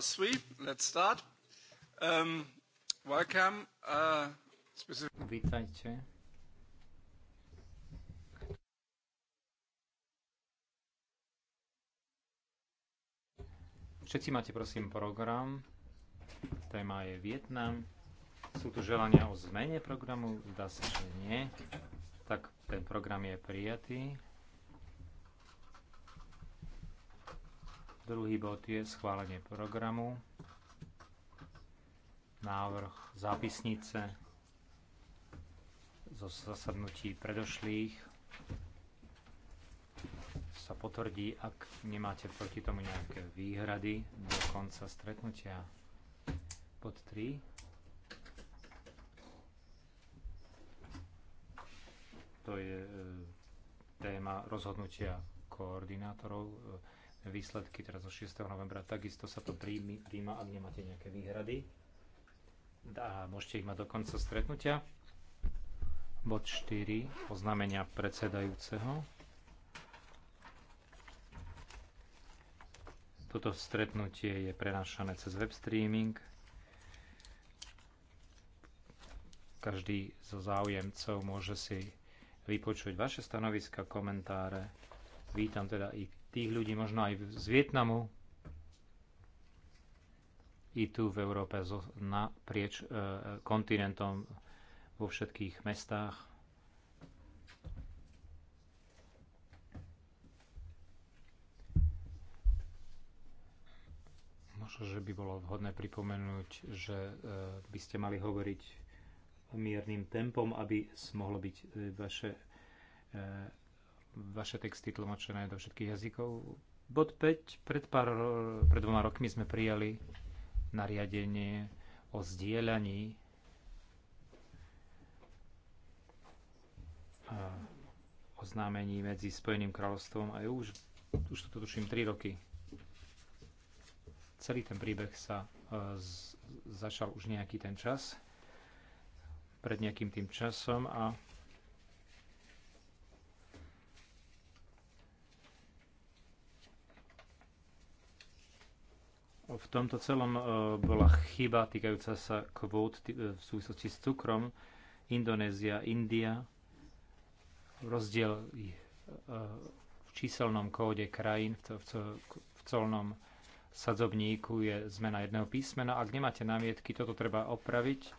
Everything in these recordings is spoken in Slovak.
Three, let's start. Um, welcome, uh, specific... Vítajte. Všetci máte prosím program. Téma je Vietnam. Sú tu želania o zmene programu? Zdá sa, že nie. Tak ten program je prijatý. Druhý bod je schválenie programu, návrh zápisnice zo zasadnutí predošlých sa potvrdí, ak nemáte proti tomu nejaké výhrady do konca stretnutia. Pod 3. To je e, téma rozhodnutia koordinátorov výsledky teraz zo 6. novembra. Takisto sa to príjmi, príjma, ak nemáte nejaké výhrady. A môžete ich mať do konca stretnutia. Bod 4. Oznámenia predsedajúceho. Toto stretnutie je prenášané cez web streaming. každý zo záujemcov môže si vypočuť vaše stanoviska, komentáre. Vítam teda i tých ľudí možno aj z Vietnamu i tu v Európe naprieč e, kontinentom vo všetkých mestách. Možno, že by bolo vhodné pripomenúť, že e, by ste mali hovoriť miernym tempom, aby mohlo byť e, vaše vaše texty tlmočené do všetkých jazykov. Bod 5. Pred, pár, pred dvoma rokmi sme prijali nariadenie o zdieľaní oznámení medzi Spojeným kráľovstvom a Už, už to tuším 3 roky. Celý ten príbeh sa z, začal už nejaký ten čas, pred nejakým tým časom a v tomto celom e, bola chyba týkajúca sa kvót e, v súvislosti s cukrom. Indonézia, India, rozdiel e, v číselnom kóde krajín, v colnom sadzobníku je zmena jedného písmena. Ak nemáte námietky, toto treba opraviť.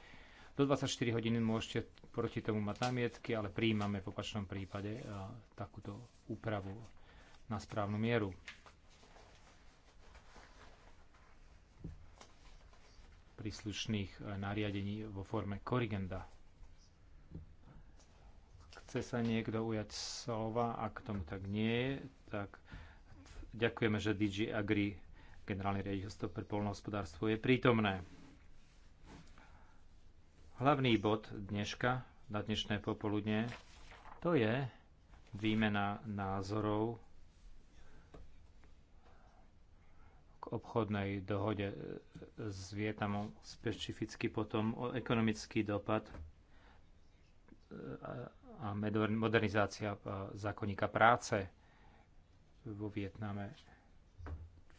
Do 24 hodín môžete proti tomu mať námietky, ale prijímame v opačnom prípade takúto úpravu na správnu mieru. príslušných eh, nariadení vo forme korigenda. Chce sa niekto ujať slova? Ak tomu tak nie je, tak ďakujeme, že DG Agri, generálny riaditeľstvo pre polnohospodárstvo, je prítomné. Hlavný bod dneška, na dnešné popoludne, to je výmena názorov obchodnej dohode e, s Vietnamom, specificky potom o ekonomický dopad e, a modernizácia e, zákonníka práce vo Vietname.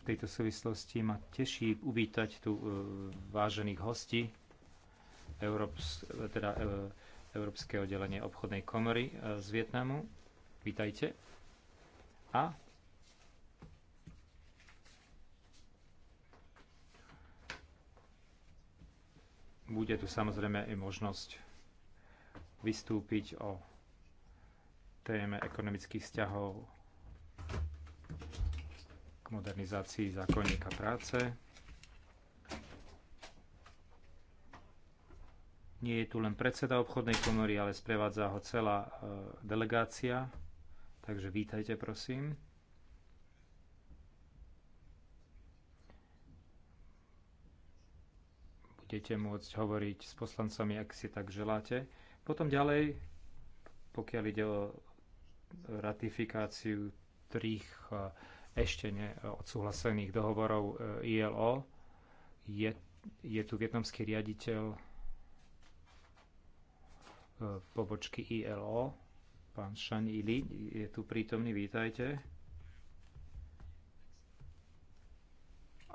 V tejto súvislosti ma teší uvítať tu vážených hostí Európs, teda Európske oddelenie obchodnej komory z Vietnamu. Vítajte. A Bude tu samozrejme i možnosť vystúpiť o téme ekonomických vzťahov k modernizácii zákonníka práce. Nie je tu len predseda obchodnej komory, ale sprevádza ho celá e, delegácia. Takže vítajte, prosím. budete môcť hovoriť s poslancami, ak si tak želáte. Potom ďalej, pokiaľ ide o ratifikáciu trých e, ešte neodsúhlasených e, dohovorov e, ILO, je, je tu vietnamský riaditeľ pobočky ILO, pán Šan Ili, je tu prítomný, vítajte.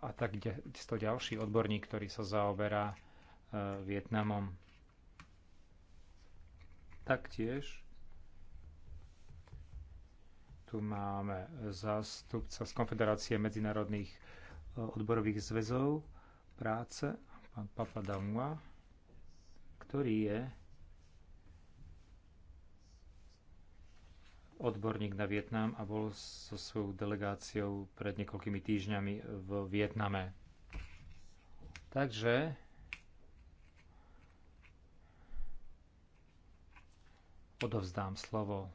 a tak to ďalší odborník, ktorý sa zaoberá e, Vietnamom. Taktiež tu máme zástupca z Konfederácie medzinárodných e, odborových zväzov práce, pán Papa Damua, ktorý je odborník na Vietnam a bol so svojou delegáciou pred niekoľkými týždňami v Vietname. Takže odovzdám slovo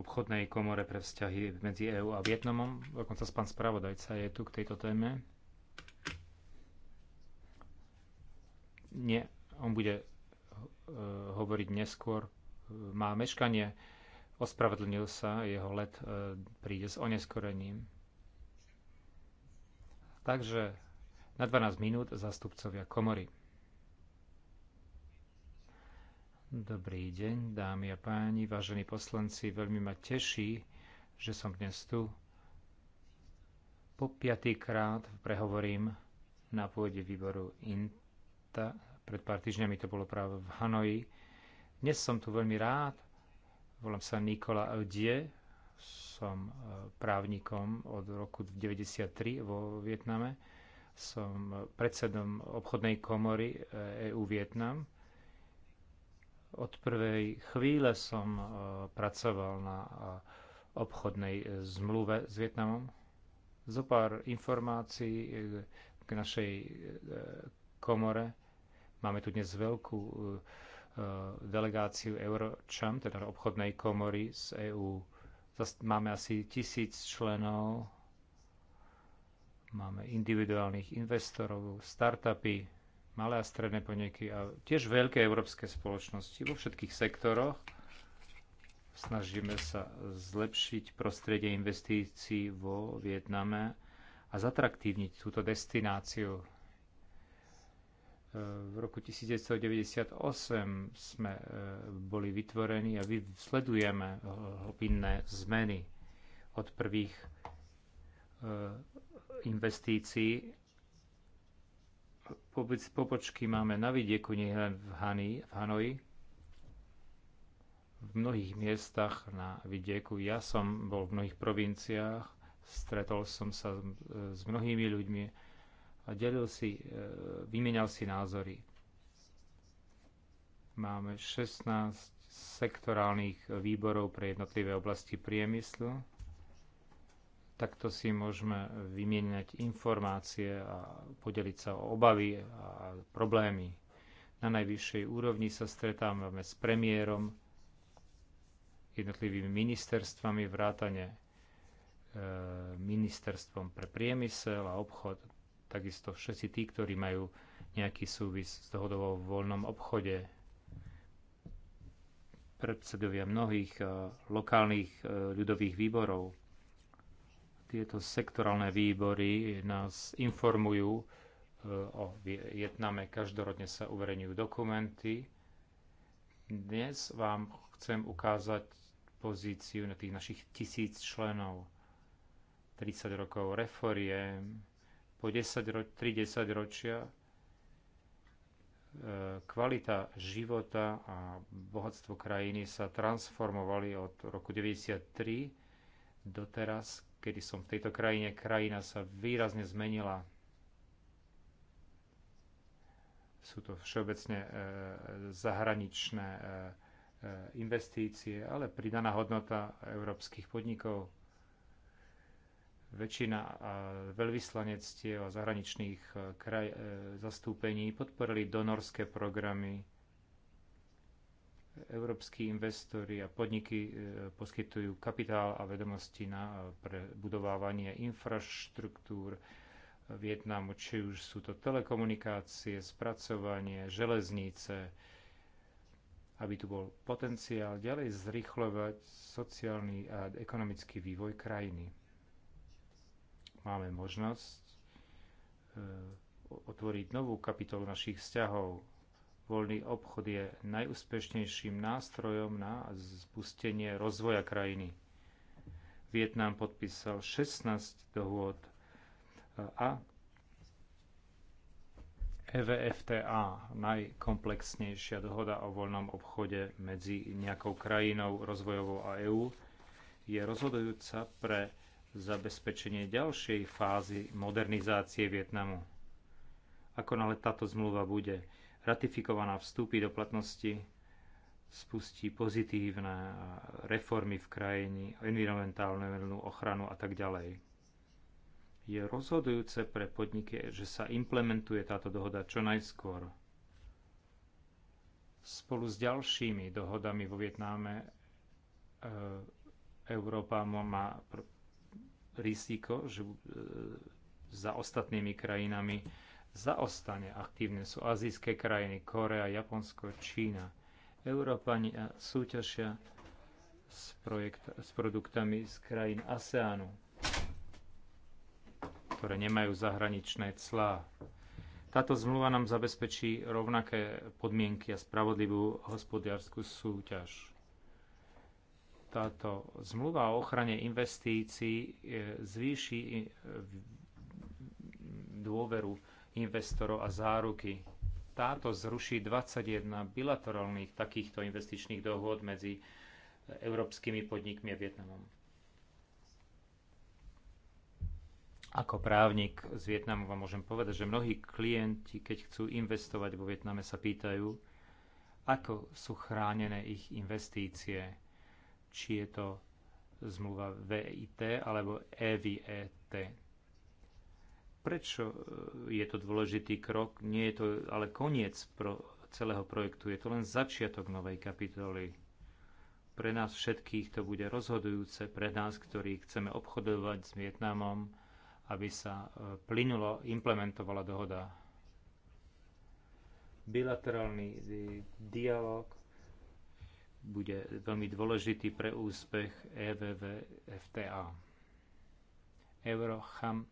obchodnej komore pre vzťahy medzi EÚ a Vietnamom. Dokonca pán spravodajca je tu k tejto téme. Nie, on bude eh, hovoriť neskôr. Má meškanie, ospravedlnil sa, jeho let eh, príde s oneskorením. Takže na 12 minút zastupcovia komory. Dobrý deň, dámy a páni, vážení poslanci, veľmi ma teší, že som dnes tu. Po piatýkrát prehovorím na pôde výboru INT tá, pred pár týždňami to bolo práve v Hanoji. Dnes som tu veľmi rád. Volám sa Nikola Eudie. som e, právnikom od roku 1993 vo Vietname. Som e, predsedom obchodnej komory EU e Vietnam. Od prvej chvíle som pracoval na obchodnej zmluve s Vietnamom. Zo pár informácií k našej komore. Máme tu dnes veľkú e, e, delegáciu Eurocham, teda obchodnej komory z EÚ. Máme asi tisíc členov, máme individuálnych investorov, startupy, malé a stredné podniky a tiež veľké európske spoločnosti vo všetkých sektoroch. Snažíme sa zlepšiť prostredie investícií vo Vietname a zatraktívniť túto destináciu v roku 1998 sme e, boli vytvorení a sledujeme e, hlbinné zmeny od prvých e, investícií. Pobočky máme na vidieku nielen v, Hany, v Hanoji, v mnohých miestach na vidieku. Ja som bol v mnohých provinciách, stretol som sa s mnohými ľuďmi, a delil si, e, vymenial si názory. Máme 16 sektorálnych výborov pre jednotlivé oblasti priemyslu. Takto si môžeme vymieňať informácie a podeliť sa o obavy a problémy. Na najvyššej úrovni sa stretávame s premiérom, jednotlivými ministerstvami, vrátane e, ministerstvom pre priemysel a obchod, takisto všetci tí, ktorí majú nejaký súvis s dohodou o voľnom obchode. Predsedovia mnohých eh, lokálnych eh, ľudových výborov. Tieto sektorálne výbory nás informujú eh, o Vietname. Každorodne sa uverejňujú dokumenty. Dnes vám chcem ukázať pozíciu na tých našich tisíc členov. 30 rokov reforiem, po 10 roč, 3 10 ročia kvalita života a bohatstvo krajiny sa transformovali od roku 1993 teraz, kedy som v tejto krajine. Krajina sa výrazne zmenila. Sú to všeobecne e, zahraničné e, e, investície, ale pridaná hodnota európskych podnikov väčšina veľvyslanectiev a zahraničných e, kraj, e, zastúpení podporili donorské programy. Európsky investori a podniky e, poskytujú kapitál a vedomosti na budovávanie infraštruktúr Vietnamu, či už sú to telekomunikácie, spracovanie, železnice, aby tu bol potenciál ďalej zrychľovať sociálny a ekonomický vývoj krajiny máme možnosť e, otvoriť novú kapitolu našich vzťahov. Voľný obchod je najúspešnejším nástrojom na spustenie rozvoja krajiny. Vietnam podpísal 16 dohôd e, a EVFTA, najkomplexnejšia dohoda o voľnom obchode medzi nejakou krajinou rozvojovou a EÚ, je rozhodujúca pre zabezpečenie ďalšej fázy modernizácie Vietnamu. Ako náhle táto zmluva bude ratifikovaná, vstúpi do platnosti, spustí pozitívne reformy v environmentálne environmentálnu ochranu a tak ďalej. Je rozhodujúce pre podniky, že sa implementuje táto dohoda čo najskôr. Spolu s ďalšími dohodami vo Vietname e, Európa má riziko, že e, za ostatnými krajinami zaostane aktívne sú azijské krajiny, Korea, Japonsko, Čína. Európani súťažia s, projekt, s produktami z krajín ASEANu, ktoré nemajú zahraničné clá. Táto zmluva nám zabezpečí rovnaké podmienky a spravodlivú hospodárskú súťaž. Táto zmluva o ochrane investícií e, zvýši dôveru investorov a záruky. Táto zruší 21 bilaterálnych takýchto investičných dohôd medzi európskymi podnikmi a Vietnamom. Ako právnik z Vietnamu vám môžem povedať, že mnohí klienti, keď chcú investovať vo Vietname, sa pýtajú, ako sú chránené ich investície či je to zmluva VIT alebo EVET. Prečo e, je to dôležitý krok? Nie je to ale koniec pro celého projektu, je to len začiatok novej kapitoly. Pre nás všetkých to bude rozhodujúce, pre nás, ktorí chceme obchodovať s Vietnamom, aby sa e, plynulo implementovala dohoda. Bilaterálny e, dialog bude veľmi dôležitý pre úspech EVVFTA. Eurocham e,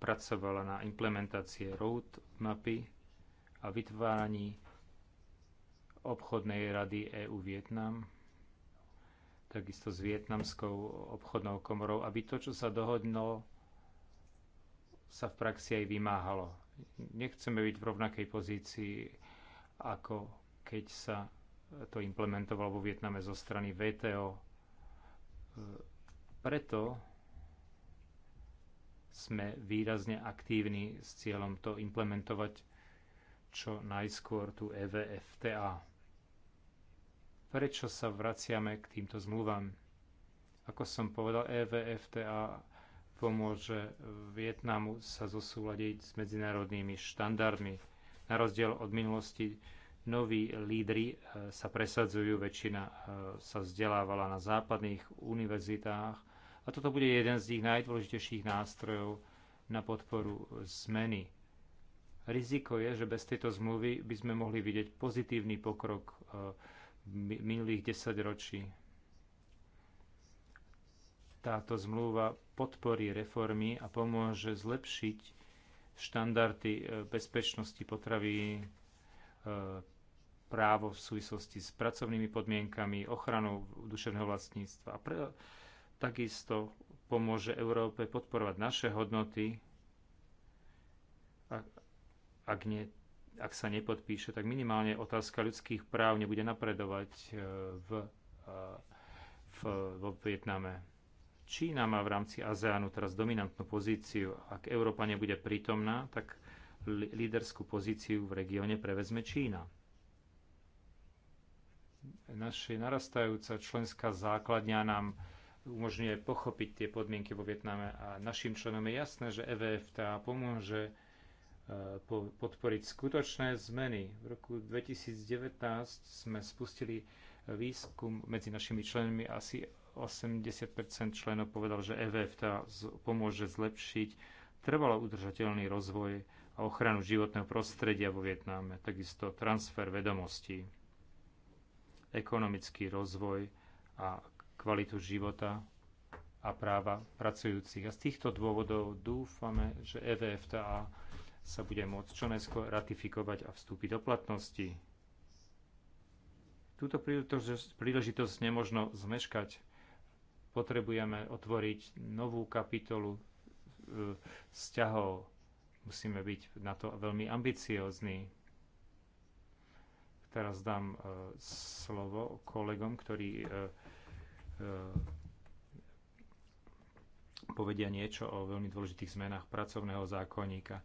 pracovala na implementácie road mapy a vytváraní obchodnej rady EU Vietnam, takisto s vietnamskou obchodnou komorou, aby to, čo sa dohodno, sa v praxi aj vymáhalo. Nechceme byť v rovnakej pozícii, ako keď sa to implementoval vo Vietname zo strany VTO. Preto sme výrazne aktívni s cieľom to implementovať čo najskôr tu EVFTA. Prečo sa vraciame k týmto zmluvám? Ako som povedal, EVFTA pomôže Vietnamu sa zosúľadiť s medzinárodnými štandardmi. Na rozdiel od minulosti noví lídry e, sa presadzujú, väčšina e, sa vzdelávala na západných univerzitách a toto bude jeden z tých najdôležitejších nástrojov na podporu zmeny. Riziko je, že bez tejto zmluvy by sme mohli vidieť pozitívny pokrok e, minulých 10 ročí. Táto zmluva podporí reformy a pomôže zlepšiť štandardy bezpečnosti potravy, právo v súvislosti s pracovnými podmienkami, ochranou duševného vlastníctva. A pre, takisto pomôže Európe podporovať naše hodnoty. Ak, ak, nie, ak sa nepodpíše, tak minimálne otázka ľudských práv nebude napredovať e, v, e, v, vo Vietname. Čína má v rámci ASEANu teraz dominantnú pozíciu. Ak Európa nebude prítomná, tak líderskú pozíciu v regióne prevezme Čína naše narastajúca členská základňa nám umožňuje pochopiť tie podmienky vo Vietname a našim členom je jasné, že EVFTA pomôže e, podporiť skutočné zmeny. V roku 2019 sme spustili výskum medzi našimi členmi. Asi 80 členov povedal, že EVFTA pomôže zlepšiť trvalo udržateľný rozvoj a ochranu životného prostredia vo Vietname, takisto transfer vedomostí ekonomický rozvoj a kvalitu života a práva pracujúcich. A z týchto dôvodov dúfame, že EVFTA sa bude môcť čonesko ratifikovať a vstúpiť do platnosti. Túto príležitosť, príležitosť nemožno zmeškať. Potrebujeme otvoriť novú kapitolu e, vzťahov. Musíme byť na to veľmi ambiciózni. Teraz dám e, slovo kolegom, ktorí e, e, povedia niečo o veľmi dôležitých zmenách pracovného zákonníka.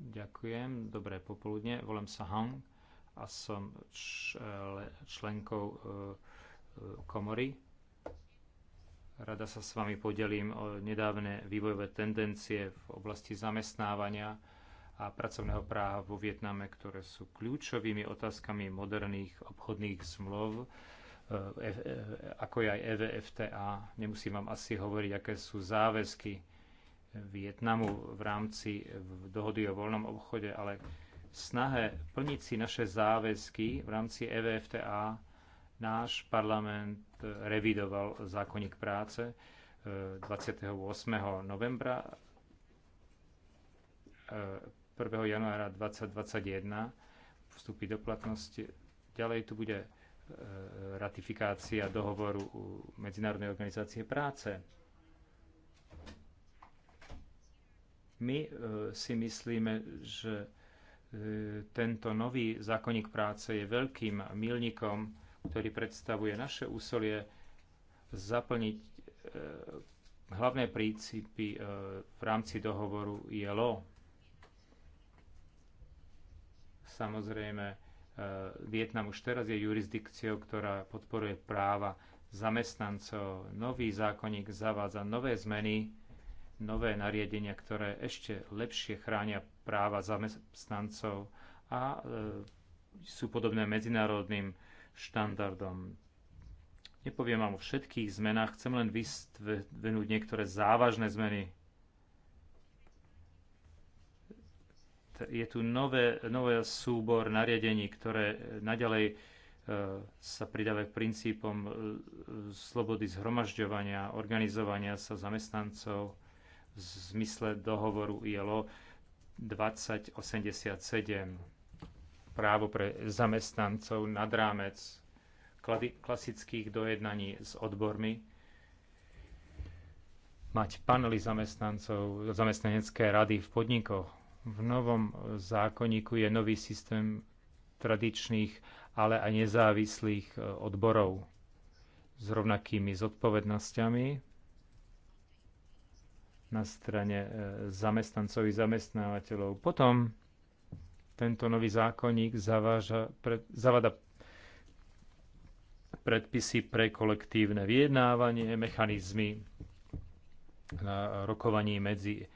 Ďakujem, dobré popoludne. Volám sa Han a som členkou komory. Rada sa s vami podelím o nedávne vývojové tendencie v oblasti zamestnávania a pracovného práva vo Vietname, ktoré sú kľúčovými otázkami moderných obchodných zmluv, e, e, ako je aj EVFTA. Nemusím vám asi hovoriť, aké sú záväzky Vietnamu v rámci dohody o voľnom obchode, ale snahe plniť si naše záväzky v rámci EVFTA náš parlament revidoval zákonník práce 28. E, novembra 1. januára 2021 vstúpi do platnosti. Ďalej tu bude e, ratifikácia dohovoru Medzinárodnej organizácie práce. My e, si myslíme, že e, tento nový zákonník práce je veľkým milníkom, ktorý predstavuje naše úsolie zaplniť hlavné princípy v rámci dohovoru ILO Samozrejme, e, Vietnam už teraz je jurisdikciou, ktorá podporuje práva zamestnancov. Nový zákonník zavádza nové zmeny, nové nariadenia, ktoré ešte lepšie chránia práva zamestnancov a e, sú podobné medzinárodným štandardom. Nepoviem vám o všetkých zmenách, chcem len vystvenúť niektoré závažné zmeny. je tu nové, nový súbor nariadení, ktoré naďalej e, sa pridáva k princípom e, slobody zhromažďovania, organizovania sa zamestnancov v zmysle dohovoru ILO 2087. Právo pre zamestnancov nad rámec klasických dojednaní s odbormi, mať panely zamestnancov, zamestnanecké rady v podnikoch, v novom zákonníku je nový systém tradičných, ale aj nezávislých e, odborov s rovnakými zodpovednosťami, na strane e, zamestnancov i zamestnávateľov. Potom tento nový zákonník zavada predpisy pre kolektívne vyjednávanie, mechanizmy na rokovaní medzi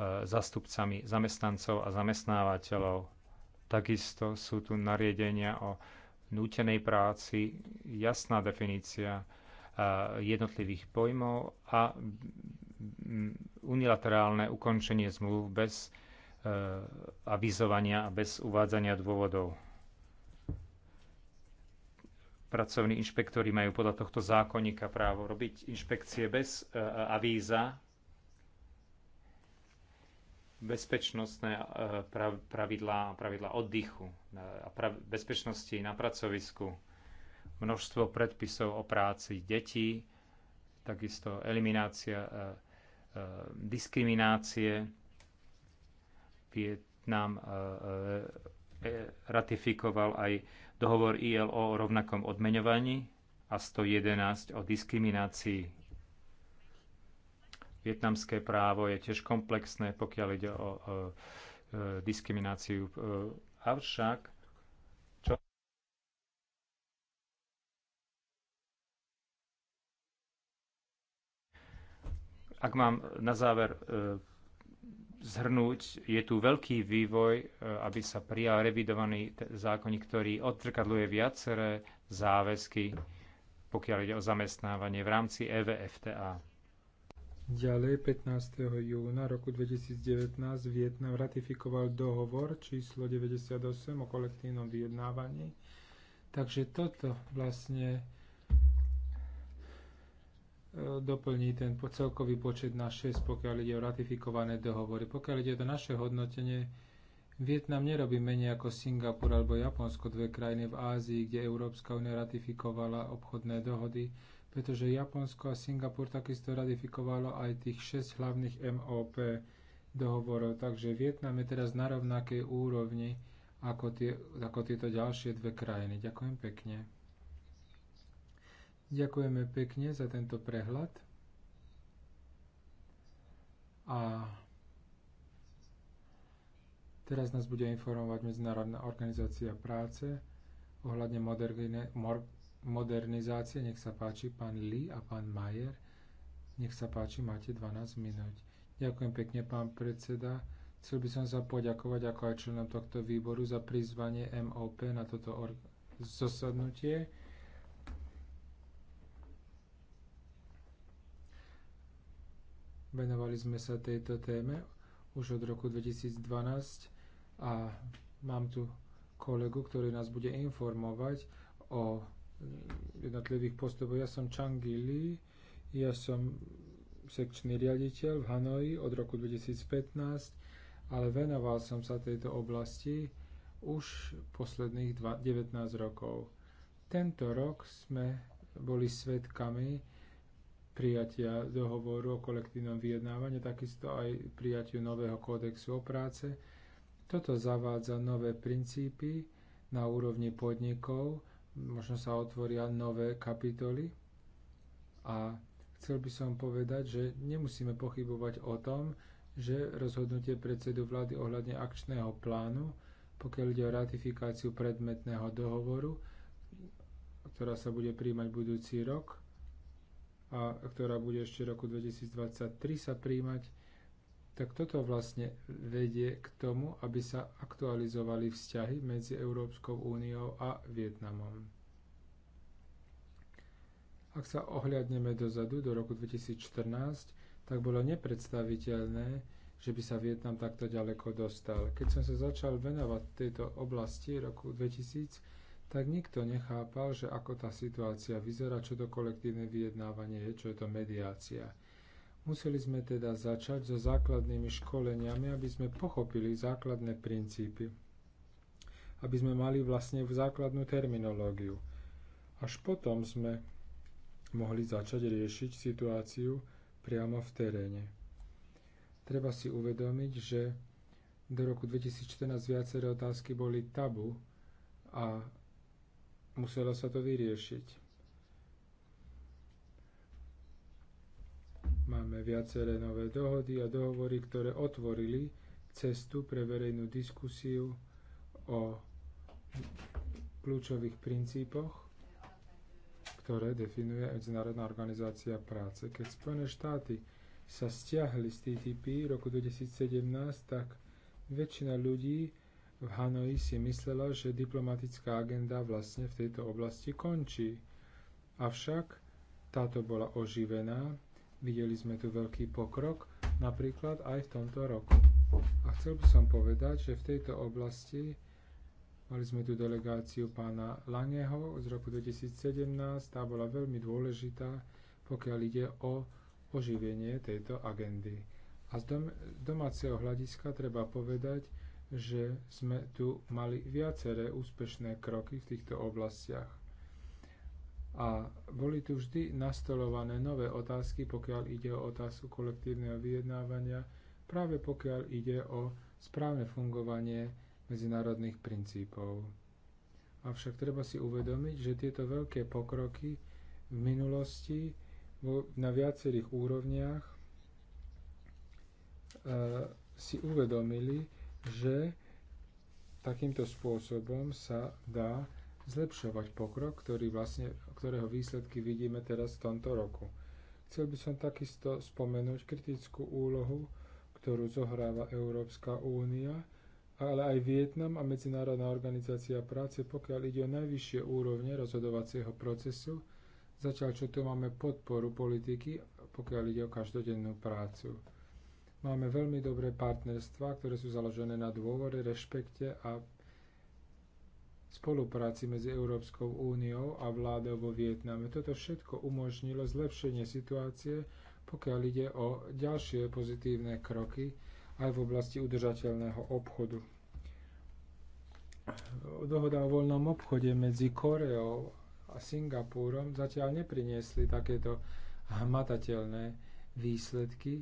Eh, zastupcami zamestnancov a zamestnávateľov. Takisto sú tu nariadenia o nútenej práci, jasná definícia eh, jednotlivých pojmov a unilaterálne ukončenie zmluv bez eh, avizovania a bez uvádzania dôvodov. Pracovní inšpektori majú podľa tohto zákonníka právo robiť inšpekcie bez avíza bezpečnostné eh, pravidlá, pravidlá oddychu eh, a bezpečnosti na pracovisku, množstvo predpisov o práci detí, takisto eliminácia eh, diskriminácie. Vietnam ratifikoval aj dohovor ILO o rovnakom odmeňovaní a 111 o diskriminácii Vietnamské právo je tiež komplexné, pokiaľ ide o, o, o e, diskrimináciu. E, avšak čo Ak mám na záver e, zhrnúť, je tu veľký vývoj, aby sa prijal revidovaný zákonník, ktorý odtrkadluje viaceré záväzky, pokiaľ ide o zamestnávanie v rámci EVFTA Ďalej 15. júna roku 2019 Vietnam ratifikoval dohovor číslo 98 o kolektívnom vyjednávaní. Takže toto vlastne e, doplní ten celkový počet na 6, pokiaľ ide o ratifikované dohovory. Pokiaľ ide o naše hodnotenie, Vietnam nerobí menej ako Singapur alebo Japonsko, dve krajiny v Ázii, kde Európska únia ratifikovala obchodné dohody pretože Japonsko a Singapur takisto ratifikovalo aj tých 6 hlavných MOP dohovorov, takže Vietnam je teraz na rovnakej úrovni ako, tie, ako tieto ďalšie dve krajiny. Ďakujem pekne. Ďakujeme pekne za tento prehľad. A teraz nás bude informovať Medzinárodná organizácia práce ohľadne moderné, modernizácie. Nech sa páči, pán Li a pán Majer. Nech sa páči, máte 12 minút. Ďakujem pekne, pán predseda. Chcel by som sa poďakovať ako aj členom tohto výboru za prizvanie MOP na toto zosadnutie. Venovali sme sa tejto téme už od roku 2012 a mám tu kolegu, ktorý nás bude informovať o jednotlivých postupov. Ja som Chang Li, ja som sekčný riaditeľ v Hanoi od roku 2015, ale venoval som sa tejto oblasti už posledných 19 rokov. Tento rok sme boli svetkami prijatia dohovoru o kolektívnom vyjednávaní, takisto aj prijatiu nového kódexu o práce. Toto zavádza nové princípy na úrovni podnikov, možno sa otvoria nové kapitoly a chcel by som povedať, že nemusíme pochybovať o tom, že rozhodnutie predsedu vlády ohľadne akčného plánu, pokiaľ ide o ratifikáciu predmetného dohovoru, ktorá sa bude príjmať budúci rok a ktorá bude ešte roku 2023 sa príjmať, tak toto vlastne vedie k tomu, aby sa aktualizovali vzťahy medzi Európskou úniou a Vietnamom. Ak sa ohľadneme dozadu do roku 2014, tak bolo nepredstaviteľné, že by sa Vietnam takto ďaleko dostal. Keď som sa začal venovať tejto oblasti roku 2000, tak nikto nechápal, že ako tá situácia vyzerá, čo to kolektívne vyjednávanie je, čo je to mediácia – Museli sme teda začať so základnými školeniami, aby sme pochopili základné princípy, aby sme mali vlastne základnú terminológiu. Až potom sme mohli začať riešiť situáciu priamo v teréne. Treba si uvedomiť, že do roku 2014 viaceré otázky boli tabu a muselo sa to vyriešiť. Máme viaceré nové dohody a dohovory, ktoré otvorili cestu pre verejnú diskusiu o kľúčových princípoch, ktoré definuje Medzinárodná organizácia práce. Keď Spojené štáty sa stiahli z TTP roku 2017, tak väčšina ľudí v Hanoji si myslela, že diplomatická agenda vlastne v tejto oblasti končí. Avšak táto bola oživená Videli sme tu veľký pokrok, napríklad aj v tomto roku. A chcel by som povedať, že v tejto oblasti mali sme tu delegáciu pána Langeho z roku 2017, tá bola veľmi dôležitá, pokiaľ ide o oživenie tejto agendy. A z dom- domáceho hľadiska treba povedať, že sme tu mali viaceré úspešné kroky v týchto oblastiach. A boli tu vždy nastolované nové otázky, pokiaľ ide o otázku kolektívneho vyjednávania, práve pokiaľ ide o správne fungovanie medzinárodných princípov. Avšak treba si uvedomiť, že tieto veľké pokroky v minulosti na viacerých úrovniach e, si uvedomili, že takýmto spôsobom sa dá zlepšovať pokrok, ktorý vlastne ktorého výsledky vidíme teraz v tomto roku. Chcel by som takisto spomenúť kritickú úlohu, ktorú zohráva Európska únia, ale aj Vietnam a Medzinárodná organizácia práce, pokiaľ ide o najvyššie úrovne rozhodovacieho procesu, zatiaľ čo tu máme podporu politiky, pokiaľ ide o každodennú prácu. Máme veľmi dobré partnerstvá, ktoré sú založené na dôvore, rešpekte a spolupráci medzi Európskou úniou a vládou vo Vietname. Toto všetko umožnilo zlepšenie situácie, pokiaľ ide o ďalšie pozitívne kroky aj v oblasti udržateľného obchodu. Dohoda o voľnom obchode medzi Koreou a Singapúrom zatiaľ nepriniesli takéto hmatateľné výsledky.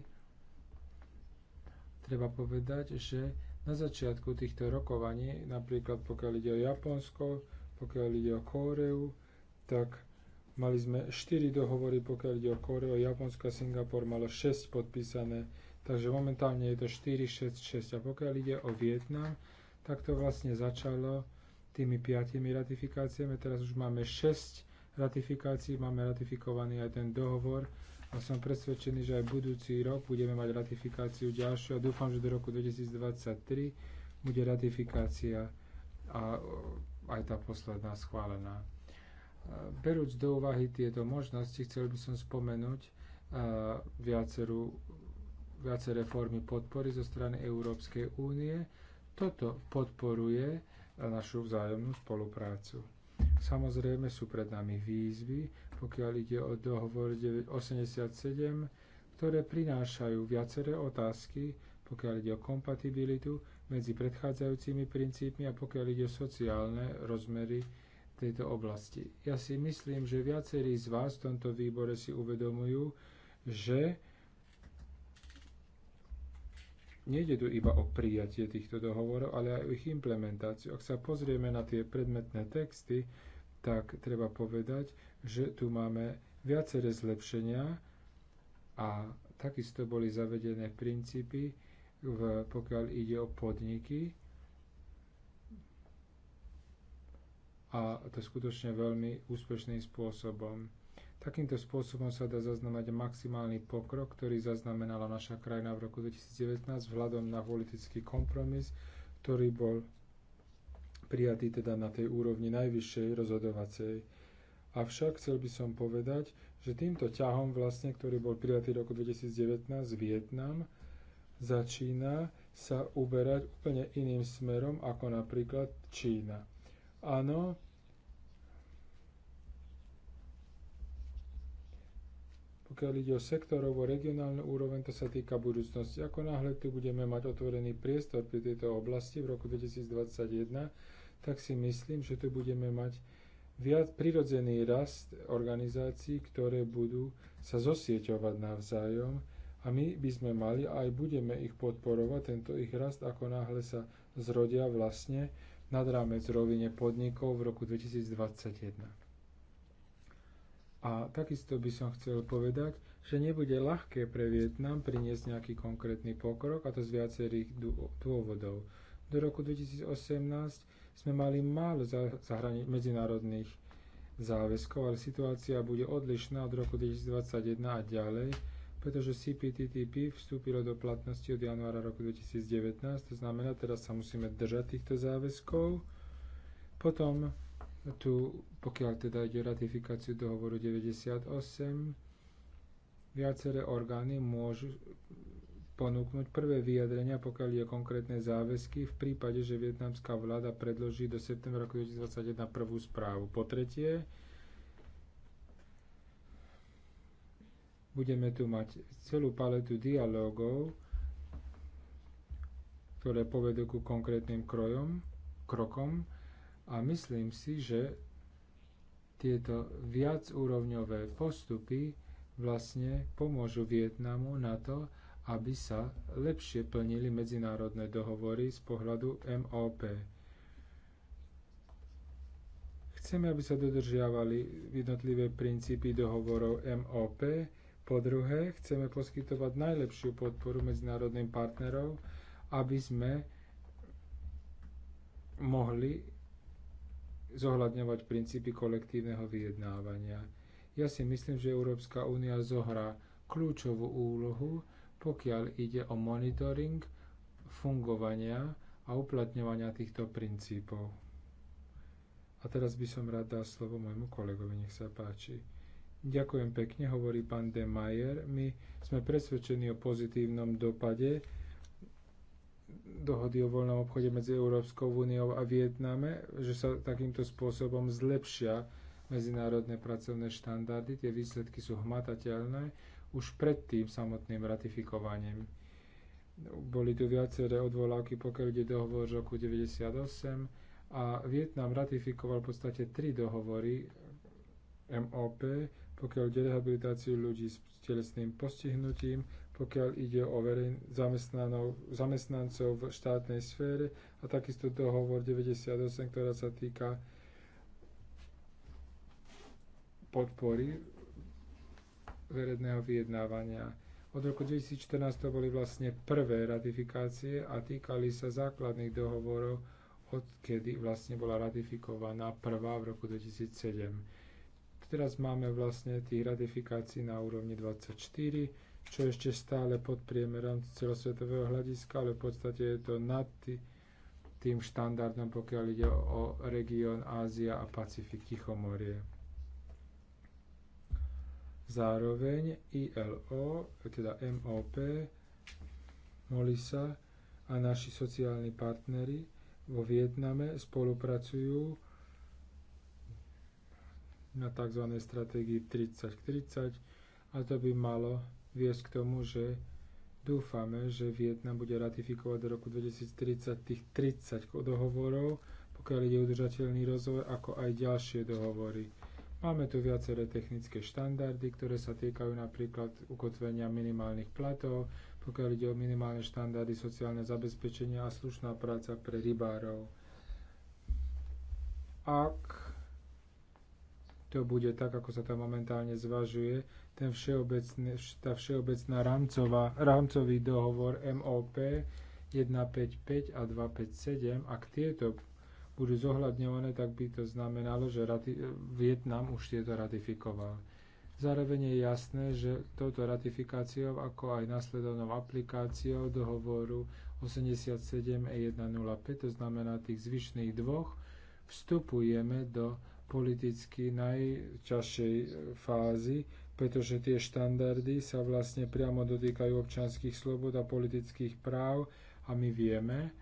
Treba povedať, že na začiatku týchto rokovaní, napríklad pokiaľ ide o Japonsko, pokiaľ ide o Kóreu, tak mali sme 4 dohovory, pokiaľ ide o Kóreu, Japonsko a Singapur malo 6 podpísané, takže momentálne je to 4, 6, 6. A pokiaľ ide o Vietnam, tak to vlastne začalo tými piatimi ratifikáciami, teraz už máme 6 ratifikácií, máme ratifikovaný aj ten dohovor a som presvedčený, že aj budúci rok budeme mať ratifikáciu ďalšiu a dúfam, že do roku 2023 bude ratifikácia a aj tá posledná schválená. Berúc do úvahy tieto možnosti, chcel by som spomenúť viacerú, viaceré formy podpory zo strany Európskej únie. Toto podporuje našu vzájomnú spoluprácu. Samozrejme sú pred nami výzvy, pokiaľ ide o dohovor 87, ktoré prinášajú viaceré otázky, pokiaľ ide o kompatibilitu medzi predchádzajúcimi princípmi a pokiaľ ide o sociálne rozmery tejto oblasti. Ja si myslím, že viacerí z vás v tomto výbore si uvedomujú, že nejde tu iba o prijatie týchto dohovorov, ale aj o ich implementáciu. Ak sa pozrieme na tie predmetné texty, tak treba povedať, že tu máme viaceré zlepšenia a takisto boli zavedené princípy, v, pokiaľ ide o podniky. A to skutočne veľmi úspešným spôsobom. Takýmto spôsobom sa dá zaznamať maximálny pokrok, ktorý zaznamenala naša krajina v roku 2019 vzhľadom na politický kompromis, ktorý bol prijatý teda na tej úrovni najvyššej rozhodovacej Avšak chcel by som povedať, že týmto ťahom vlastne, ktorý bol prijatý roku 2019 Vietnam, začína sa uberať úplne iným smerom ako napríklad Čína. Áno, pokiaľ ide o sektorovú regionálnu úroveň, to sa týka budúcnosti. Ako náhle tu budeme mať otvorený priestor pri tejto oblasti v roku 2021, tak si myslím, že tu budeme mať viac prirodzený rast organizácií, ktoré budú sa zosieťovať navzájom a my by sme mali a aj budeme ich podporovať, tento ich rast, ako náhle sa zrodia vlastne nad rámec rovine podnikov v roku 2021. A takisto by som chcel povedať, že nebude ľahké pre Vietnam priniesť nejaký konkrétny pokrok, a to z viacerých dôvodov. Do roku 2018 sme mali málo zahrani- medzinárodných záväzkov, ale situácia bude odlišná od roku 2021 a ďalej, pretože CPTTP vstúpilo do platnosti od januára roku 2019, to znamená, teraz sa musíme držať týchto záväzkov. Potom tu, pokiaľ teda ide o ratifikáciu dohovoru 98, viaceré orgány môžu ponúknuť prvé vyjadrenia, pokiaľ je konkrétne záväzky v prípade, že vietnamská vláda predloží do septembra roku 2021 prvú správu. Po tretie, budeme tu mať celú paletu dialogov, ktoré povedú ku konkrétnym krojom, krokom a myslím si, že tieto viacúrovňové postupy vlastne pomôžu Vietnamu na to, aby sa lepšie plnili medzinárodné dohovory z pohľadu MOP. Chceme, aby sa dodržiavali jednotlivé princípy dohovorov MOP. Po druhé, chceme poskytovať najlepšiu podporu medzinárodným partnerov, aby sme mohli zohľadňovať princípy kolektívneho vyjednávania. Ja si myslím, že Európska únia zohrá kľúčovú úlohu pokiaľ ide o monitoring fungovania a uplatňovania týchto princípov. A teraz by som rád dal slovo môjmu kolegovi, nech sa páči. Ďakujem pekne, hovorí pán De Mayer. My sme presvedčení o pozitívnom dopade dohody o voľnom obchode medzi Európskou úniou a Vietname, že sa takýmto spôsobom zlepšia medzinárodné pracovné štandardy, tie výsledky sú hmatateľné, už pred tým samotným ratifikovaním. Boli tu viaceré odvolávky, pokiaľ ide dohovor z roku 1998 a Vietnam ratifikoval v podstate tri dohovory MOP, pokiaľ ide rehabilitáciu ľudí s telesným postihnutím, pokiaľ ide o verej, zamestnancov v štátnej sfére a takisto dohovor 98, ktorá sa týka podpory veredného vyjednávania. Od roku 2014 to boli vlastne prvé ratifikácie a týkali sa základných dohovorov, odkedy vlastne bola ratifikovaná prvá v roku 2007. Teraz máme vlastne tých ratifikácií na úrovni 24, čo ešte stále pod priemerom celosvetového hľadiska, ale v podstate je to nad tým štandardom, pokiaľ ide o región Ázia a Pacifik, Tichomorie. Zároveň ILO, teda MOP, Molisa a naši sociálni partneri vo Vietname spolupracujú na tzv. stratégii 30-30 a to by malo viesť k tomu, že dúfame, že Vietnam bude ratifikovať do roku 2030 tých 30 dohovorov, pokiaľ ide udržateľný rozvoj, ako aj ďalšie dohovory. Máme tu viaceré technické štandardy, ktoré sa týkajú napríklad ukotvenia minimálnych platov, pokiaľ ide o minimálne štandardy sociálne zabezpečenia a slušná práca pre rybárov. Ak to bude tak, ako sa tam momentálne zvažuje, ten všeobecný, tá všeobecná rámcová, rámcový dohovor MOP 155 a 257, ak tieto budú zohľadňované, tak by to znamenalo, že rati- Vietnam už tieto ratifikoval. Zároveň je jasné, že touto ratifikáciou, ako aj následovnou aplikáciou dohovoru 87E105, e to znamená tých zvyšných dvoch, vstupujeme do politicky najčašej e, fázy, pretože tie štandardy sa vlastne priamo dotýkajú občanských slobod a politických práv a my vieme,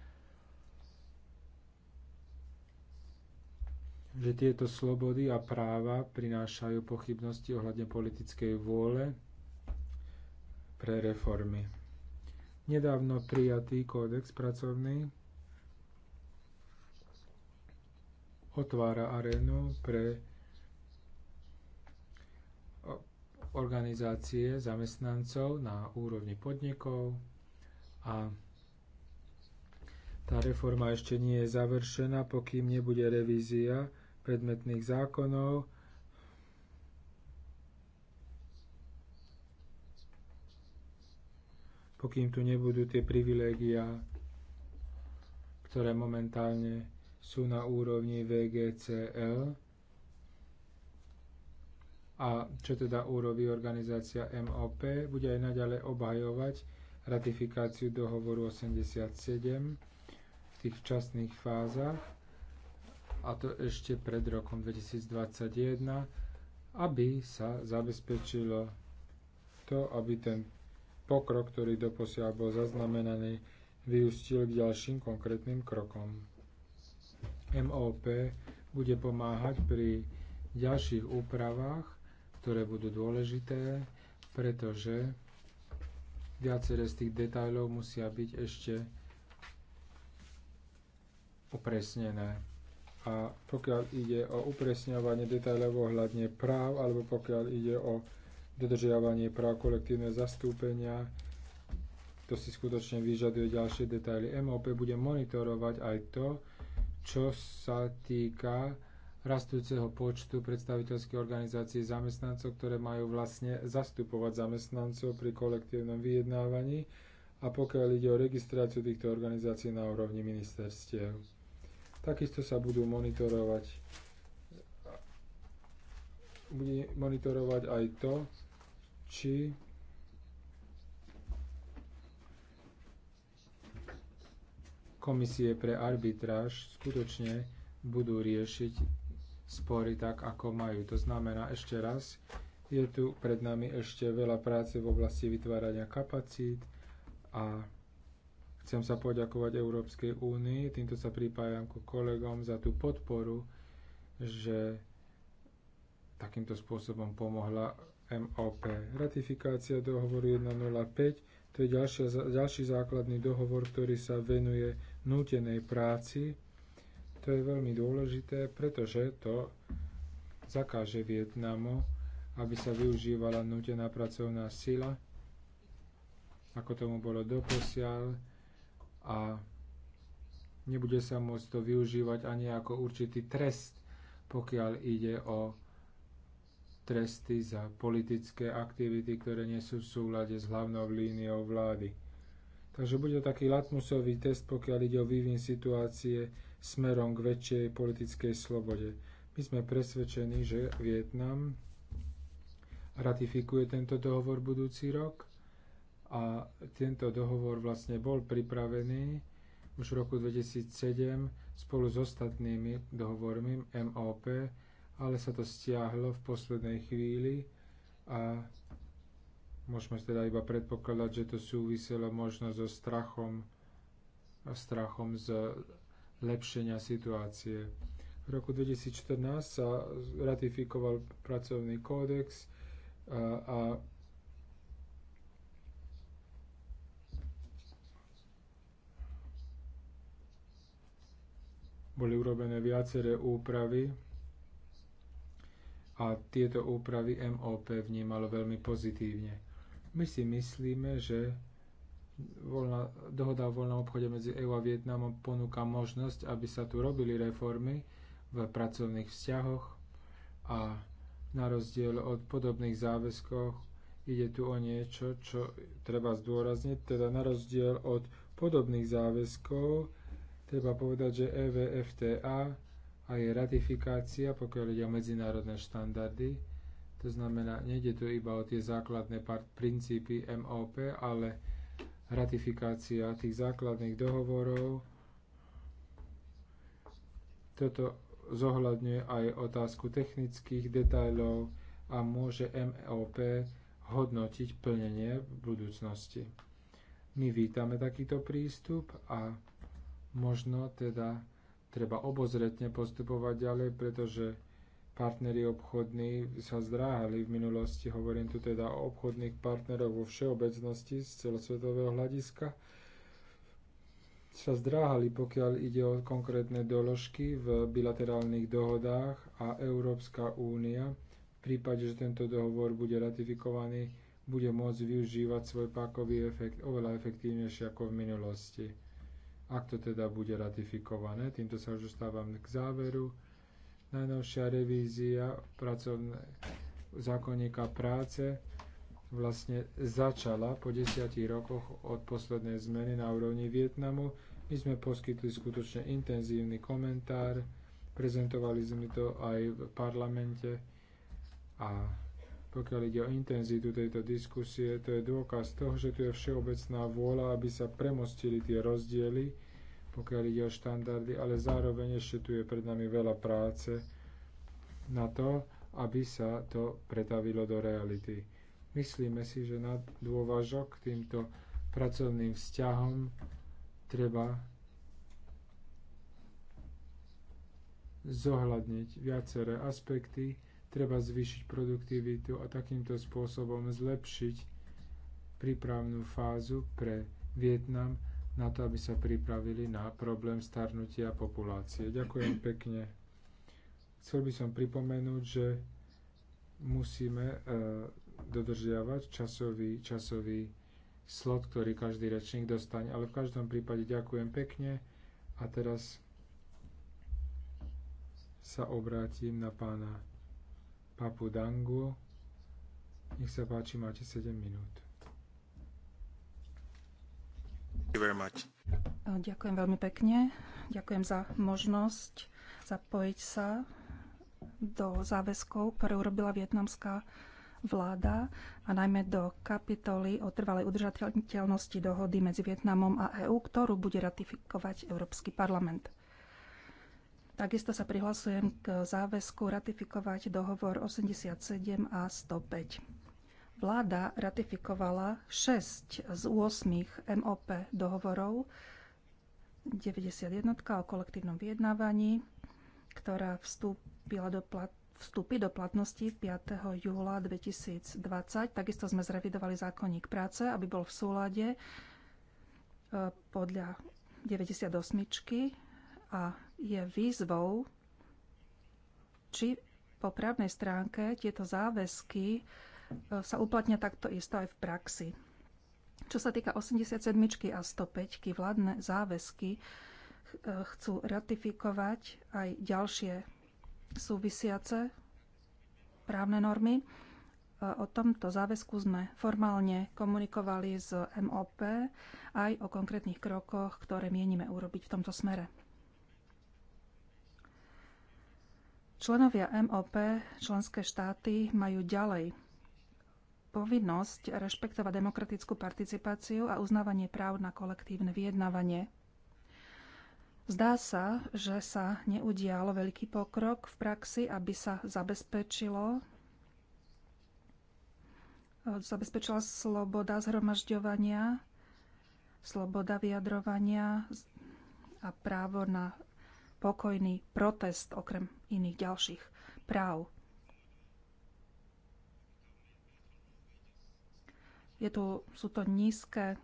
že tieto slobody a práva prinášajú pochybnosti ohľadne politickej vôle pre reformy. Nedávno prijatý kódex pracovný otvára arénu pre organizácie zamestnancov na úrovni podnikov a tá reforma ešte nie je završená, pokým nebude revízia predmetných zákonov. Pokým tu nebudú tie privilégia, ktoré momentálne sú na úrovni VGCL, a čo teda urobí organizácia MOP, bude aj naďalej obhajovať ratifikáciu dohovoru 87 v tých včasných fázach a to ešte pred rokom 2021, aby sa zabezpečilo to, aby ten pokrok, ktorý doposiaľ bol zaznamenaný, vyústil k ďalším konkrétnym krokom. MOP bude pomáhať pri ďalších úpravách, ktoré budú dôležité, pretože viaceré z tých detajlov musia byť ešte upresnené a pokiaľ ide o upresňovanie detailov ohľadne práv, alebo pokiaľ ide o dodržiavanie práv kolektívneho zastúpenia, to si skutočne vyžaduje ďalšie detaily. MOP bude monitorovať aj to, čo sa týka rastúceho počtu predstaviteľských organizácií zamestnancov, ktoré majú vlastne zastupovať zamestnancov pri kolektívnom vyjednávaní a pokiaľ ide o registráciu týchto organizácií na úrovni ministerstiev. Takisto sa budú monitorovať bude monitorovať aj to, či komisie pre arbitráž skutočne budú riešiť spory tak, ako majú. To znamená ešte raz, je tu pred nami ešte veľa práce v oblasti vytvárania kapacít a Chcem sa poďakovať Európskej únii, týmto sa pripájam ku kolegom za tú podporu, že takýmto spôsobom pomohla MOP. Ratifikácia dohovoru 105, to je ďalšia, ďalší základný dohovor, ktorý sa venuje nútenej práci. To je veľmi dôležité, pretože to zakáže Vietnamu, aby sa využívala nútená pracovná sila, ako tomu bolo doposiaľ a nebude sa môcť to využívať ani ako určitý trest, pokiaľ ide o tresty za politické aktivity, ktoré nie sú v súlade s hlavnou líniou vlády. Takže bude to taký latmusový test, pokiaľ ide o vývin situácie smerom k väčšej politickej slobode. My sme presvedčení, že Vietnam ratifikuje tento dohovor budúci rok a tento dohovor vlastne bol pripravený už v roku 2007 spolu s ostatnými dohovormi MOP, ale sa to stiahlo v poslednej chvíli a môžeme teda iba predpokladať, že to súviselo možno so strachom, strachom z lepšenia situácie. V roku 2014 sa ratifikoval pracovný kódex a, a Boli urobené viaceré úpravy a tieto úpravy MOP vnímalo veľmi pozitívne. My si myslíme, že voľná, dohoda o voľnom obchode medzi EU a Vietnamom ponúka možnosť, aby sa tu robili reformy v pracovných vzťahoch a na rozdiel od podobných záväzkov ide tu o niečo, čo treba zdôrazniť, teda na rozdiel od podobných záväzkov Treba povedať, že EVFTA a jej ratifikácia, pokiaľ ide o medzinárodné štandardy, to znamená, nejde tu iba o tie základné princípy MOP, ale ratifikácia tých základných dohovorov. Toto zohľadňuje aj otázku technických detajlov a môže MOP hodnotiť plnenie v budúcnosti. My vítame takýto prístup a možno teda treba obozretne postupovať ďalej, pretože partneri obchodní sa zdráhali v minulosti, hovorím tu teda o obchodných partnerov vo všeobecnosti z celosvetového hľadiska, sa zdráhali, pokiaľ ide o konkrétne doložky v bilaterálnych dohodách a Európska únia v prípade, že tento dohovor bude ratifikovaný, bude môcť využívať svoj pákový efekt oveľa efektívnejšie ako v minulosti ak to teda bude ratifikované. Týmto sa už dostávam k záveru. Najnovšia revízia pracovné zákonníka práce vlastne začala po desiatich rokoch od poslednej zmeny na úrovni Vietnamu. My sme poskytli skutočne intenzívny komentár, prezentovali sme to aj v parlamente a pokiaľ ide o intenzitu tejto diskusie, to je dôkaz toho, že tu je všeobecná vôľa, aby sa premostili tie rozdiely, pokiaľ ide o štandardy, ale zároveň ešte tu je pred nami veľa práce na to, aby sa to pretavilo do reality. Myslíme si, že na dôvažok týmto pracovným vzťahom treba zohľadniť viaceré aspekty, Treba zvýšiť produktivitu a takýmto spôsobom zlepšiť prípravnú fázu pre Vietnam na to, aby sa pripravili na problém starnutia populácie. Ďakujem pekne. Chcel by som pripomenúť, že musíme e, dodržiavať časový, časový slot, ktorý každý rečník dostane. Ale v každom prípade ďakujem pekne a teraz sa obrátim na pána Papu Dangu. Nech sa páči, máte 7 minút. Ďakujem veľmi pekne. Ďakujem za možnosť zapojiť sa do záväzkov, ktoré urobila vietnamská vláda a najmä do kapitoly o trvalej udržateľnosti dohody medzi Vietnamom a EÚ, ktorú bude ratifikovať Európsky parlament. Takisto sa prihlasujem k záväzku ratifikovať dohovor 87 a 105. Vláda ratifikovala 6 z 8 MOP dohovorov, 91 o kolektívnom vyjednávaní, ktorá vstúpila do plat, vstúpi do platnosti 5. júla 2020. Takisto sme zrevidovali zákonník práce, aby bol v súlade e, podľa 98 a je výzvou, či po právnej stránke tieto záväzky e, sa uplatnia takto isto aj v praxi. Čo sa týka 87 a 105, vládne záväzky e, chcú ratifikovať aj ďalšie súvisiace právne normy. E, o tomto záväzku sme formálne komunikovali s MOP aj o konkrétnych krokoch, ktoré mienime urobiť v tomto smere. Členovia MOP, členské štáty, majú ďalej povinnosť rešpektovať demokratickú participáciu a uznávanie práv na kolektívne vyjednávanie. Zdá sa, že sa neudial veľký pokrok v praxi, aby sa zabezpečilo zabezpečila sloboda zhromažďovania, sloboda vyjadrovania a právo na pokojný protest, okrem iných ďalších práv. Je tu, sú to nízke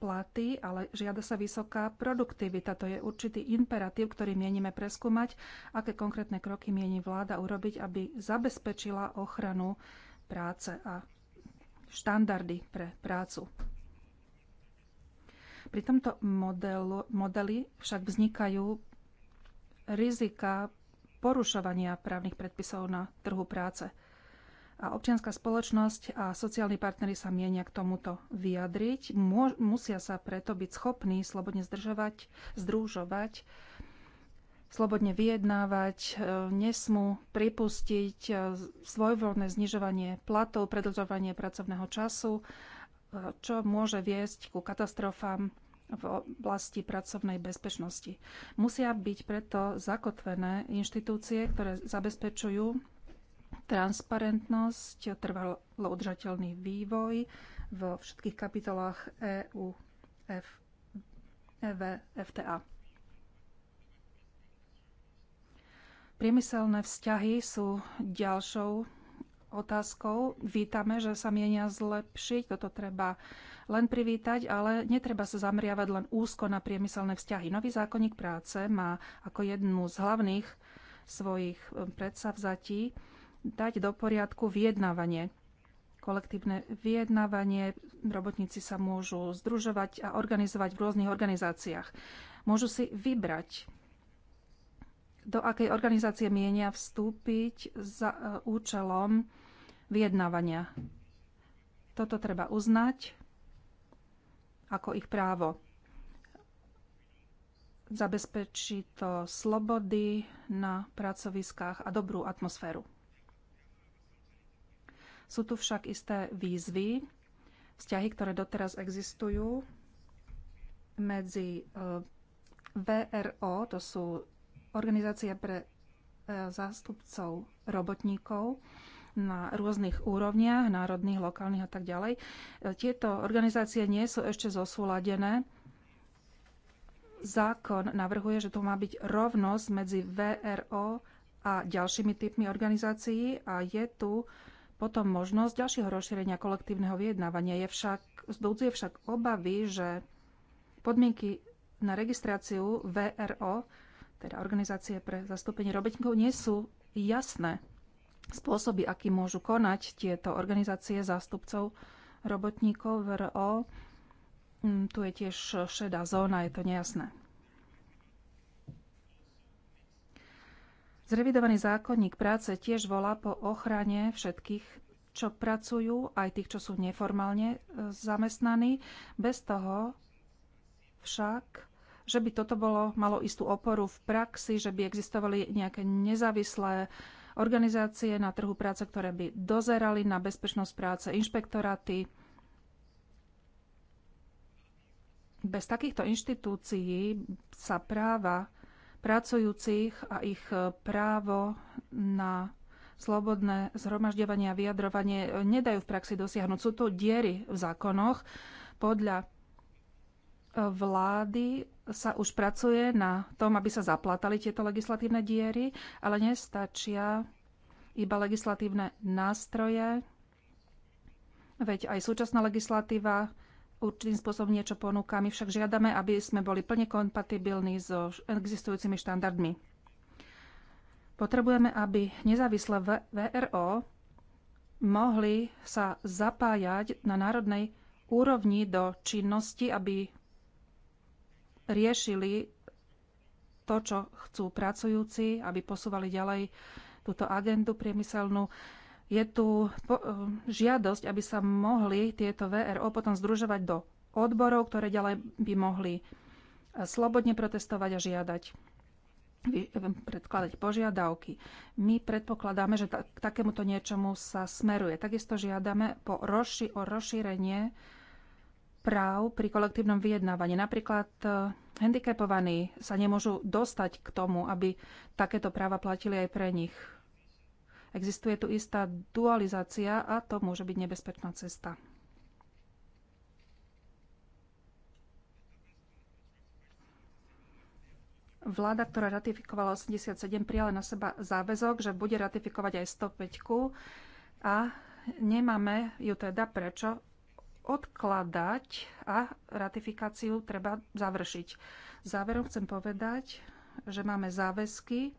platy, ale žiada sa vysoká produktivita. To je určitý imperatív, ktorý mienime preskúmať, aké konkrétne kroky mieni vláda urobiť, aby zabezpečila ochranu práce a štandardy pre prácu. Pri tomto modelu, modeli však vznikajú rizika porušovania právnych predpisov na trhu práce. A občianská spoločnosť a sociálni partnery sa mienia k tomuto vyjadriť. musia sa preto byť schopní slobodne zdržovať, združovať, slobodne vyjednávať, e, nesmú pripustiť e, svojvoľné znižovanie platov, predlžovanie pracovného času, e, čo môže viesť ku katastrofám v oblasti pracovnej bezpečnosti. Musia byť preto zakotvené inštitúcie, ktoré zabezpečujú transparentnosť, trvalo udržateľný vývoj vo všetkých kapitolách EU, F, EV, FTA. Priemyselné vzťahy sú ďalšou otázkou. Vítame, že sa mienia zlepšiť. Toto treba len privítať, ale netreba sa zameriavať len úzko na priemyselné vzťahy. Nový zákonník práce má ako jednu z hlavných svojich um, predsavzatí dať do poriadku vyjednávanie kolektívne vyjednávanie. Robotníci sa môžu združovať a organizovať v rôznych organizáciách. Môžu si vybrať, do akej organizácie mienia vstúpiť za uh, účelom vyjednávania. Toto treba uznať ako ich právo. Zabezpečí to slobody na pracoviskách a dobrú atmosféru. Sú tu však isté výzvy, vzťahy, ktoré doteraz existujú medzi eh, VRO, to sú Organizácia pre eh, zástupcov robotníkov, na rôznych úrovniach, národných, lokálnych a tak ďalej. E, tieto organizácie nie sú ešte zosúladené. Zákon navrhuje, že tu má byť rovnosť medzi VRO a ďalšími typmi organizácií a je tu potom možnosť ďalšieho rozšírenia kolektívneho vyjednávania. Je však, vzbudzuje však obavy, že podmienky na registráciu VRO, teda Organizácie pre zastúpenie robotníkov, nie sú jasné spôsoby, aký môžu konať tieto organizácie zástupcov robotníkov VRO. Mm, tu je tiež šedá zóna, je to nejasné. Zrevidovaný zákonník práce tiež volá po ochrane všetkých, čo pracujú, aj tých, čo sú neformálne e, zamestnaní, bez toho však, že by toto bolo, malo istú oporu v praxi, že by existovali nejaké nezávislé uh, organizácie na trhu práce, ktoré by dozerali na bezpečnosť práce, inšpektoráty. Bez takýchto inštitúcií sa práva pracujúcich a ich právo na slobodné zhromažďovanie a vyjadrovanie nedajú v praxi dosiahnuť. Sú to diery v zákonoch, podľa vlády sa už pracuje na tom, aby sa zaplatali tieto legislatívne diery, ale nestačia iba legislatívne nástroje. Veď aj súčasná legislatíva určitým spôsobom niečo ponúka. My však žiadame, aby sme boli plne kompatibilní so existujúcimi štandardmi. Potrebujeme, aby nezávislé VRO mohli sa zapájať na národnej úrovni do činnosti, aby riešili to, čo chcú pracujúci, aby posúvali ďalej túto agendu priemyselnú. Je tu eh, žiadosť, aby sa mohli tieto VRO potom združovať do odborov, ktoré ďalej by mohli eh, slobodne protestovať a žiadať eh, predkladať požiadavky. My predpokladáme, že k takémuto niečomu sa smeruje. Takisto žiadame po rozši- o rozšírenie práv pri kolektívnom vyjednávaní. Napríklad e, handicapovaní sa nemôžu dostať k tomu, aby takéto práva platili aj pre nich. Existuje tu istá dualizácia a to môže byť nebezpečná cesta. Vláda, ktorá ratifikovala 87, prijala na seba záväzok, že bude ratifikovať aj 105 a nemáme ju teda prečo odkladať a ratifikáciu treba završiť. Záverom chcem povedať, že máme záväzky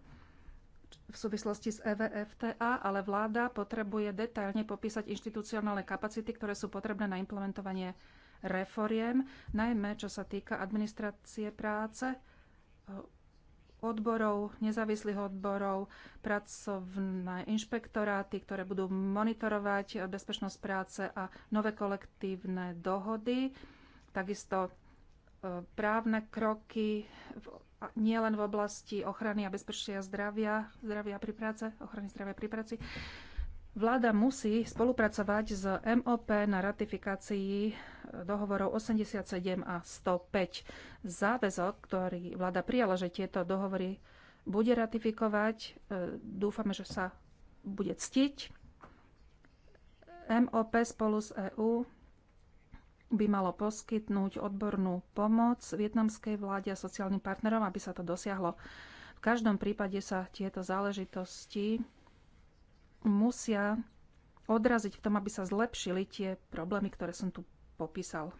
v súvislosti s EVFTA, ale vláda potrebuje detailne popísať inštitucionálne kapacity, ktoré sú potrebné na implementovanie reforiem, najmä čo sa týka administrácie práce, odborov, nezávislých odborov, pracovné inšpektoráty, ktoré budú monitorovať bezpečnosť práce a nové kolektívne dohody, takisto e, právne kroky v, nielen v oblasti ochrany a bezpečia zdravia, zdravia pri práce, ochrany zdravia pri práci, Vláda musí spolupracovať s MOP na ratifikácii e, dohovorov 87 a 105. Záväzok, ktorý vláda prijala, že tieto dohovory bude ratifikovať, e, dúfame, že sa bude ctiť. MOP spolu s EÚ by malo poskytnúť odbornú pomoc vietnamskej vláde a sociálnym partnerom, aby sa to dosiahlo. V každom prípade sa tieto záležitosti musia odraziť v tom, aby sa zlepšili tie problémy, ktoré som tu popísal.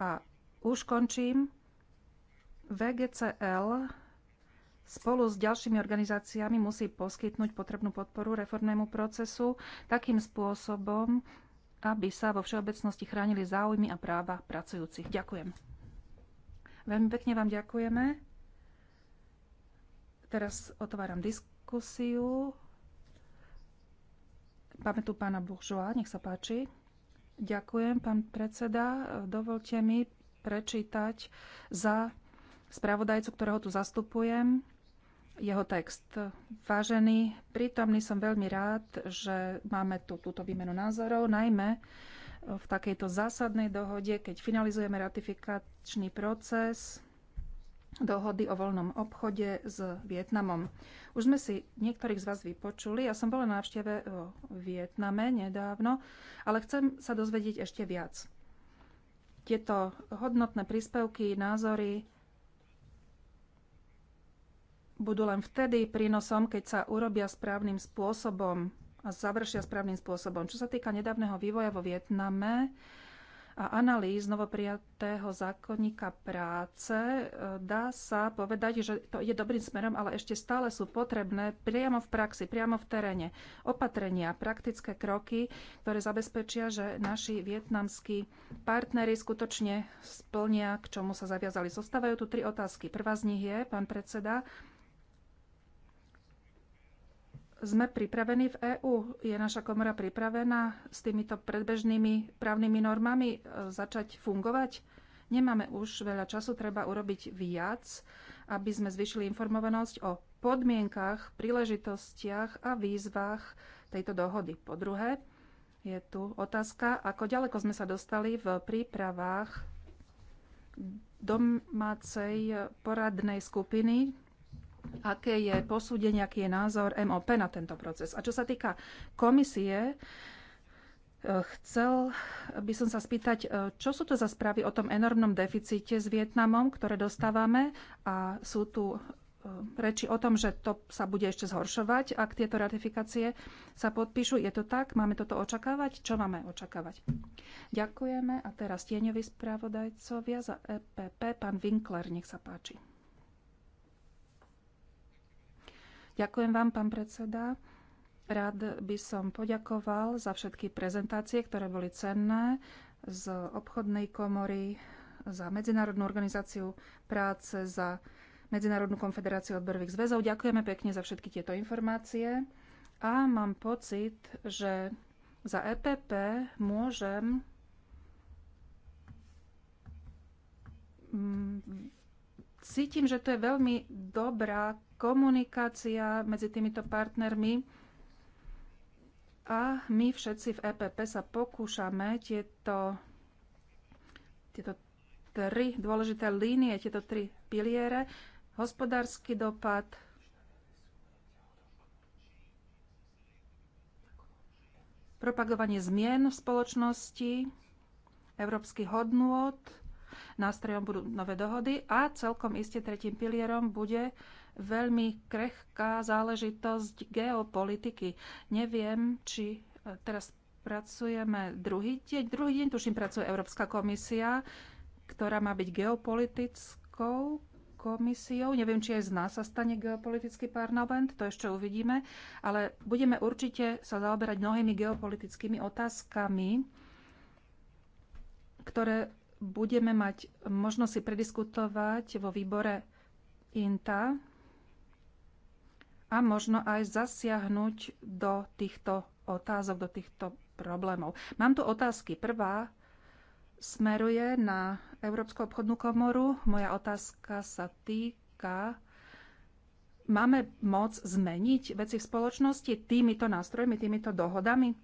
A už končím. VGCL spolu s ďalšími organizáciami musí poskytnúť potrebnú podporu reformnému procesu takým spôsobom, aby sa vo všeobecnosti chránili záujmy a práva pracujúcich. Ďakujem. Veľmi pekne vám ďakujeme. Teraz otváram disk diskusiu. Máme tu pána Buržoa, nech sa páči. Ďakujem, pán predseda. Dovolte mi prečítať za spravodajcu, ktorého tu zastupujem, jeho text. Vážený, prítomný som veľmi rád, že máme tu túto výmenu názorov, najmä v takejto zásadnej dohode, keď finalizujeme ratifikačný proces dohody o voľnom obchode s Vietnamom. Už sme si niektorých z vás vypočuli. Ja som bola na návšteve v Vietname nedávno, ale chcem sa dozvedieť ešte viac. Tieto hodnotné príspevky, názory budú len vtedy prínosom, keď sa urobia správnym spôsobom a završia správnym spôsobom. Čo sa týka nedávneho vývoja vo Vietname, a analýz novoprijatého zákonníka práce e, dá sa povedať, že to ide dobrým smerom, ale ešte stále sú potrebné priamo v praxi, priamo v teréne opatrenia, praktické kroky, ktoré zabezpečia, že naši vietnamskí partnery skutočne splnia, k čomu sa zaviazali. Zostávajú tu tri otázky. Prvá z nich je, pán predseda, sme pripravení v EÚ? Je naša komora pripravená s týmito predbežnými právnymi normami e, začať fungovať? Nemáme už veľa času, treba urobiť viac, aby sme zvyšili informovanosť o podmienkach, príležitostiach a výzvach tejto dohody. Po druhé, je tu otázka, ako ďaleko sme sa dostali v prípravách domácej poradnej skupiny aké je posúdenie, aký je názor MOP na tento proces. A čo sa týka komisie, e, Chcel by som sa spýtať, e, čo sú to za správy o tom enormnom deficite s Vietnamom, ktoré dostávame a sú tu e, reči o tom, že to sa bude ešte zhoršovať, ak tieto ratifikácie sa podpíšu. Je to tak? Máme toto očakávať? Čo máme očakávať? Ďakujeme a teraz tieňovi správodajcovia za EPP, pán Winkler, nech sa páči. Ďakujem vám, pán predseda. Rád by som poďakoval za všetky prezentácie, ktoré boli cenné z obchodnej komory, za Medzinárodnú organizáciu práce, za Medzinárodnú konfederáciu odborových zväzov. Ďakujeme pekne za všetky tieto informácie a mám pocit, že za EPP môžem mm, cítim, že to je veľmi dobrá komunikácia medzi týmito partnermi a my všetci v EPP sa pokúšame tieto, tieto tri dôležité línie, tieto tri piliere, hospodársky dopad, propagovanie zmien v spoločnosti, európsky hodnôt, nástrojom budú nové dohody a celkom iste tretím pilierom bude veľmi krehká záležitosť geopolitiky. Neviem, či e, teraz pracujeme druhý deň. Druhý deň, tuším, pracuje Európska komisia, ktorá má byť geopolitickou komisiou. Neviem, či aj z nás sa stane geopolitický parlament, to ešte uvidíme, ale budeme určite sa zaoberať mnohými geopolitickými otázkami, ktoré budeme mať možnosť si prediskutovať vo výbore INTA a možno aj zasiahnuť do týchto otázok, do týchto problémov. Mám tu otázky. Prvá smeruje na Európsku obchodnú komoru. Moja otázka sa týka máme moc zmeniť veci v spoločnosti týmito nástrojmi, týmito dohodami?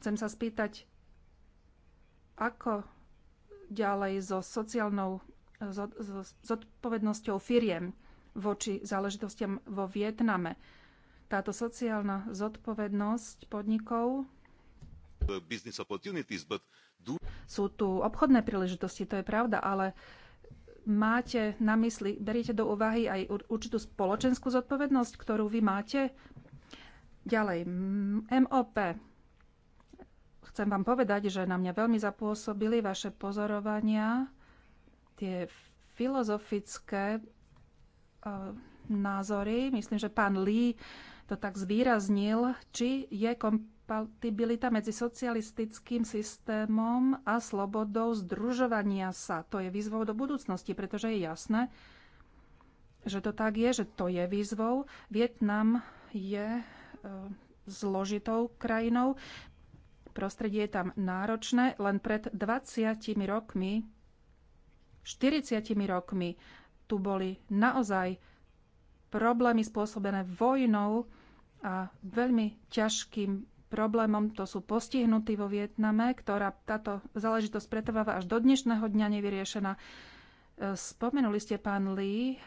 Chcem sa spýtať, ako ďalej so sociálnou eh, zodpovednosťou firiem voči záležitostiam vo Vietname. Táto sociálna zodpovednosť podnikov sú tu obchodné príležitosti, to je pravda, ale máte na mysli, beriete do úvahy aj určitú spoločenskú zodpovednosť, ktorú vy máte? Ďalej, MOP, Chcem vám povedať, že na mňa veľmi zapôsobili vaše pozorovania, tie filozofické e, názory. Myslím, že pán Lee to tak zvýraznil, či je kompatibilita medzi socialistickým systémom a slobodou združovania sa. To je výzvou do budúcnosti, pretože je jasné, že to tak je, že to je výzvou. Vietnam je e, zložitou krajinou. Prostredie je tam náročné. Len pred 20 rokmi, 40 rokmi, tu boli naozaj problémy spôsobené vojnou a veľmi ťažkým problémom, to sú postihnutí vo Vietname, ktorá táto záležitosť pretrváva až do dnešného dňa nevyriešená. Spomenuli ste, pán Lee,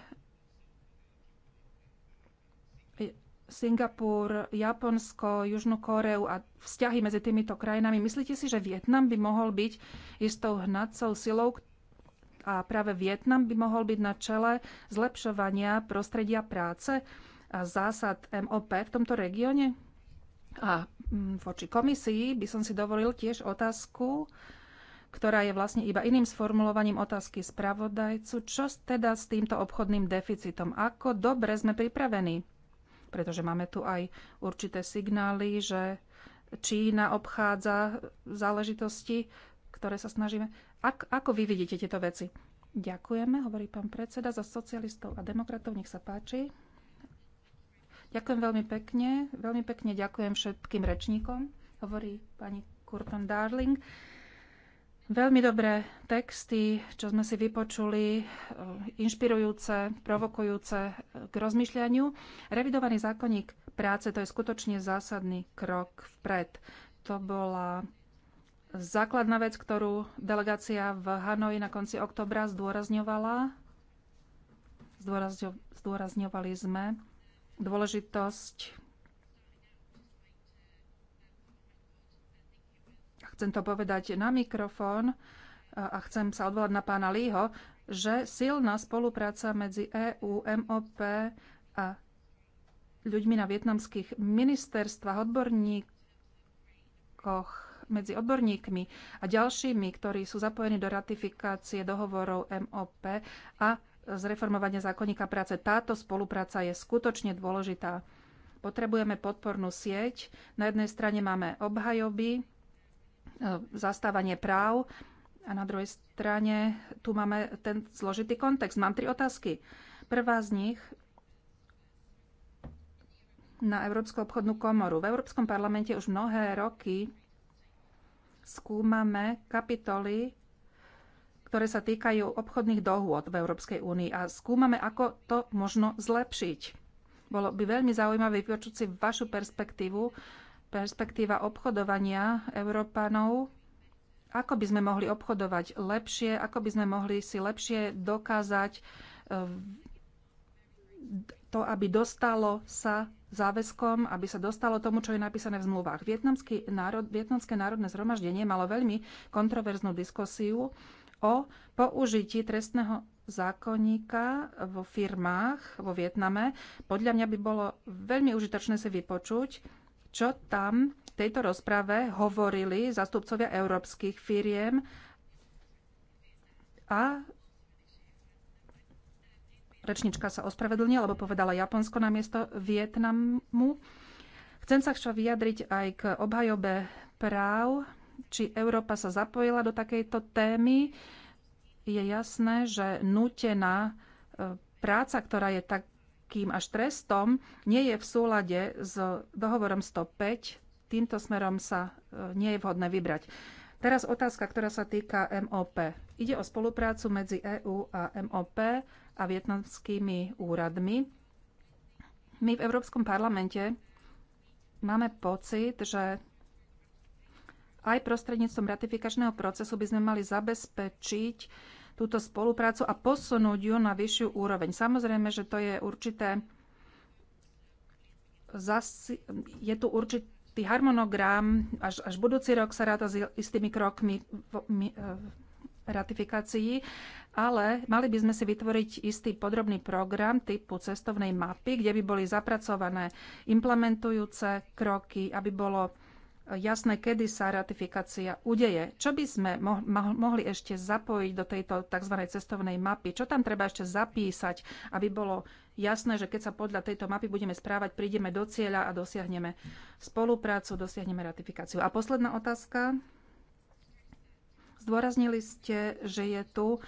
Singapur, Japonsko, Južnú Koreu a vzťahy medzi týmito krajinami. Myslíte si, že Vietnam by mohol byť istou hnacou silou a práve Vietnam by mohol byť na čele zlepšovania prostredia práce a zásad MOP v tomto regióne? A mm, voči komisii by som si dovolil tiež otázku, ktorá je vlastne iba iným sformulovaním otázky spravodajcu, čo teda s týmto obchodným deficitom, ako dobre sme pripravení pretože máme tu aj určité signály, že Čína obchádza záležitosti, ktoré sa snažíme. Ak, ako vy vidíte tieto veci? Ďakujeme, hovorí pán predseda za socialistov a demokratov. Nech sa páči. Ďakujem veľmi pekne. Veľmi pekne ďakujem všetkým rečníkom, hovorí pani Kurton Darling. Veľmi dobré texty, čo sme si vypočuli, eh, inšpirujúce, provokujúce eh, k rozmýšľaniu. Revidovaný zákonník práce to je skutočne zásadný krok vpred. To bola základná vec, ktorú delegácia v Hanoji na konci oktobra zdôrazňovala. Zdôrazňovali sme dôležitosť chcem to povedať na mikrofón a chcem sa odvolať na pána Lího, že silná spolupráca medzi EU, MOP a ľuďmi na vietnamských ministerstvách, odborníkoch, medzi odborníkmi a ďalšími, ktorí sú zapojení do ratifikácie dohovorov MOP a zreformovania zákonníka práce. Táto spolupráca je skutočne dôležitá. Potrebujeme podpornú sieť. Na jednej strane máme obhajoby, E, zastávanie práv. A na druhej strane tu máme ten zložitý kontext. Mám tri otázky. Prvá z nich na Európsku obchodnú komoru. V Európskom parlamente už mnohé roky skúmame kapitoly, ktoré sa týkajú obchodných dohôd v Európskej únii a skúmame, ako to možno zlepšiť. Bolo by veľmi zaujímavé vypočuť si vašu perspektívu perspektíva obchodovania Európanov, ako by sme mohli obchodovať lepšie, ako by sme mohli si lepšie dokázať eh, to, aby dostalo sa záväzkom, aby sa dostalo tomu, čo je napísané v zmluvách. národ, Vietnamské národné zhromaždenie malo veľmi kontroverznú diskusiu o použití trestného zákonníka vo firmách vo Vietname. Podľa mňa by bolo veľmi užitočné si vypočuť čo tam v tejto rozprave hovorili zastupcovia európskych firiem a rečnička sa ospravedlnila, lebo povedala Japonsko namiesto Vietnamu. Chcem sa však vyjadriť aj k obhajobe práv, či Európa sa zapojila do takejto témy. Je jasné, že nutená e, práca, ktorá je tak kým až trestom nie je v súlade s dohovorom 105, týmto smerom sa e, nie je vhodné vybrať. Teraz otázka, ktorá sa týka MOP. Ide o spoluprácu medzi EÚ a MOP a vietnamskými úradmi. My v Európskom parlamente máme pocit, že aj prostredníctvom ratifikačného procesu by sme mali zabezpečiť túto spoluprácu a posunúť ju na vyššiu úroveň. Samozrejme, že to je určité zasi, je tu určitý harmonogram, až, až budúci rok sa ráta s istými krokmi v, mi, e, ratifikácií, ale mali by sme si vytvoriť istý podrobný program typu cestovnej mapy, kde by boli zapracované implementujúce kroky, aby bolo jasné, kedy sa ratifikácia udeje. Čo by sme mohli ešte zapojiť do tejto tzv. cestovnej mapy? Čo tam treba ešte zapísať, aby bolo jasné, že keď sa podľa tejto mapy budeme správať, prídeme do cieľa a dosiahneme spoluprácu, dosiahneme ratifikáciu. A posledná otázka. Zdôraznili ste, že je tu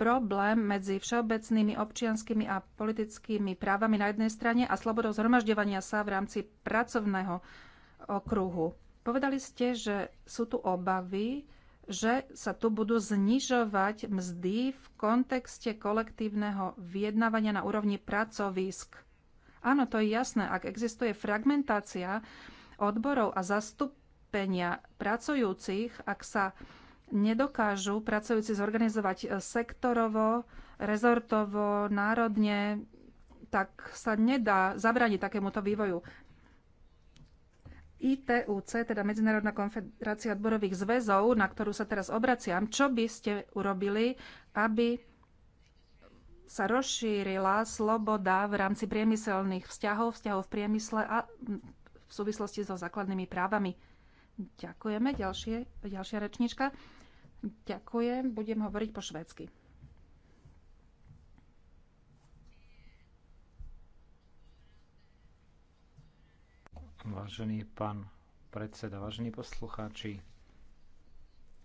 problém medzi všeobecnými občianskými a politickými právami na jednej strane a slobodou zhromažďovania sa v rámci pracovného okruhu. Povedali ste, že sú tu obavy, že sa tu budú znižovať mzdy v kontexte kolektívneho vyjednávania na úrovni pracovisk. Áno, to je jasné. Ak existuje fragmentácia odborov a zastúpenia pracujúcich, ak sa nedokážu pracujúci zorganizovať sektorovo, rezortovo, národne, tak sa nedá zabrániť takémuto vývoju. ITUC, teda Medzinárodná konfederácia odborových zväzov, na ktorú sa teraz obraciam, čo by ste urobili, aby sa rozšírila sloboda v rámci priemyselných vzťahov, vzťahov v priemysle a v súvislosti so základnými právami. Ďakujeme. Ďalšie, ďalšia rečnička. Ďakujem. Budem hovoriť po švédsky. Vážený pán predseda, vážení poslucháči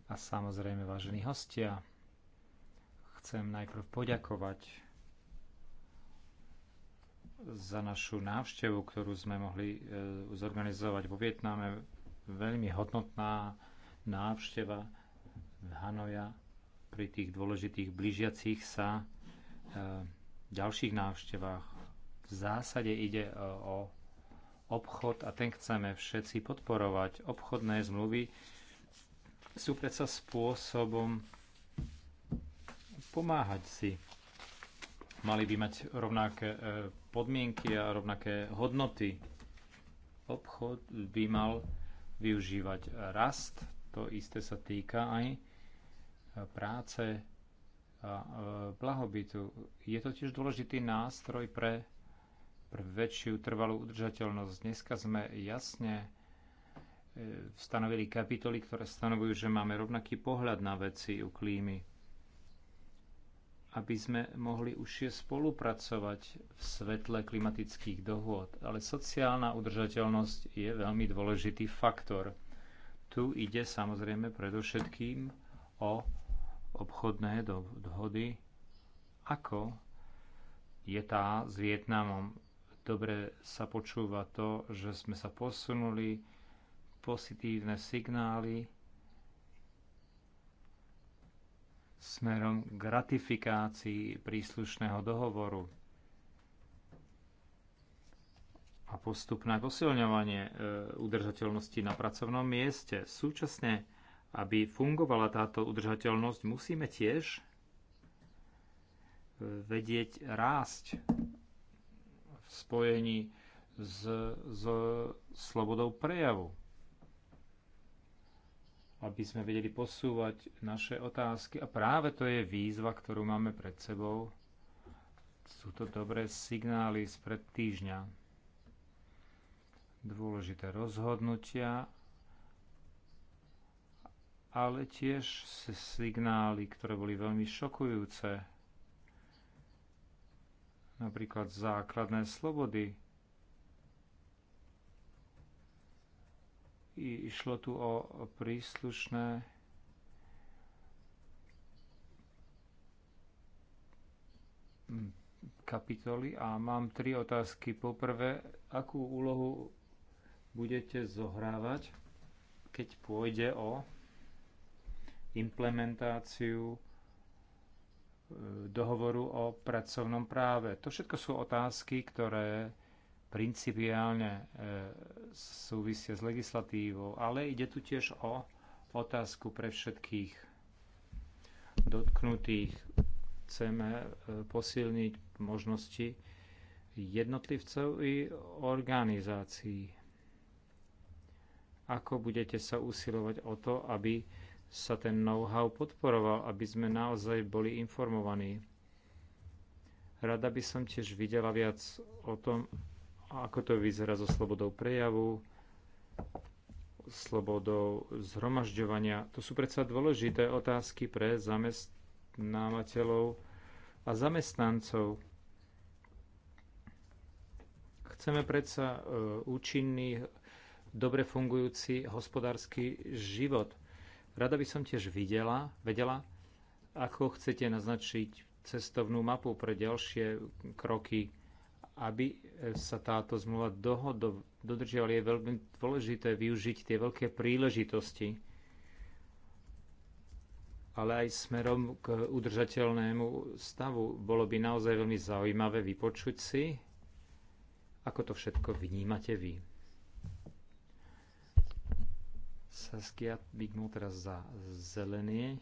a samozrejme vážení hostia, chcem najprv poďakovať za našu návštevu, ktorú sme mohli e, zorganizovať vo Vietname. Veľmi hodnotná návšteva Hanoja pri tých dôležitých blížiacich sa e, ďalších návštevách. V zásade ide e, o obchod a ten chceme všetci podporovať. Obchodné zmluvy sú predsa spôsobom pomáhať si. Mali by mať rovnaké e, podmienky a rovnaké hodnoty. Obchod by mal využívať rast, to isté sa týka aj práce a e, blahobytu. Je to tiež dôležitý nástroj pre pre väčšiu trvalú udržateľnosť. Dneska sme jasne e, stanovili kapitoly, ktoré stanovujú, že máme rovnaký pohľad na veci u klímy. Aby sme mohli užšie spolupracovať v svetle klimatických dohôd. Ale sociálna udržateľnosť je veľmi dôležitý faktor. Tu ide samozrejme predovšetkým o obchodné dohody, ako je tá s Vietnamom. Dobre sa počúva to, že sme sa posunuli, pozitívne signály smerom k ratifikácii príslušného dohovoru a postupné posilňovanie e, udržateľnosti na pracovnom mieste. Súčasne, aby fungovala táto udržateľnosť, musíme tiež e, vedieť rásť spojení s, s slobodou prejavu. Aby sme vedeli posúvať naše otázky. A práve to je výzva, ktorú máme pred sebou. Sú to dobré signály spred týždňa. Dôležité rozhodnutia, ale tiež signály, ktoré boli veľmi šokujúce napríklad základné slobody. I išlo tu o príslušné kapitoly a mám tri otázky. Poprvé, akú úlohu budete zohrávať, keď pôjde o implementáciu dohovoru o pracovnom práve. To všetko sú otázky, ktoré principiálne e, súvisia s legislatívou, ale ide tu tiež o otázku pre všetkých dotknutých. Chceme e, posilniť možnosti jednotlivcov i organizácií. Ako budete sa usilovať o to, aby sa ten know-how podporoval, aby sme naozaj boli informovaní. Rada by som tiež videla viac o tom, ako to vyzerá so slobodou prejavu, slobodou zhromažďovania. To sú predsa dôležité otázky pre zamestnávateľov a zamestnancov. Chceme predsa e, účinný, dobre fungujúci hospodársky život – Rada by som tiež videla, vedela, ako chcete naznačiť cestovnú mapu pre ďalšie kroky, aby sa táto zmluva dohodo, dodržiavala. Je veľmi dôležité využiť tie veľké príležitosti, ale aj smerom k udržateľnému stavu. Bolo by naozaj veľmi zaujímavé vypočuť si, ako to všetko vnímate vy. Saskia Bignul teraz za zelený.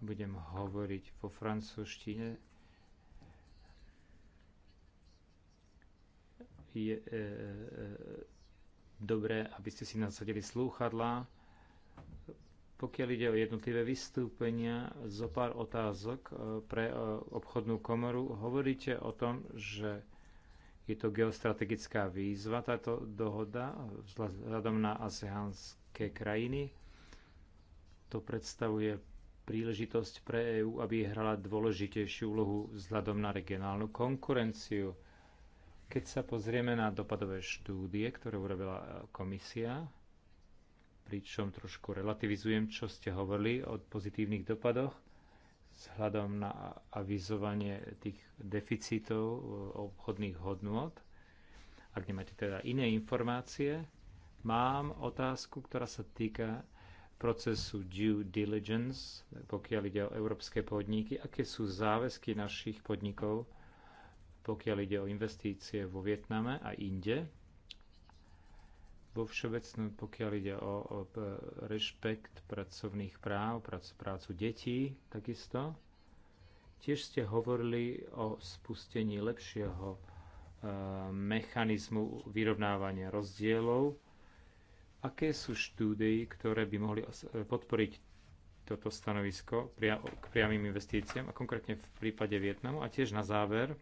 Budem hovoriť po francúzštine. Je e, e, dobré, aby ste si nasadili slúchadlá. Pokiaľ ide o jednotlivé vystúpenia, zo pár otázok e, pre e, obchodnú komoru. Hovoríte o tom, že je to geostrategická výzva táto dohoda vzhľadom na aseánske krajiny. To predstavuje príležitosť pre EÚ, aby hrala dôležitejšiu úlohu vzhľadom na regionálnu konkurenciu. Keď sa pozrieme na dopadové štúdie, ktoré urobila komisia, pričom trošku relativizujem, čo ste hovorili o pozitívnych dopadoch, vzhľadom na avizovanie tých deficitov e, obchodných hodnôt. Ak nemáte teda iné informácie, mám otázku, ktorá sa týka procesu due diligence, pokiaľ ide o európske podniky, aké sú záväzky našich podnikov, pokiaľ ide o investície vo Vietname a inde vo všeobecnom, pokiaľ ide o, o rešpekt pracovných práv, prac, prácu detí takisto. Tiež ste hovorili o spustení lepšieho e, mechanizmu vyrovnávania rozdielov. Aké sú štúdie, ktoré by mohli e, podporiť toto stanovisko pria, k priamým investíciám a konkrétne v prípade Vietnamu? A tiež na záver,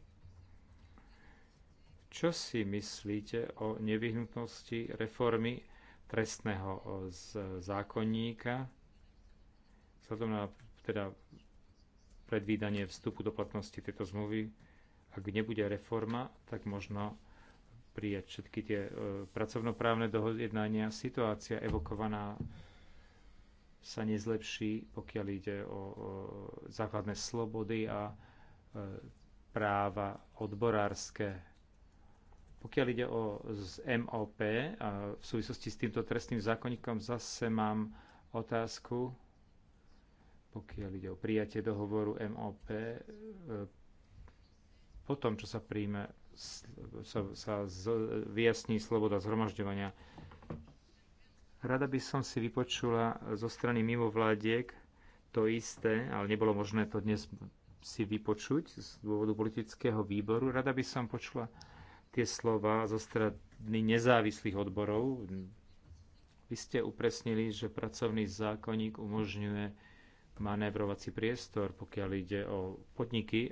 čo si myslíte o nevyhnutnosti reformy trestného zákonníka vzhľadom na teda predvídanie vstupu do platnosti tejto zmluvy? Ak nebude reforma, tak možno prijať všetky tie e, pracovnoprávne dohodnania. Situácia evokovaná sa nezlepší, pokiaľ ide o základné slobody a e, práva odborárske pokiaľ ide o z MOP a v súvislosti s týmto trestným zákonníkom, zase mám otázku, pokiaľ ide o prijatie dohovoru MOP, e, po tom, čo sa príjme, sa, sa z, vyjasní sloboda zhromažďovania. Rada by som si vypočula zo strany mimovládiek to isté, ale nebolo možné to dnes si vypočuť z dôvodu politického výboru. Rada by som počula tie slova zo strany nezávislých odborov. Vy ste upresnili, že pracovný zákonník umožňuje manévrovací priestor, pokiaľ ide o podniky,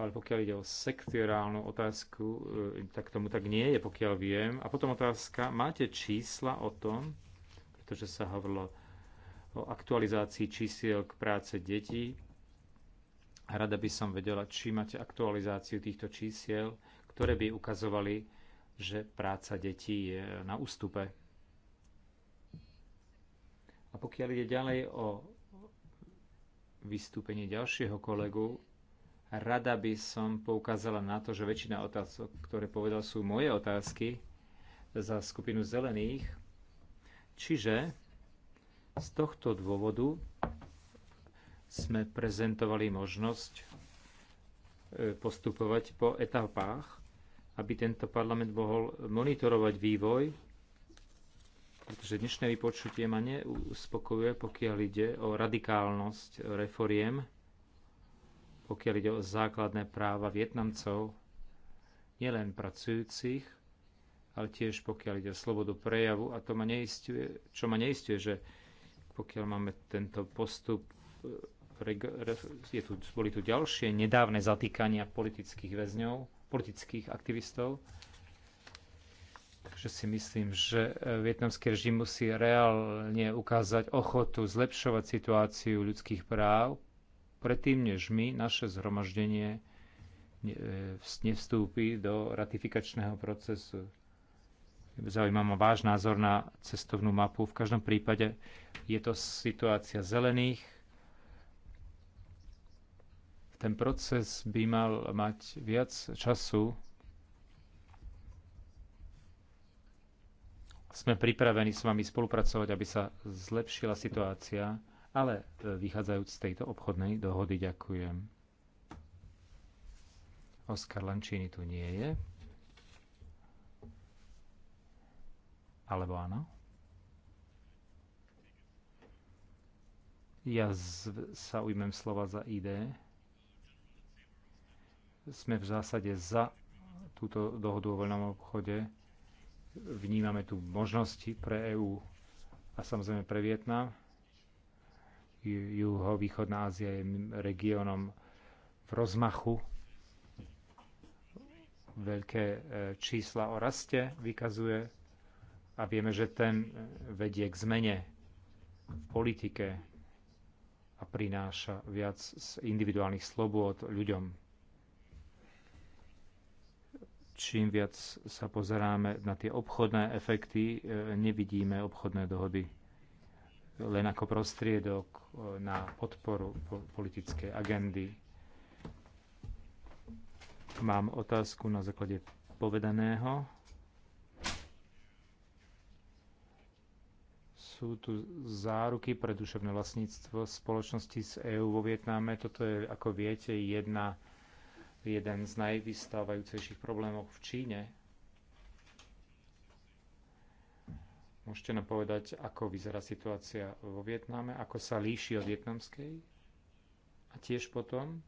ale pokiaľ ide o sektorálnu otázku, e, tak tomu tak nie je, pokiaľ viem. A potom otázka, máte čísla o tom, pretože sa hovorilo o aktualizácii čísiel k práce detí. Rada by som vedela, či máte aktualizáciu týchto čísiel, ktoré by ukazovali, že práca detí je na ústupe. A pokiaľ ide ďalej o vystúpenie ďalšieho kolegu, rada by som poukázala na to, že väčšina otázok, ktoré povedal, sú moje otázky za skupinu zelených. Čiže z tohto dôvodu sme prezentovali možnosť e, postupovať po etapách aby tento parlament mohol monitorovať vývoj, pretože dnešné vypočutie ma neuspokojuje, pokiaľ ide o radikálnosť reforiem, pokiaľ ide o základné práva Vietnamcov, nielen pracujúcich, ale tiež pokiaľ ide o slobodu prejavu. A to ma neistuje, čo ma neistuje, že pokiaľ máme tento postup, e, je tu, boli tu ďalšie nedávne zatýkania politických väzňov, politických aktivistov. Takže si myslím, že e, vietnamský režim musí reálne ukázať ochotu zlepšovať situáciu ľudských práv predtým, než my, naše zhromaždenie, e, nevstúpi do ratifikačného procesu. Zaujíma ma váš názor na cestovnú mapu. V každom prípade je to situácia zelených, ten proces by mal mať viac času. Sme pripravení s vami spolupracovať, aby sa zlepšila situácia, ale e, vychádzajúc z tejto obchodnej dohody ďakujem. Oskar Lančíny tu nie je. Alebo áno? Ja z, sa ujmem slova za ID sme v zásade za túto dohodu o voľnom obchode. Vnímame tu možnosti pre EÚ a samozrejme pre Vietnam. Juho-východná Ázia je regiónom v rozmachu. Veľké e, čísla o raste vykazuje a vieme, že ten e, vedie k zmene v politike a prináša viac individuálnych slobôd ľuďom čím viac sa pozeráme na tie obchodné efekty, e, nevidíme obchodné dohody len ako prostriedok e, na podporu politickej agendy. Mám otázku na základe povedaného. Sú tu záruky pre duševné vlastníctvo spoločnosti z EÚ vo Vietname. Toto je, ako viete, jedna jeden z najvystávajúcejších problémov v Číne. Môžete nám povedať, ako vyzerá situácia vo Vietname, ako sa líši od vietnamskej? A tiež potom,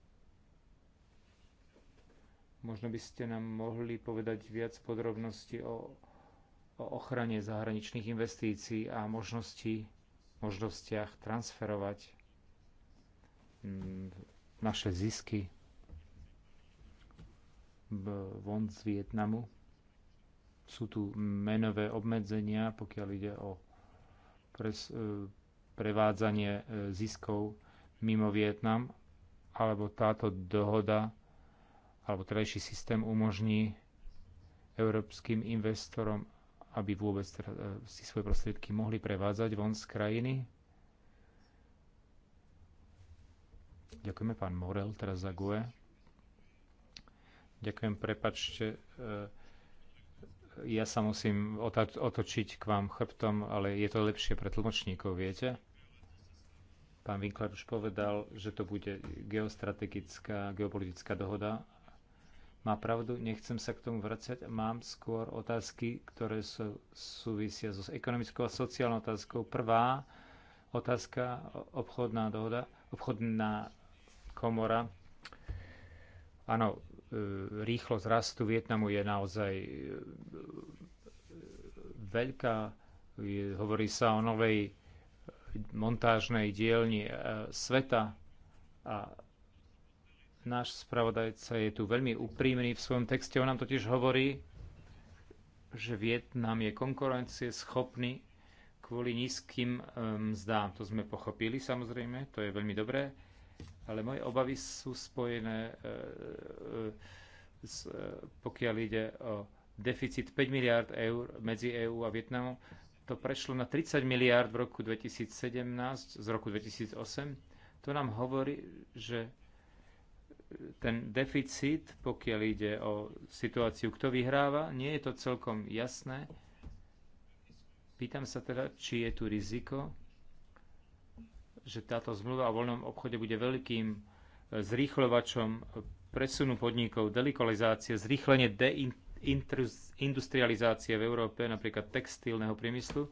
možno by ste nám mohli povedať viac podrobností o, o ochrane zahraničných investícií a možnosti, možnostiach transferovať naše zisky von z Vietnamu. Sú tu menové obmedzenia, pokiaľ ide o pres, e, prevádzanie e, ziskov mimo Vietnam, alebo táto dohoda, alebo trajší systém umožní európskym investorom, aby vôbec teda, e, si svoje prostriedky mohli prevádzať von z krajiny. Ďakujeme pán Morel teraz za GUE. Ďakujem, prepačte. E, ja sa musím otočiť k vám chrbtom, ale je to lepšie pre tlmočníkov, viete? Pán Winkler už povedal, že to bude geostrategická, geopolitická dohoda. Má pravdu, nechcem sa k tomu vracať. Mám skôr otázky, ktoré sú, súvisia so ekonomickou a sociálnou otázkou. Prvá otázka, obchodná dohoda, obchodná komora. Áno, E, rýchlosť rastu Vietnamu je naozaj e, veľká. Hovorí sa o novej montážnej dielni e, sveta a náš spravodajca je tu veľmi úprimný v svojom texte. On nám totiž hovorí, že Vietnam je konkurencieschopný kvôli nízkym mzdám. To sme pochopili samozrejme, to je veľmi dobré ale moje obavy sú spojené, e, e, s, e, pokiaľ ide o deficit 5 miliard eur medzi EÚ a Vietnamom. To prešlo na 30 miliard v roku 2017, z roku 2008. To nám hovorí, že ten deficit, pokiaľ ide o situáciu, kto vyhráva, nie je to celkom jasné. Pýtam sa teda, či je tu riziko, že táto zmluva o voľnom obchode bude veľkým e, zrýchľovačom presunu podnikov, delikolizácie, zrýchlenie deindustrializácie v Európe, napríklad textilného priemyslu.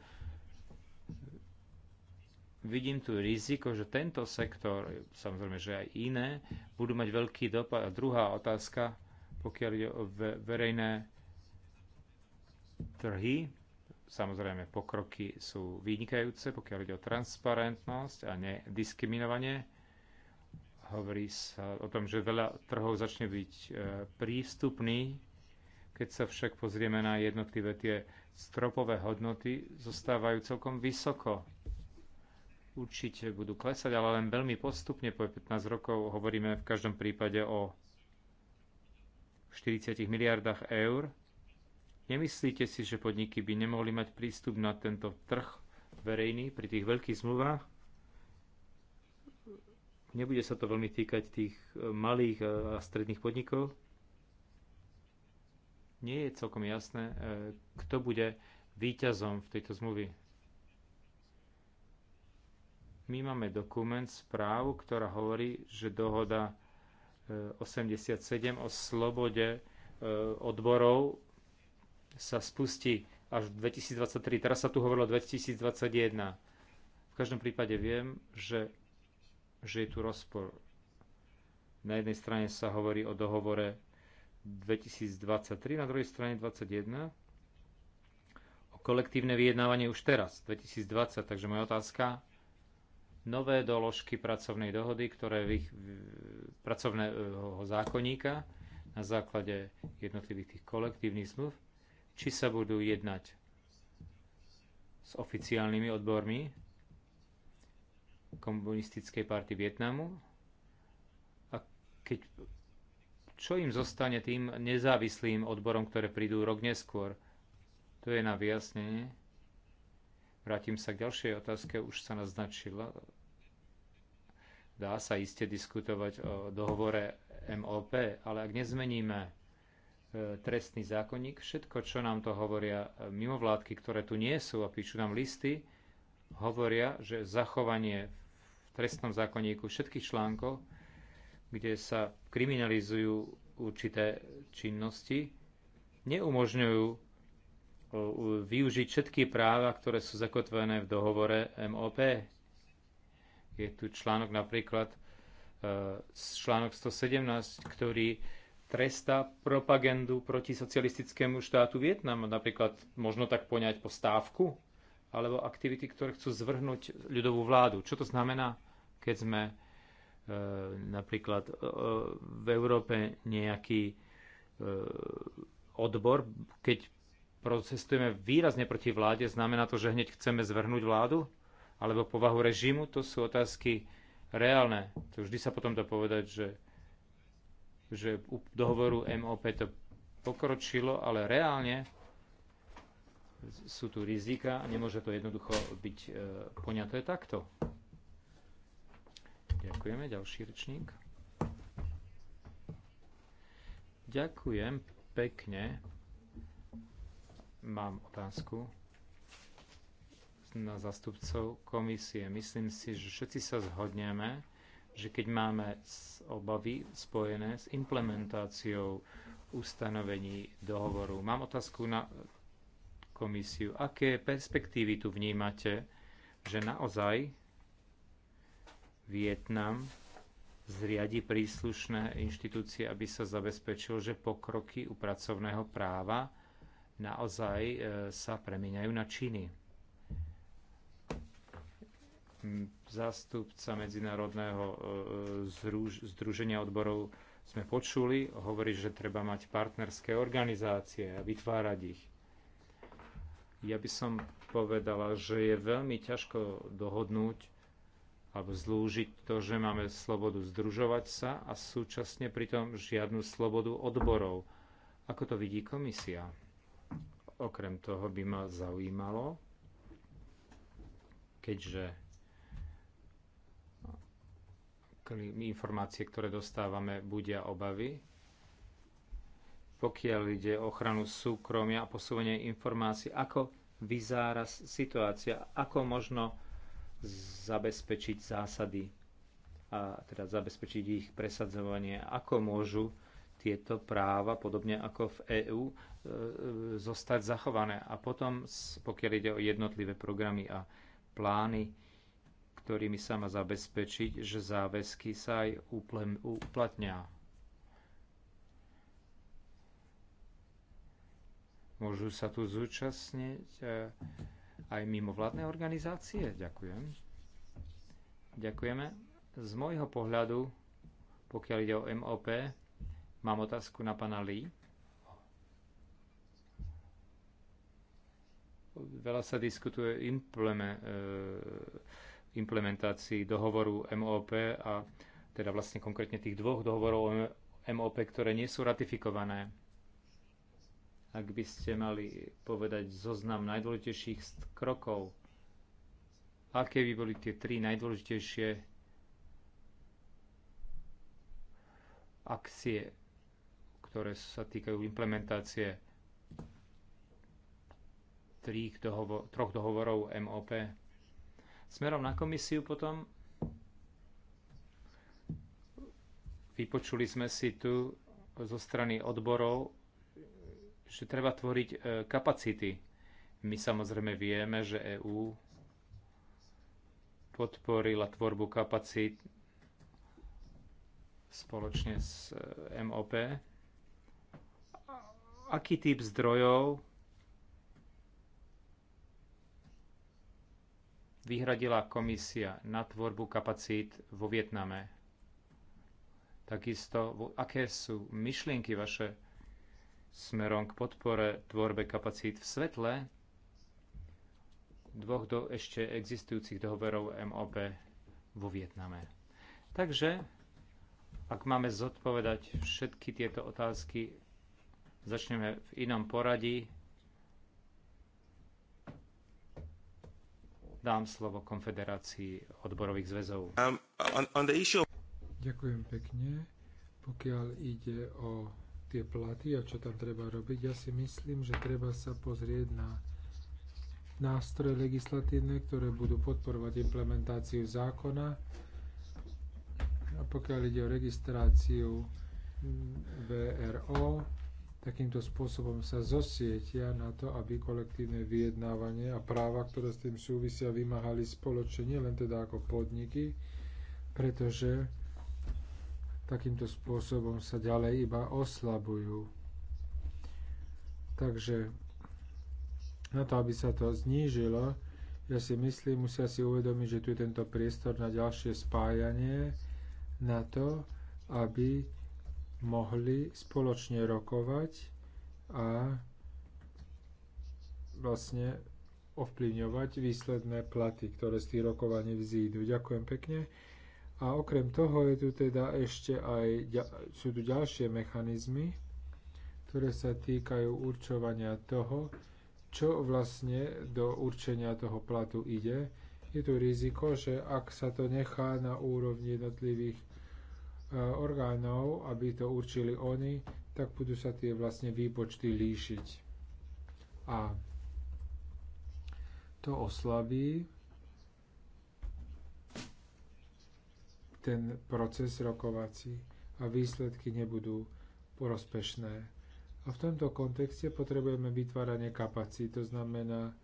Vidím tu riziko, že tento sektor, samozrejme, že aj iné, budú mať veľký dopad. A druhá otázka, pokiaľ ide o verejné trhy, Samozrejme, pokroky sú vynikajúce, pokiaľ ide o transparentnosť a nediskriminovanie. Hovorí sa o tom, že veľa trhov začne byť e, prístupný. Keď sa však pozrieme na jednotlivé tie stropové hodnoty, zostávajú celkom vysoko. Určite budú klesať, ale len veľmi postupne. Po 15 rokov hovoríme v každom prípade o 40 miliardách eur Nemyslíte si, že podniky by nemohli mať prístup na tento trh verejný pri tých veľkých zmluvách? Nebude sa to veľmi týkať tých e, malých e, a stredných podnikov? Nie je celkom jasné, e, kto bude výťazom v tejto zmluvy. My máme dokument, správu, ktorá hovorí, že dohoda 87 o slobode odborov sa spustí až v 2023. Teraz sa tu hovorilo 2021. V každom prípade viem, že, že je tu rozpor. Na jednej strane sa hovorí o dohovore 2023, na druhej strane 2021 o kolektívne vyjednávanie už teraz, 2020. Takže moja otázka, nové doložky pracovnej dohody, ktoré vych, pracovného zákonníka na základe jednotlivých tých kolektívnych zmluv, či sa budú jednať s oficiálnymi odbormi komunistickej party Vietnamu a keď, čo im zostane tým nezávislým odborom, ktoré prídu rok neskôr. To je na vyjasnenie. Vrátim sa k ďalšej otázke, už sa naznačila. Dá sa iste diskutovať o dohovore MOP, ale ak nezmeníme E, trestný zákonník, všetko, čo nám to hovoria e, mimovládky, ktoré tu nie sú a píšu nám listy, hovoria, že zachovanie v trestnom zákonníku všetkých článkov, kde sa kriminalizujú určité činnosti, neumožňujú e, využiť všetky práva, ktoré sú zakotvené v dohovore MOP. Je tu článok napríklad článok 117, ktorý trestá propagandu proti socialistickému štátu Vietnam, napríklad možno tak poňať po stávku, alebo aktivity, ktoré chcú zvrhnúť ľudovú vládu. Čo to znamená, keď sme e, napríklad e, e, v Európe nejaký e, odbor, keď protestujeme výrazne proti vláde, znamená to, že hneď chceme zvrhnúť vládu? Alebo povahu režimu? To sú otázky reálne. To vždy sa potom dá povedať, že že u dohovoru MOP to pokročilo, ale reálne sú tu rizika a nemôže to jednoducho byť e, poňaté takto. Ďakujeme. Ďalší rečník. Ďakujem pekne. Mám otázku na zastupcov komisie. Myslím si, že všetci sa zhodneme, že keď máme obavy spojené s implementáciou ustanovení dohovoru. Mám otázku na komisiu. Aké perspektívy tu vnímate, že naozaj Vietnam zriadi príslušné inštitúcie, aby sa zabezpečil, že pokroky u pracovného práva naozaj e, sa premíňajú na činy? zástupca Medzinárodného e, združenia odborov sme počuli, hovorí, že treba mať partnerské organizácie a vytvárať ich. Ja by som povedala, že je veľmi ťažko dohodnúť alebo zlúžiť to, že máme slobodu združovať sa a súčasne pritom žiadnu slobodu odborov. Ako to vidí komisia? Okrem toho by ma zaujímalo, keďže informácie, ktoré dostávame, budia obavy. Pokiaľ ide o ochranu súkromia a posúvanie informácií, ako vyzára situácia, ako možno zabezpečiť zásady a teda zabezpečiť ich presadzovanie, ako môžu tieto práva, podobne ako v EÚ, e, zostať zachované. A potom, pokiaľ ide o jednotlivé programy a plány, ktorými sa má zabezpečiť, že záväzky sa aj uplatnia. Môžu sa tu zúčastniť eh, aj mimovládne organizácie. Ďakujem. Ďakujeme. Z môjho pohľadu, pokiaľ ide o MOP, mám otázku na pana Lee. Veľa sa diskutuje implement, eh, implementácii dohovoru MOP a teda vlastne konkrétne tých dvoch dohovorov MOP, ktoré nie sú ratifikované. Ak by ste mali povedať zoznam najdôležitejších krokov, aké by boli tie tri najdôležitejšie akcie, ktoré sa týkajú implementácie troch dohovorov MOP? Smerom na komisiu potom vypočuli sme si tu zo strany odborov, že treba tvoriť e, kapacity. My samozrejme vieme, že EÚ podporila tvorbu kapacít spoločne s e, MOP. Aký typ zdrojov vyhradila komisia na tvorbu kapacít vo Vietname? Takisto, aké sú myšlienky vaše smerom k podpore tvorbe kapacít v svetle dvoch do ešte existujúcich dohovorov MOP vo Vietname? Takže, ak máme zodpovedať všetky tieto otázky, začneme v inom poradí. dám slovo Konfederácii odborových zväzov. Um, on, on issue... Ďakujem pekne. Pokiaľ ide o tie platy a čo tam treba robiť, ja si myslím, že treba sa pozrieť na nástroje legislatívne, ktoré budú podporovať implementáciu zákona. A pokiaľ ide o registráciu VRO, takýmto spôsobom sa zosietia na to, aby kolektívne vyjednávanie a práva, ktoré s tým súvisia, vymáhali spoločne, nielen teda ako podniky, pretože takýmto spôsobom sa ďalej iba oslabujú. Takže na to, aby sa to znížilo, ja si myslím, musia si uvedomiť, že tu je tento priestor na ďalšie spájanie, na to, aby mohli spoločne rokovať a vlastne ovplyvňovať výsledné platy, ktoré z tých rokovaní vzídu. Ďakujem pekne. A okrem toho je tu teda ešte aj, sú tu ďalšie mechanizmy, ktoré sa týkajú určovania toho, čo vlastne do určenia toho platu ide. Je tu riziko, že ak sa to nechá na úrovni jednotlivých E, orgánov, aby to určili oni, tak budú sa tie vlastne výpočty líšiť. A to oslabí ten proces rokovací a výsledky nebudú prospešné. A v tomto kontexte potrebujeme vytváranie kapacít, to znamená,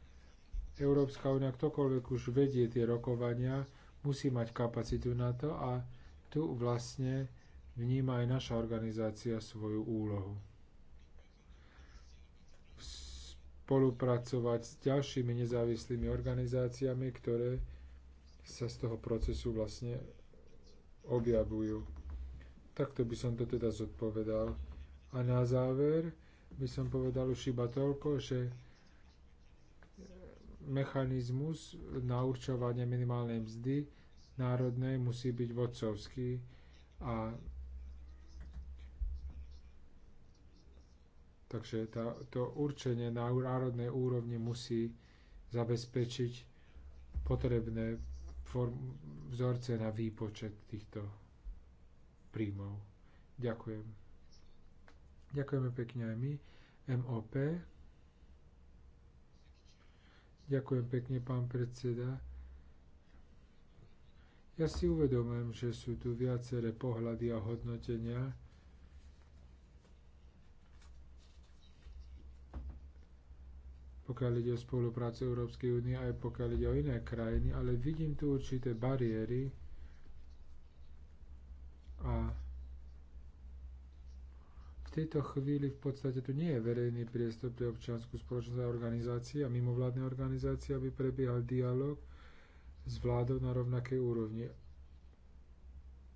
Európska únia, ktokoľvek už vedie tie rokovania, musí mať kapacitu na to a tu vlastne vníma aj naša organizácia svoju úlohu. Spolupracovať s ďalšími nezávislými organizáciami, ktoré sa z toho procesu vlastne objavujú. Takto by som to teda zodpovedal. A na záver by som povedal už iba toľko, že mechanizmus na určovanie minimálnej mzdy národnej musí byť vodcovský a takže tá, to určenie na národnej úrovni musí zabezpečiť potrebné form, vzorce na výpočet týchto príjmov. Ďakujem. Ďakujeme pekne aj my. MOP. Ďakujem pekne, pán predseda. Ja si uvedomujem, že sú tu viaceré pohľady a hodnotenia. pokiaľ ide o spoluprácu Európskej únie, aj pokiaľ ide o iné krajiny, ale vidím tu určité bariéry a v tejto chvíli v podstate tu nie je verejný priestor pre občiansku spoločnosť a organizácie a mimovládne organizácie, aby prebiehal dialog s vládou na rovnakej úrovni.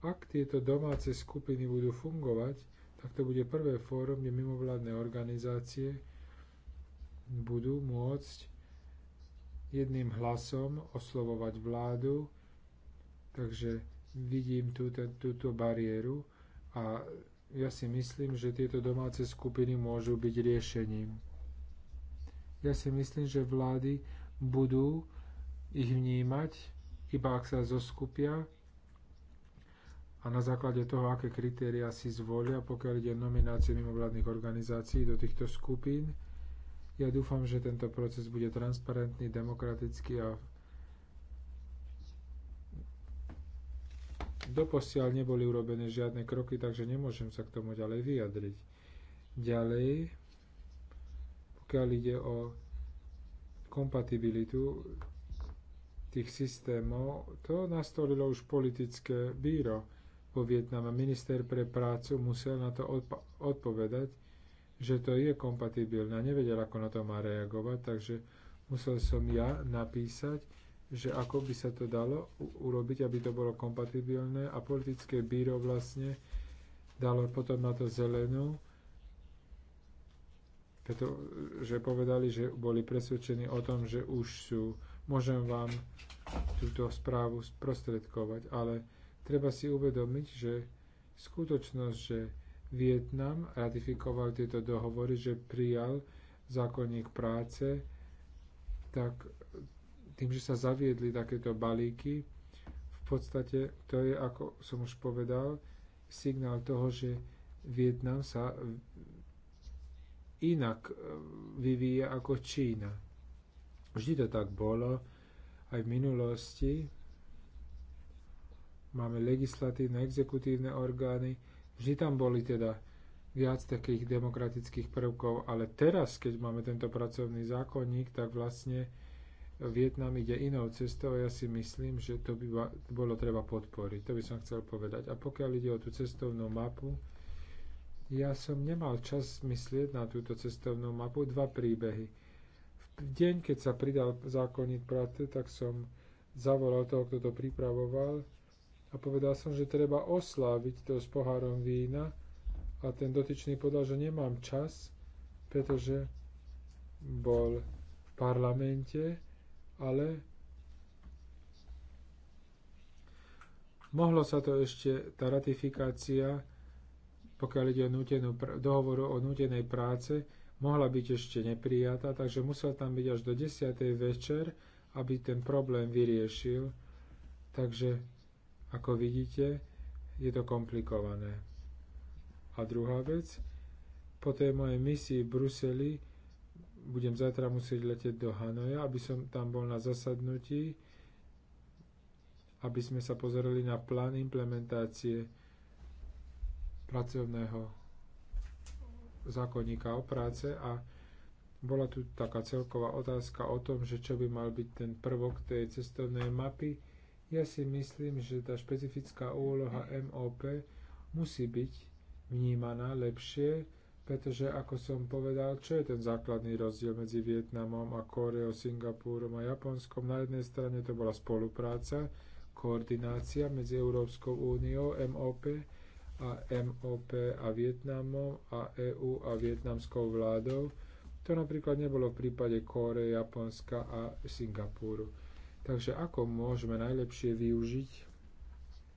Ak tieto domáce skupiny budú fungovať, tak to bude prvé fórum, kde mimovládne organizácie budú môcť jedným hlasom oslovovať vládu, takže vidím túto, túto bariéru a ja si myslím, že tieto domáce skupiny môžu byť riešením. Ja si myslím, že vlády budú ich vnímať, iba ak sa zoskupia a na základe toho, aké kritéria si zvolia, pokiaľ ide o nomináciu mimovládnych organizácií do týchto skupín. Ja dúfam, že tento proces bude transparentný, demokratický a doposiaľ neboli urobené žiadne kroky, takže nemôžem sa k tomu ďalej vyjadriť. Ďalej, pokiaľ ide o kompatibilitu tých systémov, to nastolilo už politické bíro vo Vietname. Minister pre prácu musel na to odpovedať, že to je kompatibilné. Nevedel, ako na to má reagovať, takže musel som ja napísať, že ako by sa to dalo urobiť, aby to bolo kompatibilné a politické bíro vlastne dalo potom na to zelenú, pretože povedali, že boli presvedčení o tom, že už sú môžem vám túto správu sprostredkovať, ale treba si uvedomiť, že skutočnosť, že Vietnam ratifikoval tieto dohovory, že prijal zákonník práce, tak tým, že sa zaviedli takéto balíky, v podstate to je, ako som už povedal, signál toho, že Vietnam sa inak e, vyvíja ako Čína. Vždy to tak bolo, aj v minulosti. Máme legislatívne, exekutívne orgány. Vždy tam boli teda viac takých demokratických prvkov, ale teraz, keď máme tento pracovný zákonník, tak vlastne Vietnam ide inou cestou a ja si myslím, že to by bolo treba podporiť. To by som chcel povedať. A pokiaľ ide o tú cestovnú mapu, ja som nemal čas myslieť na túto cestovnú mapu. Dva príbehy v deň, keď sa pridal zákonník práce, tak som zavolal toho, kto to pripravoval a povedal som, že treba osláviť to s pohárom vína a ten dotyčný povedal, že nemám čas, pretože bol v parlamente, ale mohlo sa to ešte, tá ratifikácia, pokiaľ ide o dohovoru o nútenej práce, mohla byť ešte neprijatá, takže musel tam byť až do 10. večer, aby ten problém vyriešil. Takže, ako vidíte, je to komplikované. A druhá vec, po tej mojej misii v Bruseli budem zajtra musieť letieť do Hanoja, aby som tam bol na zasadnutí, aby sme sa pozerali na plán implementácie pracovného zákonníka o práce a bola tu taká celková otázka o tom, že čo by mal byť ten prvok tej cestovnej mapy. Ja si myslím, že tá špecifická úloha MOP musí byť vnímaná lepšie, pretože ako som povedal, čo je ten základný rozdiel medzi Vietnamom a Kóreou, Singapúrom a Japonskom? Na jednej strane to bola spolupráca, koordinácia medzi Európskou úniou, MOP, a MOP a Vietnamom a EU a vietnamskou vládou. To napríklad nebolo v prípade Kóre, Japonska a Singapúru. Takže ako môžeme najlepšie využiť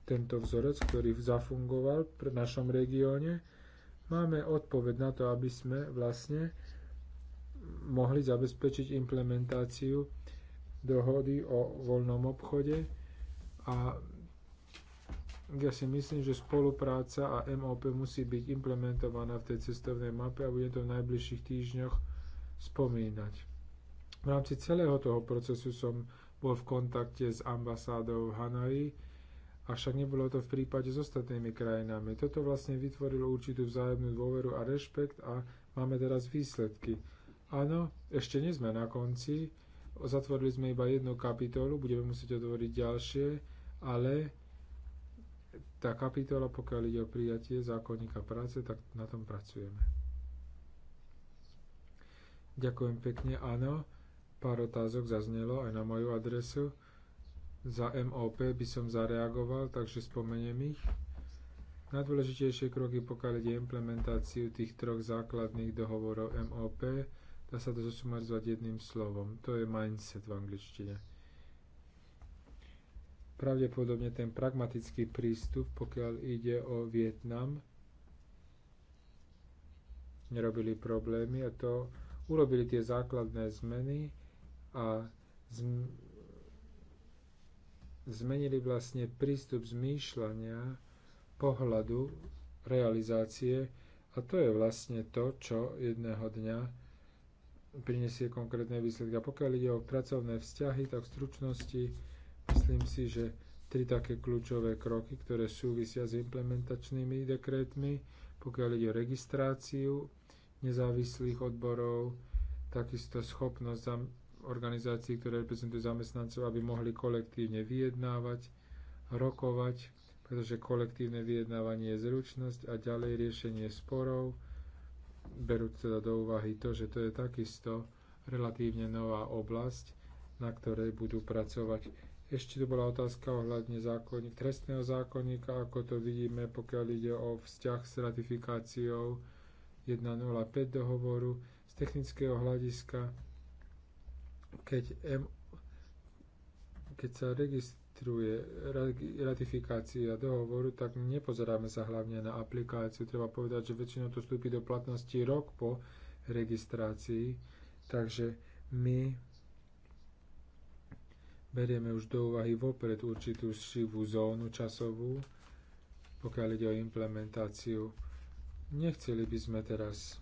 tento vzorec, ktorý zafungoval v našom regióne? Máme odpoveď na to, aby sme vlastne mohli zabezpečiť implementáciu dohody o voľnom obchode a ja si myslím, že spolupráca a MOP musí byť implementovaná v tej cestovnej mape a budem to v najbližších týždňoch spomínať. V rámci celého toho procesu som bol v kontakte s ambasádou v Hanoji, avšak nebolo to v prípade s ostatnými krajinami. Toto vlastne vytvorilo určitú vzájomnú dôveru a rešpekt a máme teraz výsledky. Áno, ešte nie sme na konci, zatvorili sme iba jednu kapitolu, budeme musieť otvoriť ďalšie, ale tá kapitola, pokiaľ ide o prijatie zákonníka práce, tak na tom pracujeme. Ďakujem pekne, áno. Pár otázok zaznelo aj na moju adresu. Za MOP by som zareagoval, takže spomeniem ich. Najdôležitejšie kroky, pokiaľ ide implementáciu tých troch základných dohovorov MOP, dá sa to zosumarizovať jedným slovom. To je mindset v angličtine pravdepodobne ten pragmatický prístup, pokiaľ ide o Vietnam, nerobili problémy a to urobili tie základné zmeny a zmenili vlastne prístup zmýšľania, pohľadu, realizácie a to je vlastne to, čo jedného dňa prinesie konkrétne výsledky. A pokiaľ ide o pracovné vzťahy, tak v stručnosti Myslím si, že tri také kľúčové kroky, ktoré súvisia s implementačnými dekrétmi, pokiaľ ide o registráciu nezávislých odborov, takisto schopnosť organizácií, ktoré reprezentujú zamestnancov, aby mohli kolektívne vyjednávať, rokovať, pretože kolektívne vyjednávanie je zručnosť a ďalej riešenie sporov, berú teda do úvahy to, že to je takisto relatívne nová oblasť, na ktorej budú pracovať ešte tu bola otázka ohľadne zákonník, trestného zákonníka, ako to vidíme, pokiaľ ide o vzťah s ratifikáciou 1.05 dohovoru. Z technického hľadiska, keď, M, keď sa registruje ratifikácia dohovoru, tak nepozeráme sa hlavne na aplikáciu. Treba povedať, že väčšinou to vstúpi do platnosti rok po registrácii, takže my berieme už do úvahy vopred určitú šivú zónu časovú, pokiaľ ide o implementáciu. Nechceli by sme teraz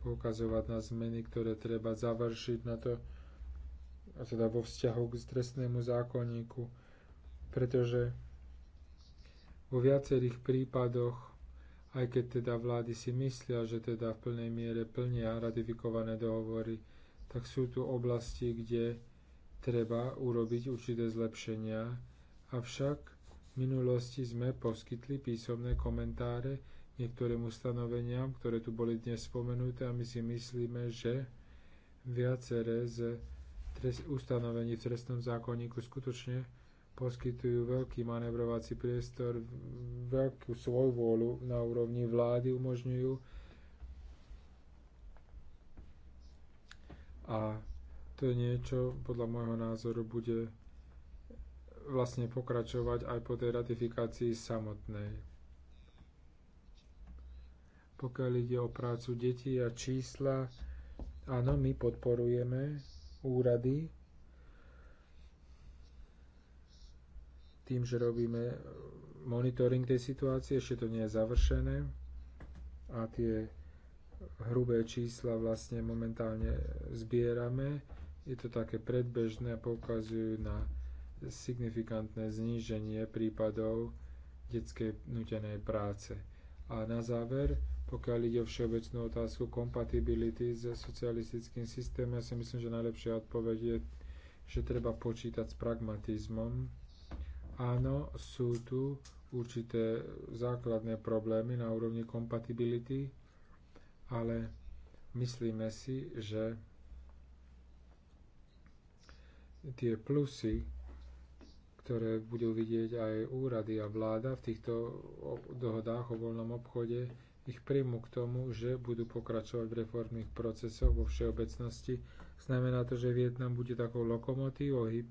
poukazovať na zmeny, ktoré treba završiť na to, a teda vo vzťahu k trestnému zákonníku, pretože vo viacerých prípadoch, aj keď teda vlády si myslia, že teda v plnej miere plnia ratifikované dohovory, tak sú tu oblasti, kde treba urobiť určité zlepšenia, avšak v minulosti sme poskytli písomné komentáre niektorým ustanoveniam, ktoré tu boli dnes spomenuté a my si myslíme, že viaceré z ustanovení v trestnom zákonníku skutočne poskytujú veľký manevrovací priestor, veľkú svoju vôľu na úrovni vlády umožňujú A to je niečo, podľa môjho názoru, bude vlastne pokračovať aj po tej ratifikácii samotnej. Pokiaľ ide o prácu detí a čísla, áno, my podporujeme úrady tým, že robíme monitoring tej situácie, ešte to nie je završené a tie hrubé čísla vlastne momentálne zbierame. Je to také predbežné, a poukazujú na signifikantné zníženie prípadov detskej nutenej práce. A na záver, pokiaľ ide o všeobecnú otázku kompatibility s socialistickým systémom, ja si myslím, že najlepšia odpoveď je, že treba počítať s pragmatizmom. Áno, sú tu určité základné problémy na úrovni kompatibility, ale myslíme si, že tie plusy, ktoré budú vidieť aj úrady a vláda v týchto dohodách o voľnom obchode, ich príjmu k tomu, že budú pokračovať v reformných procesoch vo všeobecnosti. Znamená to, že Vietnam bude takou lokomotívou, hyb,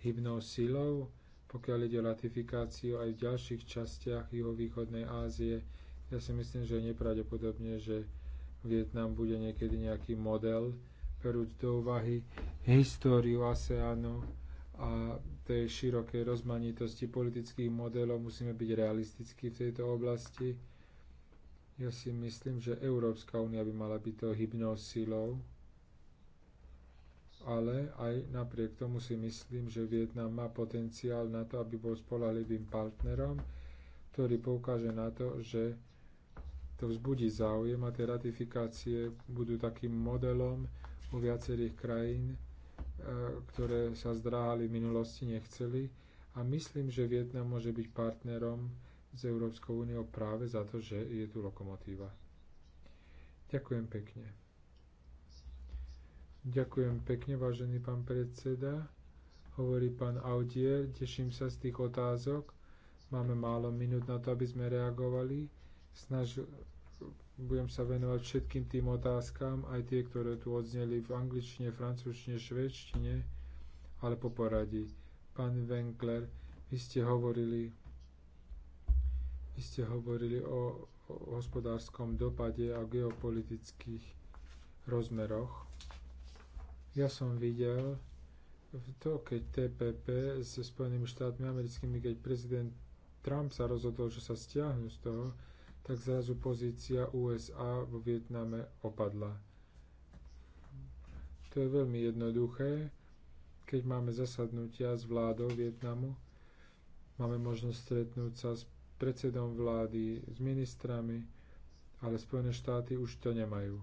hybnou silou, pokiaľ ide o ratifikáciu aj v ďalších častiach juhovýchodnej Ázie, ja si myslím, že je nepravdepodobne, že Vietnam bude niekedy nejaký model, berúc do úvahy históriu ASEANu a tej širokej rozmanitosti politických modelov. Musíme byť realistickí v tejto oblasti. Ja si myslím, že Európska únia by mala byť to hybnou silou, ale aj napriek tomu si myslím, že Vietnam má potenciál na to, aby bol spolahlivým partnerom, ktorý poukáže na to, že to vzbudí záujem a tie ratifikácie budú takým modelom u viacerých krajín, e, ktoré sa zdráhali v minulosti, nechceli. A myslím, že Vietnam môže byť partnerom s Európskou úniou práve za to, že je tu lokomotíva. Ďakujem pekne. Ďakujem pekne, vážený pán predseda. Hovorí pán Audier, teším sa z tých otázok. Máme málo minút na to, aby sme reagovali. Snažil, budem sa venovať všetkým tým otázkam, aj tie, ktoré tu odzneli v angličtine, francúzštine, švedštine, ale po poradí. Pán Wengler, vy ste hovorili, vy ste hovorili o, o hospodárskom dopade a geopolitických rozmeroch. Ja som videl to, keď TPP so Spojenými štátmi americkými, keď prezident Trump sa rozhodol, že sa stiahnu z toho, tak zrazu pozícia USA vo Vietname opadla. To je veľmi jednoduché. Keď máme zasadnutia s vládou Vietnamu, máme možnosť stretnúť sa s predsedom vlády, s ministrami, ale Spojené štáty už to nemajú.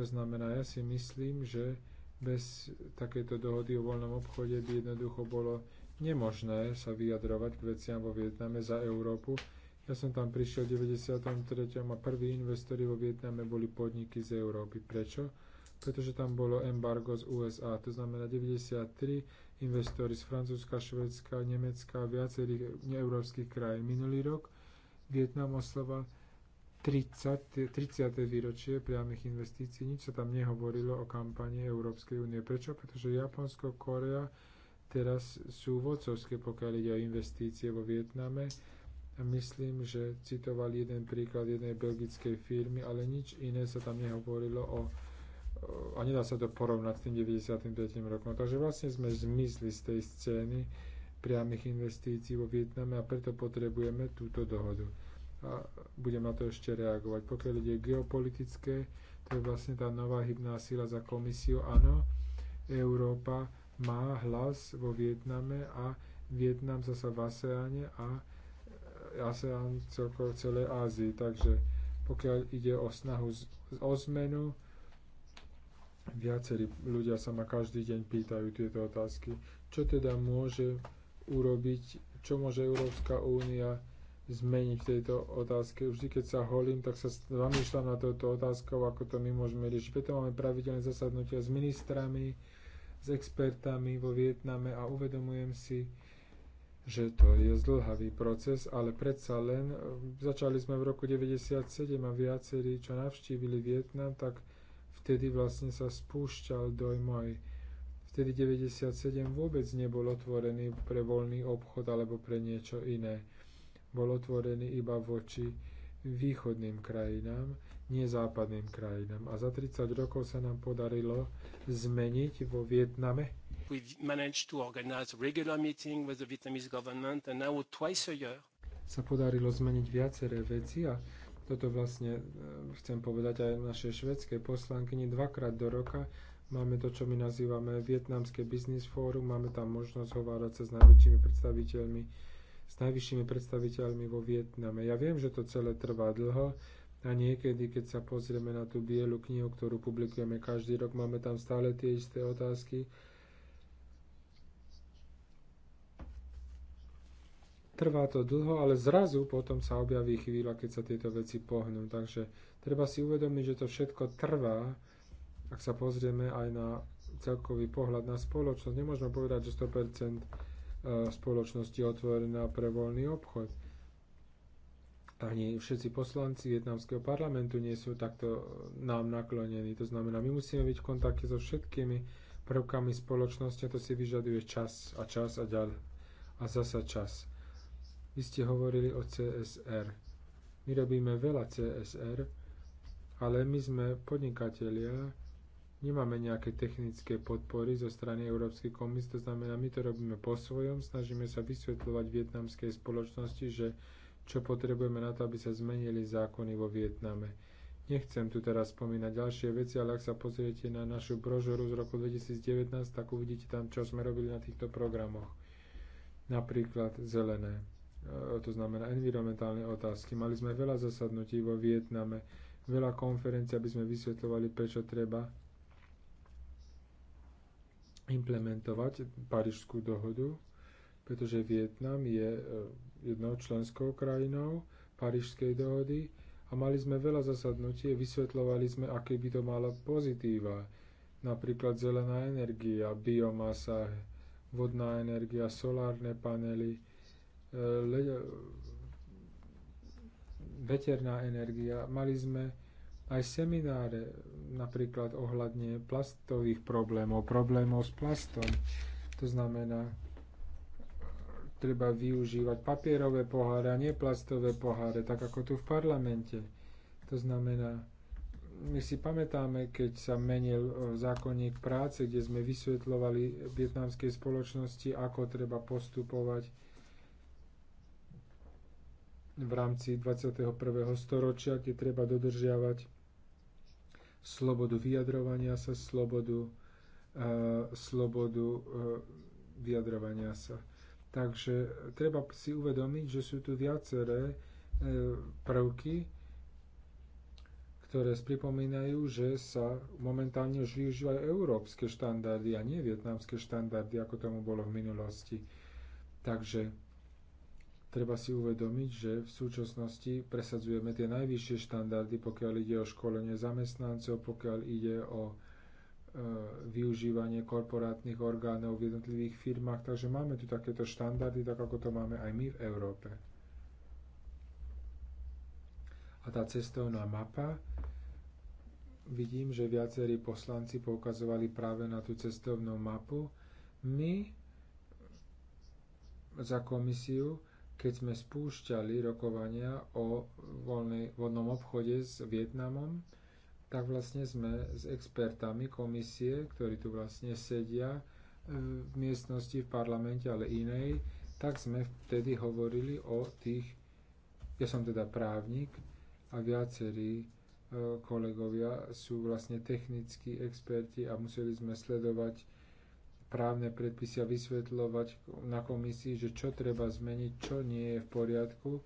To znamená, ja si myslím, že bez takéto dohody o voľnom obchode by jednoducho bolo nemožné sa vyjadrovať k veciam vo Vietname za Európu, ja som tam prišiel v 93. a prví investori vo Vietname boli podniky z Európy. Prečo? Pretože tam bolo embargo z USA. To znamená 93 investori z Francúzska, Švedska, Nemecka a viacerých európskych krajín. Minulý rok Vietnam oslova 30. 30. výročie priamých investícií. Nič sa tam nehovorilo o kampanii Európskej únie. Prečo? Pretože Japonsko, Korea teraz sú vodcovské, pokiaľ ide o investície vo Vietname Myslím, že citovali jeden príklad jednej belgickej firmy, ale nič iné sa tam nehovorilo o a nedá sa to porovnať s tým 95. rokom. Takže vlastne sme zmizli z tej scény priamých investícií vo Vietname a preto potrebujeme túto dohodu. A budem na to ešte reagovať. Pokiaľ ide geopolitické, to je vlastne tá nová hybná sila za komisiu. Áno, Európa má hlas vo Vietname a Vietnam zasa v ASEANe a ASEAN celkovo celej Ázii. Takže pokiaľ ide o snahu z, o zmenu, viacerí ľudia sa ma každý deň pýtajú tieto otázky. Čo teda môže urobiť, čo môže Európska únia zmeniť v tejto otázke. Vždy, keď sa holím, tak sa zamýšľam na touto otázkou, ako to my môžeme riešiť. Preto máme pravidelné zasadnutia s ministrami, s expertami vo Vietname a uvedomujem si, že to je zdlhavý proces, ale predsa len e, začali sme v roku 1997 a viacerí, čo navštívili Vietnam, tak vtedy vlastne sa spúšťal dojmoj. Vtedy 97 vôbec nebol otvorený pre voľný obchod alebo pre niečo iné. Bol otvorený iba voči východným krajinám, nie západným krajinám. A za 30 rokov sa nám podarilo zmeniť vo Vietname We managed to organize regular meeting with the Vietnamese government and now twice a year. Sa podarilo zmeniť viaceré veci a toto vlastne e, chcem povedať aj našej švedskej poslankyni. Dvakrát do roka máme to, čo my nazývame Vietnamské business fórum. Máme tam možnosť hovárať sa s najväčšími predstaviteľmi s najvyššími predstaviteľmi vo Vietname. Ja viem, že to celé trvá dlho a niekedy, keď sa pozrieme na tú bielu knihu, ktorú publikujeme každý rok, máme tam stále tie isté otázky Trvá to dlho, ale zrazu potom sa objaví chvíľa, keď sa tieto veci pohnú. Takže treba si uvedomiť, že to všetko trvá, ak sa pozrieme aj na celkový pohľad na spoločnosť. Nemôžeme povedať, že 100% e, spoločnosti je otvorená pre voľný obchod. Ani všetci poslanci vietnamského parlamentu nie sú takto e, nám naklonení. To znamená, my musíme byť v kontakte so všetkými prvkami spoločnosti a to si vyžaduje čas a čas a ďalej. A zasa čas. Vy ste hovorili o CSR. My robíme veľa CSR, ale my sme podnikatelia, nemáme nejaké technické podpory zo strany Európskej komisie, to znamená, my to robíme po svojom, snažíme sa vysvetľovať vietnamskej spoločnosti, že čo potrebujeme na to, aby sa zmenili zákony vo Vietname. Nechcem tu teraz spomínať ďalšie veci, ale ak sa pozriete na našu brožuru z roku 2019, tak uvidíte tam, čo sme robili na týchto programoch. Napríklad zelené to znamená environmentálne otázky. Mali sme veľa zasadnutí vo Vietname, veľa konferencií, aby sme vysvetľovali, prečo treba implementovať Parížskú dohodu, pretože Vietnam je eh, jednou členskou krajinou Parížskej dohody a mali sme veľa zasadnutí a vysvetľovali sme, aké by to malo pozitíva. Napríklad zelená energia, biomasa, vodná energia, solárne panely, E, e, veterná energia. Mali sme aj semináre napríklad ohľadne plastových problémov, problémov s plastom. To znamená, treba využívať papierové poháre a nie plastové poháre, tak ako tu v parlamente. To znamená, my si pamätáme, keď sa menil e, zákonník práce, kde sme vysvetľovali vietnamskej spoločnosti, ako treba postupovať v rámci 21. storočia, kde treba dodržiavať slobodu vyjadrovania sa, slobodu, uh, slobodu uh, vyjadrovania sa. Takže treba si uvedomiť, že sú tu viaceré eh, prvky, ktoré pripomínajú, že sa momentálne už využívajú európske štandardy a nie vietnamské štandardy, ako tomu bolo v minulosti. Takže Treba si uvedomiť, že v súčasnosti presadzujeme tie najvyššie štandardy, pokiaľ ide o školenie zamestnancov, pokiaľ ide o e, využívanie korporátnych orgánov v jednotlivých firmách. Takže máme tu takéto štandardy, tak ako to máme aj my v Európe. A tá cestovná mapa, vidím, že viacerí poslanci poukazovali práve na tú cestovnú mapu. My za komisiu keď sme spúšťali rokovania o voľnej, vodnom obchode s Vietnamom, tak vlastne sme s expertami komisie, ktorí tu vlastne sedia e, v miestnosti v parlamente, ale inej, tak sme vtedy hovorili o tých, ja som teda právnik a viacerí e, kolegovia sú vlastne technickí experti a museli sme sledovať právne predpisy a vysvetľovať na komisii, že čo treba zmeniť, čo nie je v poriadku,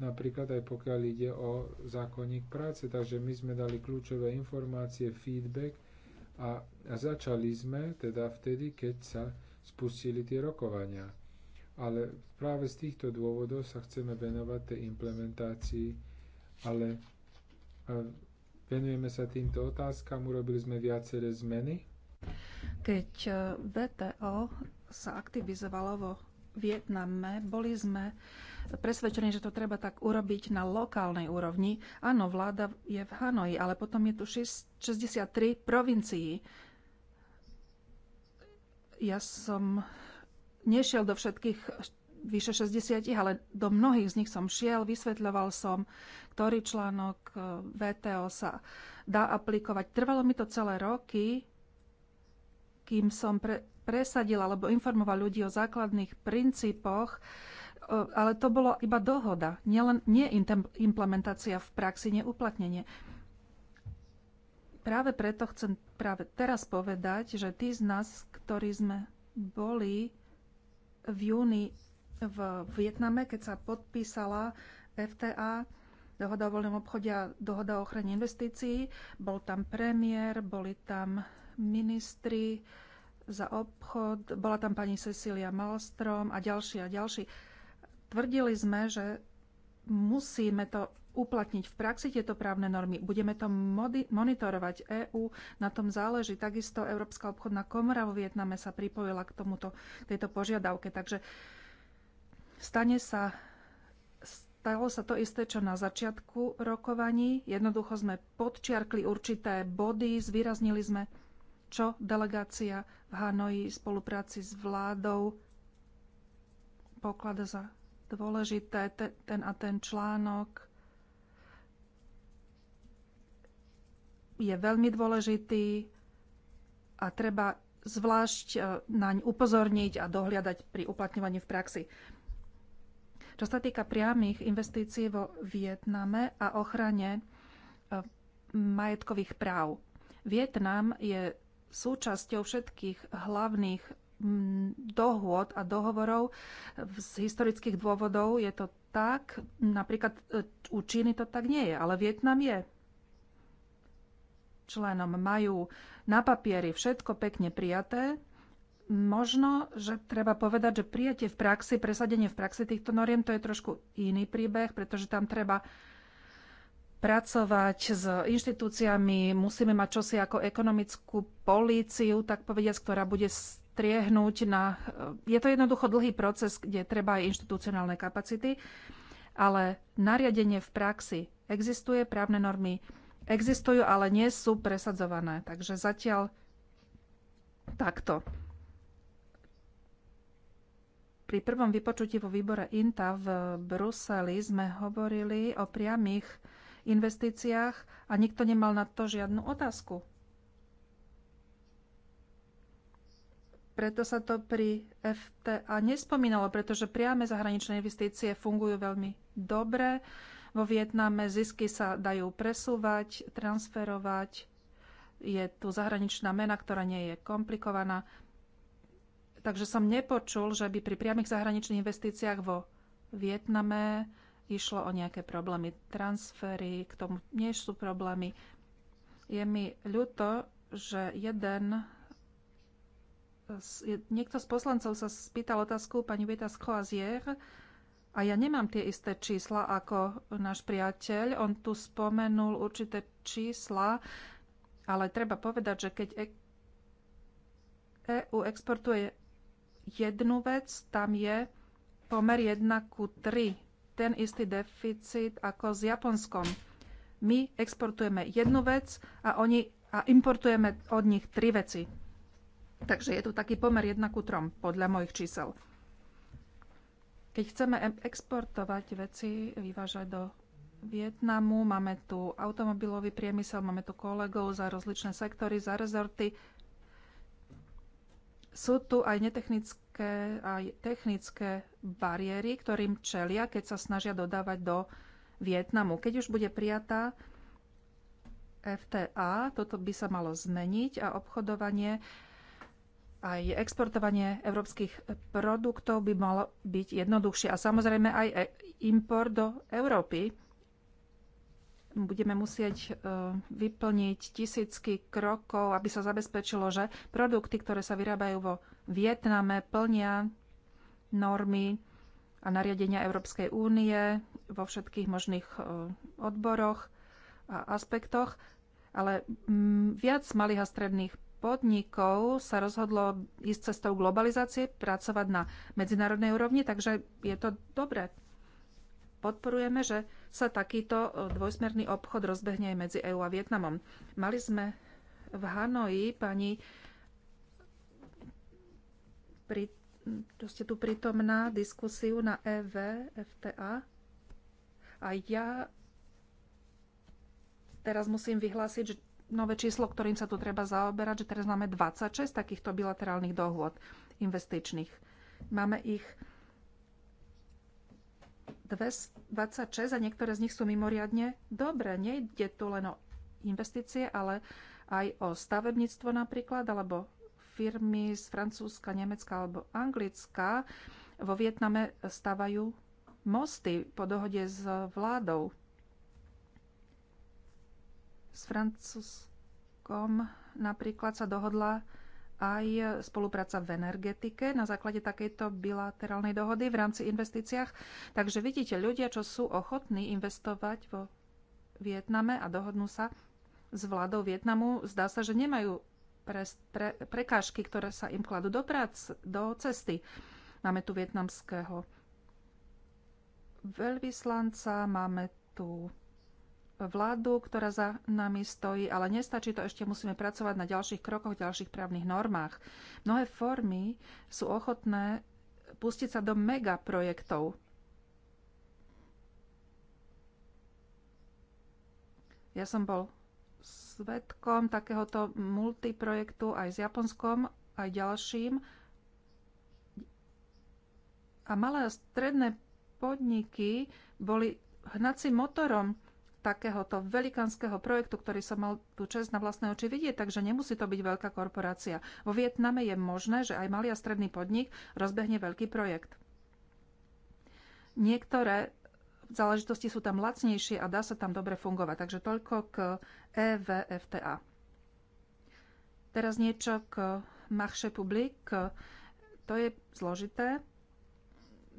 napríklad aj pokiaľ ide o zákonník práce. Takže my sme dali kľúčové informácie, feedback a začali sme teda vtedy, keď sa spustili tie rokovania. Ale práve z týchto dôvodov sa chceme venovať tej implementácii, ale e, venujeme sa týmto otázkam, urobili sme viaceré zmeny keď e, VTO sa aktivizovalo vo Vietname, boli sme presvedčení, že to treba tak urobiť na lokálnej úrovni. Áno, vláda je v Hanoji, ale potom je tu 63 provincií. Ja som nešiel do všetkých vyše 60, ale do mnohých z nich som šiel, vysvetľoval som, ktorý článok e, VTO sa dá aplikovať. Trvalo mi to celé roky, kým som pre, presadila alebo informoval ľudí o základných princípoch, ale to bolo iba dohoda, nielen nie implementácia v praxi, neuplatnenie. Práve preto chcem práve teraz povedať, že tí z nás, ktorí sme boli v júni v Vietname, keď sa podpísala FTA, dohoda o voľnom obchode a dohoda o ochrane investícií, bol tam premiér, boli tam ministri za obchod, bola tam pani Cecilia Malstrom a ďalší a ďalší. Tvrdili sme, že musíme to uplatniť v praxi tieto právne normy. Budeme to monitorovať. EÚ na tom záleží. Takisto Európska obchodná komora vo Vietname sa pripojila k tomuto, tejto požiadavke. Takže stane sa, stalo sa to isté, čo na začiatku rokovaní. Jednoducho sme podčiarkli určité body, zvýraznili sme čo delegácia v Hanoji v spolupráci s vládou poklada za dôležité, ten a ten článok je veľmi dôležitý a treba zvlášť e, naň upozorniť a dohliadať pri uplatňovaní v praxi. Čo sa týka priamých investícií vo Vietname a ochrane e, majetkových práv. Vietnam je súčasťou všetkých hlavných dohôd a dohovorov z historických dôvodov je to tak, napríklad e, u Číny to tak nie je, ale Vietnam je členom, majú na papieri všetko pekne prijaté, možno, že treba povedať, že prijatie v praxi, presadenie v praxi týchto noriem, to je trošku iný príbeh, pretože tam treba pracovať s inštitúciami, musíme mať čosi ako ekonomickú políciu, tak povediať, ktorá bude striehnúť na... Je to jednoducho dlhý proces, kde treba aj inštitucionálne kapacity, ale nariadenie v praxi existuje, právne normy existujú, ale nie sú presadzované. Takže zatiaľ takto. Pri prvom vypočutí vo výbore INTA v Bruseli sme hovorili o priamých investíciách a nikto nemal na to žiadnu otázku. Preto sa to pri FTA nespomínalo, pretože priame zahraničné investície fungujú veľmi dobre. Vo Vietname zisky sa dajú presúvať, transferovať. Je tu zahraničná mena, ktorá nie je komplikovaná. Takže som nepočul, že by pri priamých zahraničných investíciách vo Vietname išlo o nejaké problémy, transfery, k tomu nie sú problémy. Je mi ľúto, že jeden niekto z poslancov sa spýtal otázku pani Vita Skloazier a ja nemám tie isté čísla ako náš priateľ. On tu spomenul určité čísla, ale treba povedať, že keď EU e exportuje jednu vec, tam je pomer 1 ku 3 ten istý deficit ako s Japonskom. My exportujeme jednu vec a, oni, a importujeme od nich tri veci. Takže je tu taký pomer jedna ku trom podľa mojich čísel. Keď chceme exportovať veci, vyvážať do Vietnamu, máme tu automobilový priemysel, máme tu kolegov za rozličné sektory, za rezorty. Sú tu aj netechnické politické aj technické bariéry, ktorým čelia, keď sa snažia dodávať do Vietnamu. Keď už bude prijatá FTA, toto by sa malo zmeniť a obchodovanie aj exportovanie európskych produktov by malo byť jednoduchšie. A samozrejme aj e- import do Európy. Budeme musieť e, vyplniť tisícky krokov, aby sa zabezpečilo, že produkty, ktoré sa vyrábajú vo Vietname plnia normy a nariadenia Európskej únie vo všetkých možných e, odboroch a aspektoch, ale mm, viac malých a stredných podnikov sa rozhodlo ísť cestou globalizácie, pracovať na medzinárodnej úrovni, takže je to dobré. Podporujeme, že sa takýto e, dvojsmerný obchod rozbehne aj medzi EÚ a Vietnamom. Mali sme v Hanoji pani pri, čo ste tu prítomná diskusiu na EV, FTA. A ja teraz musím vyhlásiť že nové číslo, ktorým sa tu treba zaoberať, že teraz máme 26 takýchto bilaterálnych dohôd investičných. Máme ich 26 a niektoré z nich sú mimoriadne dobré. Nejde tu len o investície, ale aj o stavebníctvo napríklad, alebo firmy z Francúzska, Nemecka alebo Anglicka vo Vietname stavajú mosty po dohode s vládou. S Francúzskom napríklad sa dohodla aj spolupráca v energetike na základe takejto bilaterálnej dohody v rámci investíciách. Takže vidíte, ľudia, čo sú ochotní investovať vo Vietname a dohodnú sa s vládou Vietnamu, zdá sa, že nemajú pre, pre, prekážky, ktoré sa im kladú do, prác, do cesty. Máme tu vietnamského veľvyslanca, máme tu vládu, ktorá za nami stojí, ale nestačí to, ešte musíme pracovať na ďalších krokoch, ďalších právnych normách. Mnohé formy sú ochotné pustiť sa do megaprojektov. Ja som bol svetkom takéhoto multiprojektu aj s Japonskom, aj ďalším. A malé a stredné podniky boli hnacím motorom takéhoto velikánskeho projektu, ktorý som mal tú čest na vlastné oči vidieť, takže nemusí to byť veľká korporácia. Vo Vietname je možné, že aj malý a stredný podnik rozbehne veľký projekt. Niektoré záležitosti sú tam lacnejšie a dá sa tam dobre fungovať. Takže toľko k EVFTA. Teraz niečo k marché public. To je zložité.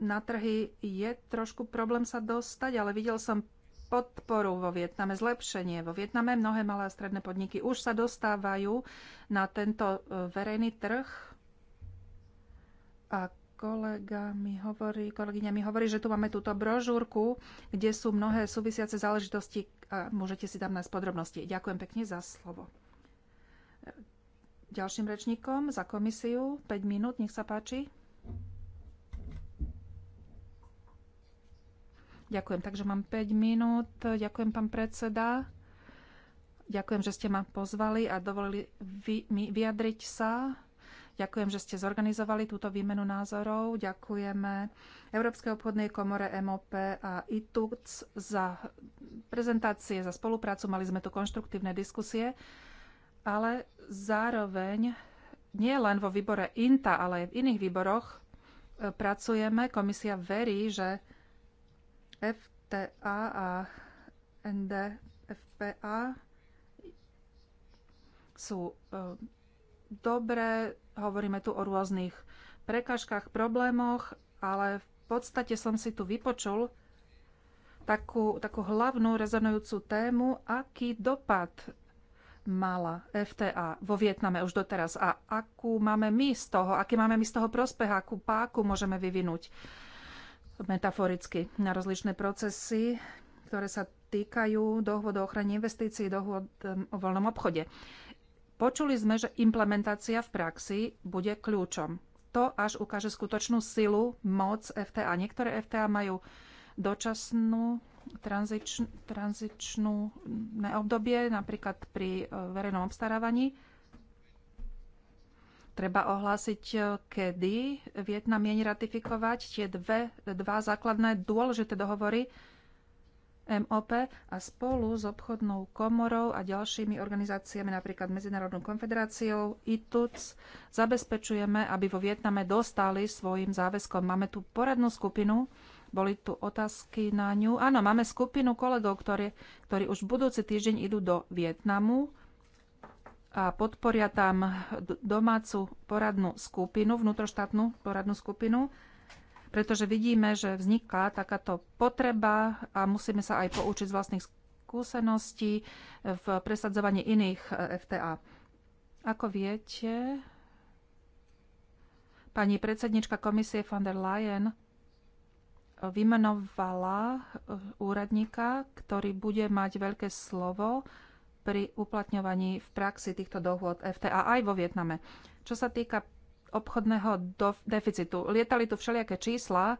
Na trhy je trošku problém sa dostať, ale videl som podporu vo Vietname, zlepšenie. Vo Vietname mnohé malé a stredné podniky už sa dostávajú na tento e, verejný trh. A kolega mi hovorí, kolegyňa mi hovorí, že tu máme túto brožúrku, kde sú mnohé súvisiace záležitosti a môžete si tam nájsť podrobnosti. Ďakujem pekne za slovo. Ďalším rečníkom za komisiu 5 minút, nech sa páči. Ďakujem, takže mám 5 minút. Ďakujem, pán predseda. Ďakujem, že ste ma pozvali a dovolili vy, mi vyjadriť sa Ďakujem, že ste zorganizovali túto výmenu názorov. Ďakujeme Európskej obchodnej komore MOP a ITUC za prezentácie, za spoluprácu. Mali sme tu konštruktívne diskusie, ale zároveň nie len vo výbore INTA, ale aj v iných výboroch e, pracujeme. Komisia verí, že FTA a NDFPA sú e, dobre, hovoríme tu o rôznych prekažkách, problémoch, ale v podstate som si tu vypočul takú, takú hlavnú rezonujúcu tému, aký dopad mala FTA vo Vietname už doteraz a akú máme my z toho, aký máme my z toho prospech, akú páku môžeme vyvinúť metaforicky na rozličné procesy, ktoré sa týkajú dohôd o ochrane investícií, dohôd o voľnom obchode. Počuli sme, že implementácia v praxi bude kľúčom. To až ukáže skutočnú silu, moc FTA. Niektoré FTA majú dočasnú tranzič, tranzičnú obdobie, napríklad pri e, verejnom obstarávaní. Treba ohlásiť, e, kedy Vietnam mieni ratifikovať tie dve, dva základné dôležité dohovory MOP a spolu s obchodnou komorou a ďalšími organizáciami, napríklad Medzinárodnou konfederáciou ITUC, zabezpečujeme, aby vo Vietname dostali svojim záväzkom. Máme tu poradnú skupinu, boli tu otázky na ňu. Áno, máme skupinu kolegov, ktorí, ktorí už budúci týždeň idú do Vietnamu a podporia tam domácu poradnú skupinu, vnútroštátnu poradnú skupinu pretože vidíme, že vzniká takáto potreba a musíme sa aj poučiť z vlastných skúseností v presadzovaní iných e, FTA. Ako viete, pani predsednička komisie von der Leyen vymenovala e, úradníka, ktorý bude mať veľké slovo pri uplatňovaní v praxi týchto dohôd FTA aj vo Vietname. Čo sa týka obchodného deficitu. Lietali tu všelijaké čísla,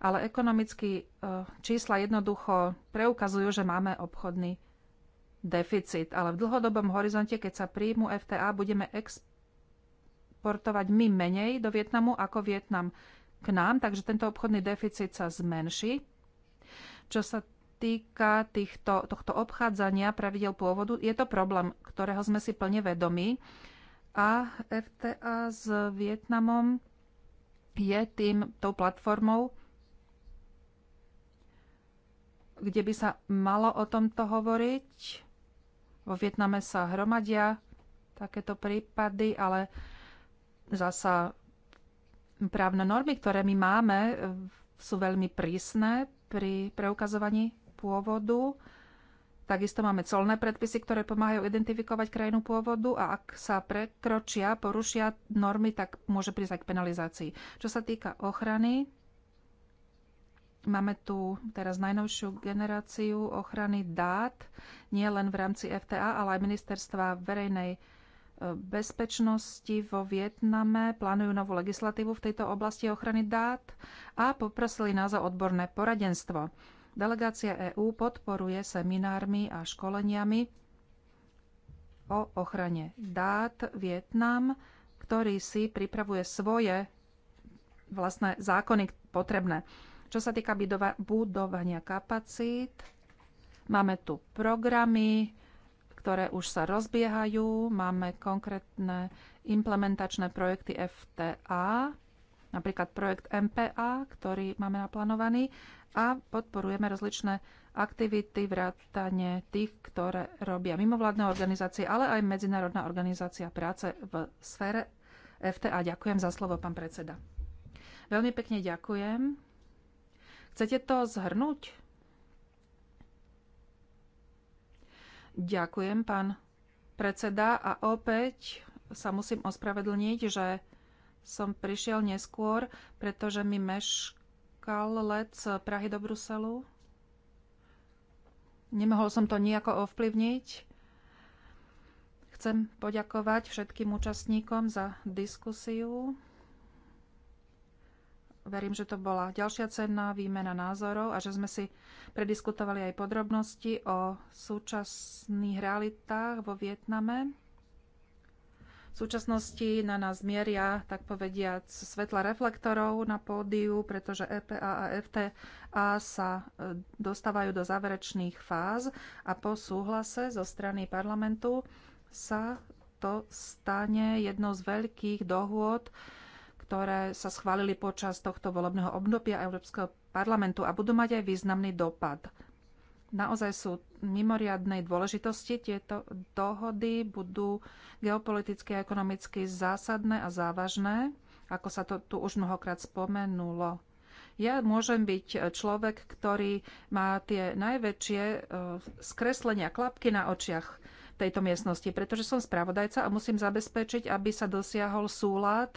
ale ekonomicky eh, čísla jednoducho preukazujú, že máme obchodný deficit. Ale v dlhodobom horizonte, keď sa príjmu FTA, budeme exportovať my menej do Vietnamu ako Vietnam k nám, takže tento obchodný deficit sa zmenší. Čo sa týka týchto, tohto obchádzania pravidel pôvodu, je to problém, ktorého sme si plne vedomí a FTA s Vietnamom je tým, tou platformou, kde by sa malo o tomto hovoriť. Vo Vietname sa hromadia takéto prípady, ale zasa právne normy, ktoré my máme, sú veľmi prísne pri preukazovaní pôvodu Takisto máme colné predpisy, ktoré pomáhajú identifikovať krajinu pôvodu a ak sa prekročia, porušia normy, tak môže prísť aj k penalizácii. Čo sa týka ochrany, máme tu teraz najnovšiu generáciu ochrany dát, nie len v rámci FTA, ale aj ministerstva verejnej e, bezpečnosti vo Vietname plánujú novú legislatívu v tejto oblasti ochrany dát a poprosili nás o odborné poradenstvo. Delegácia EÚ podporuje seminármi a školeniami o ochrane dát Vietnam, ktorý si pripravuje svoje vlastné zákony potrebné. Čo sa týka budovania kapacít, máme tu programy, ktoré už sa rozbiehajú, máme konkrétne implementačné projekty FTA, napríklad projekt MPA, ktorý máme naplánovaný a podporujeme rozličné aktivity vrátane tých, ktoré robia mimovládne organizácie, ale aj Medzinárodná organizácia práce v sfére FTA. Ďakujem za slovo, pán predseda. Veľmi pekne ďakujem. Chcete to zhrnúť? Ďakujem, pán predseda. A opäť sa musím ospravedlniť, že som prišiel neskôr, pretože mi meškal let z Prahy do Bruselu. Nemohol som to nejako ovplyvniť. Chcem poďakovať všetkým účastníkom za diskusiu. Verím, že to bola ďalšia cenná výmena názorov a že sme si prediskutovali aj podrobnosti o súčasných realitách vo Vietname. V súčasnosti na nás mieria, tak povediať, svetla reflektorov na pódiu, pretože EPA a FTA sa e, dostávajú do záverečných fáz a po súhlase zo strany parlamentu sa to stane jednou z veľkých dohôd, ktoré sa schválili počas tohto volebného obdobia Európskeho parlamentu a budú mať aj významný dopad. Naozaj sú mimoriadnej dôležitosti. Tieto dohody budú geopoliticky a ekonomicky zásadné a závažné, ako sa to tu už mnohokrát spomenulo. Ja môžem byť človek, ktorý má tie najväčšie e, skreslenia klapky na očiach tejto miestnosti, pretože som spravodajca a musím zabezpečiť, aby sa dosiahol súlad,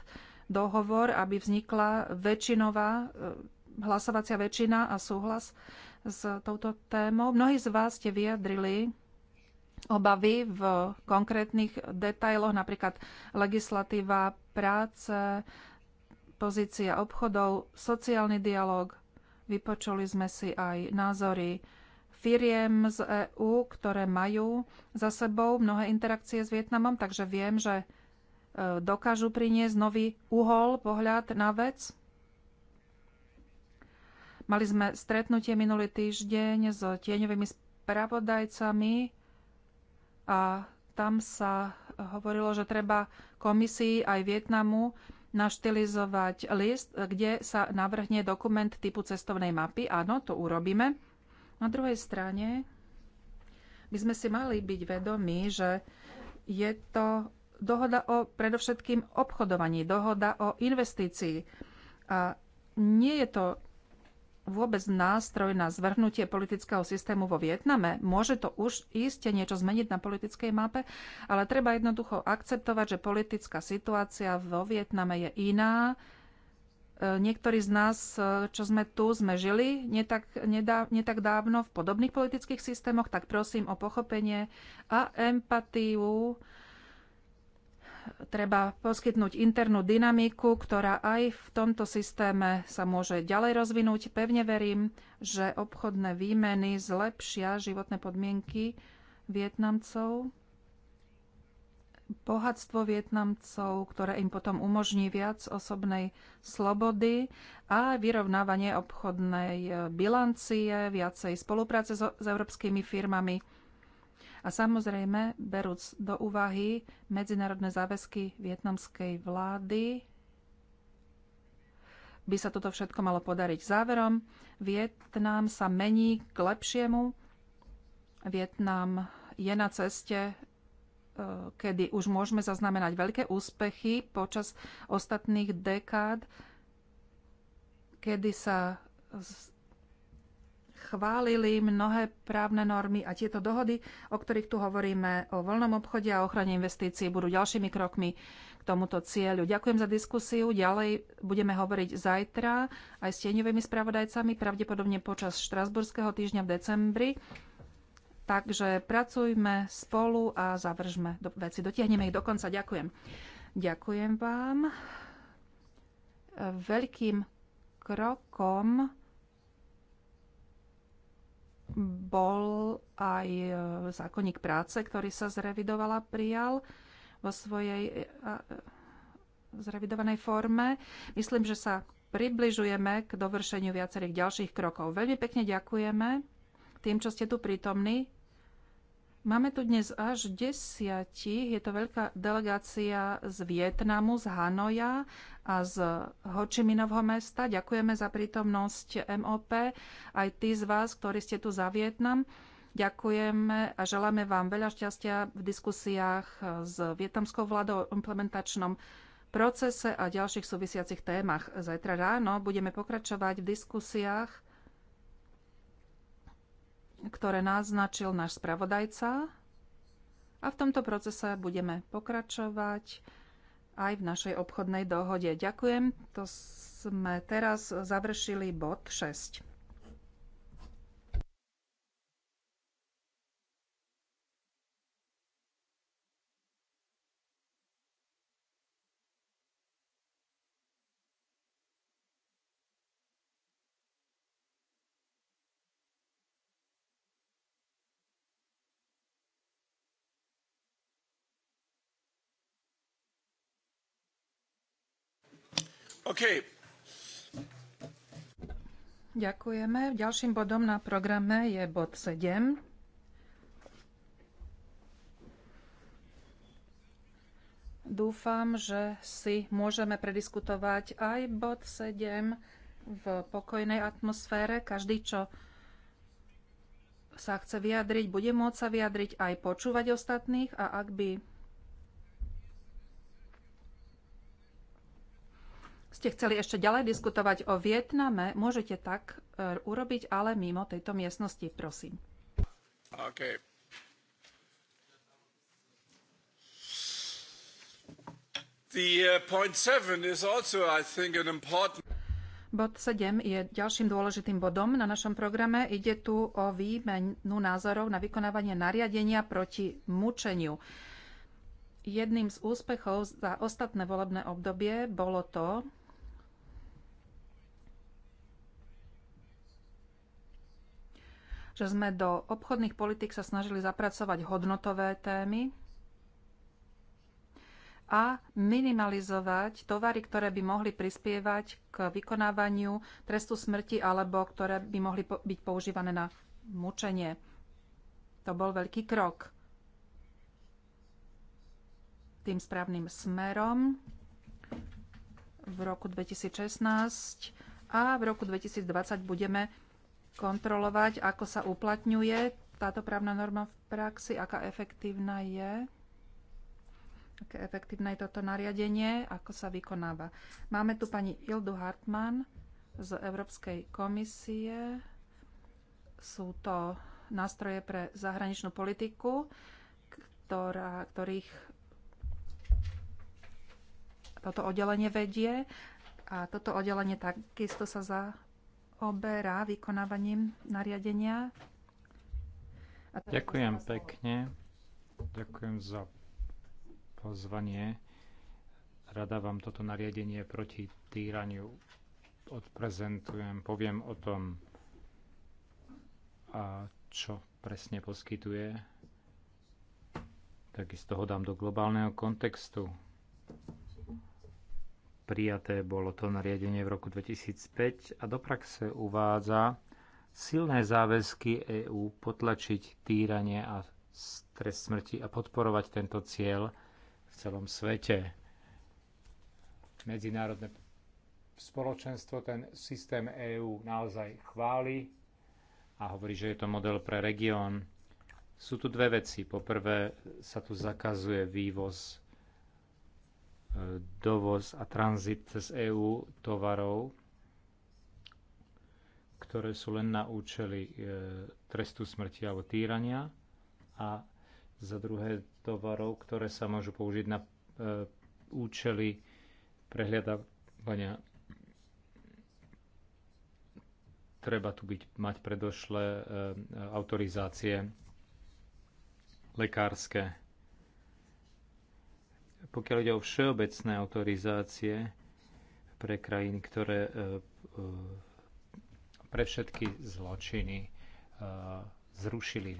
dohovor, aby vznikla väčšinová e, hlasovacia väčšina a súhlas s touto témou. Mnohí z vás ste vyjadrili obavy v konkrétnych detailoch, napríklad legislatíva práce, pozícia obchodov, sociálny dialog. Vypočuli sme si aj názory firiem z EÚ, ktoré majú za sebou mnohé interakcie s Vietnamom, takže viem, že e, dokážu priniesť nový uhol, pohľad na vec. Mali sme stretnutie minulý týždeň s tieňovými spravodajcami a tam sa hovorilo, že treba komisii aj Vietnamu naštilizovať list, kde sa navrhne dokument typu cestovnej mapy. Áno, to urobíme. Na druhej strane by sme si mali byť vedomí, že je to dohoda o predovšetkým obchodovaní, dohoda o investícii. A nie je to vôbec nástroj na zvrhnutie politického systému vo Vietname. Môže to už iste niečo zmeniť na politickej mape, ale treba jednoducho akceptovať, že politická situácia vo Vietname je iná. E, niektorí z nás, e, čo sme tu, sme žili netak, nedá, netak dávno v podobných politických systémoch, tak prosím o pochopenie a empatiu treba poskytnúť internú dynamiku, ktorá aj v tomto systéme sa môže ďalej rozvinúť. Pevne verím, že obchodné výmeny zlepšia životné podmienky Vietnamcov, bohatstvo Vietnamcov, ktoré im potom umožní viac osobnej slobody a vyrovnávanie obchodnej bilancie, viacej spolupráce s európskymi firmami a samozrejme, berúc do úvahy medzinárodné záväzky vietnamskej vlády, by sa toto všetko malo podariť. Záverom, Vietnam sa mení k lepšiemu. Vietnam je na ceste e, kedy už môžeme zaznamenať veľké úspechy počas ostatných dekád, kedy sa chválili mnohé právne normy a tieto dohody, o ktorých tu hovoríme o voľnom obchode a ochrane investícií, budú ďalšími krokmi k tomuto cieľu. Ďakujem za diskusiu. Ďalej budeme hovoriť zajtra aj s tieňovými spravodajcami, pravdepodobne počas Štrasburského týždňa v decembri. Takže pracujme spolu a zavržme do veci. Dotiahneme ich do konca. Ďakujem. Ďakujem vám. Veľkým krokom bol aj e, zákonník práce, ktorý sa zrevidovala, prijal vo svojej e, e, zrevidovanej forme. Myslím, že sa približujeme k dovršeniu viacerých ďalších krokov. Veľmi pekne ďakujeme tým, čo ste tu prítomní. Máme tu dnes až desiatich. Je to veľká delegácia z Vietnamu, z Hanoja a z Hočiminovho mesta. Ďakujeme za prítomnosť MOP, aj tí z vás, ktorí ste tu za Vietnam. Ďakujeme a želáme vám veľa šťastia v diskusiách s vietnamskou vládou o implementačnom procese a ďalších súvisiacich témach. Zajtra ráno budeme pokračovať v diskusiách ktoré naznačil náš spravodajca. A v tomto procese budeme pokračovať aj v našej obchodnej dohode. Ďakujem. To sme teraz završili bod 6. Okay. Ďakujeme. Ďalším bodom na programe je bod 7. Dúfam, že si môžeme prediskutovať aj bod 7 v pokojnej atmosfére. Každý, čo sa chce vyjadriť, bude môcť sa vyjadriť aj počúvať ostatných a ak by ste chceli ešte ďalej diskutovať o Vietname, môžete tak e, urobiť, ale mimo tejto miestnosti, prosím. OK. Uh, Bod 7 je ďalším dôležitým bodom na našom programe. Ide tu o výmenu názorov na vykonávanie nariadenia proti mučeniu. Jedným z úspechov za ostatné volebné obdobie bolo to, že sme do obchodných politik sa snažili zapracovať hodnotové témy a minimalizovať tovary, ktoré by mohli prispievať k vykonávaniu trestu smrti alebo ktoré by mohli byť používané na mučenie. To bol veľký krok tým správnym smerom v roku 2016 a v roku 2020 budeme kontrolovať, ako sa uplatňuje táto právna norma v praxi, aká efektívna je, aké efektívne je toto nariadenie, ako sa vykonáva. Máme tu pani Ildu Hartmann z Európskej komisie. Sú to nástroje pre zahraničnú politiku, ktorá, ktorých toto oddelenie vedie. A toto oddelenie takisto sa za, oberá vykonávaním nariadenia. A Ďakujem pekne. Ďakujem za pozvanie. Rada vám toto nariadenie proti týraniu odprezentujem, poviem o tom, a čo presne poskytuje. Takisto ho dám do globálneho kontextu. Prijaté bolo to nariadenie v roku 2005 a do praxe uvádza silné záväzky EÚ potlačiť týranie a trest smrti a podporovať tento cieľ v celom svete. Medzinárodné spoločenstvo ten systém EÚ naozaj chváli a hovorí, že je to model pre región. Sú tu dve veci. Poprvé sa tu zakazuje vývoz dovoz a tranzit cez EÚ tovarov, ktoré sú len na účely e, trestu smrti alebo týrania a za druhé tovarov, ktoré sa môžu použiť na e, účely prehľadávania treba tu byť, mať predošlé e, autorizácie lekárske. Pokiaľ ide o všeobecné autorizácie pre krajiny, ktoré e, e, pre všetky zločiny e, zrušili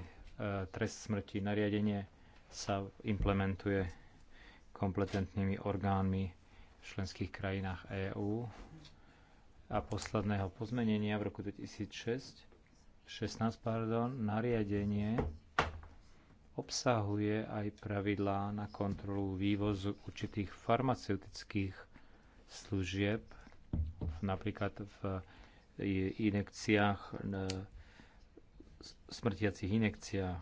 trest smrti, nariadenie sa implementuje kompetentnými orgánmi v členských krajinách EÚ a posledného pozmenenia v roku 2006 16, pardon, nariadenie obsahuje aj pravidlá na kontrolu vývozu určitých farmaceutických služieb, napríklad v inekciách, smrtiacich inekciách,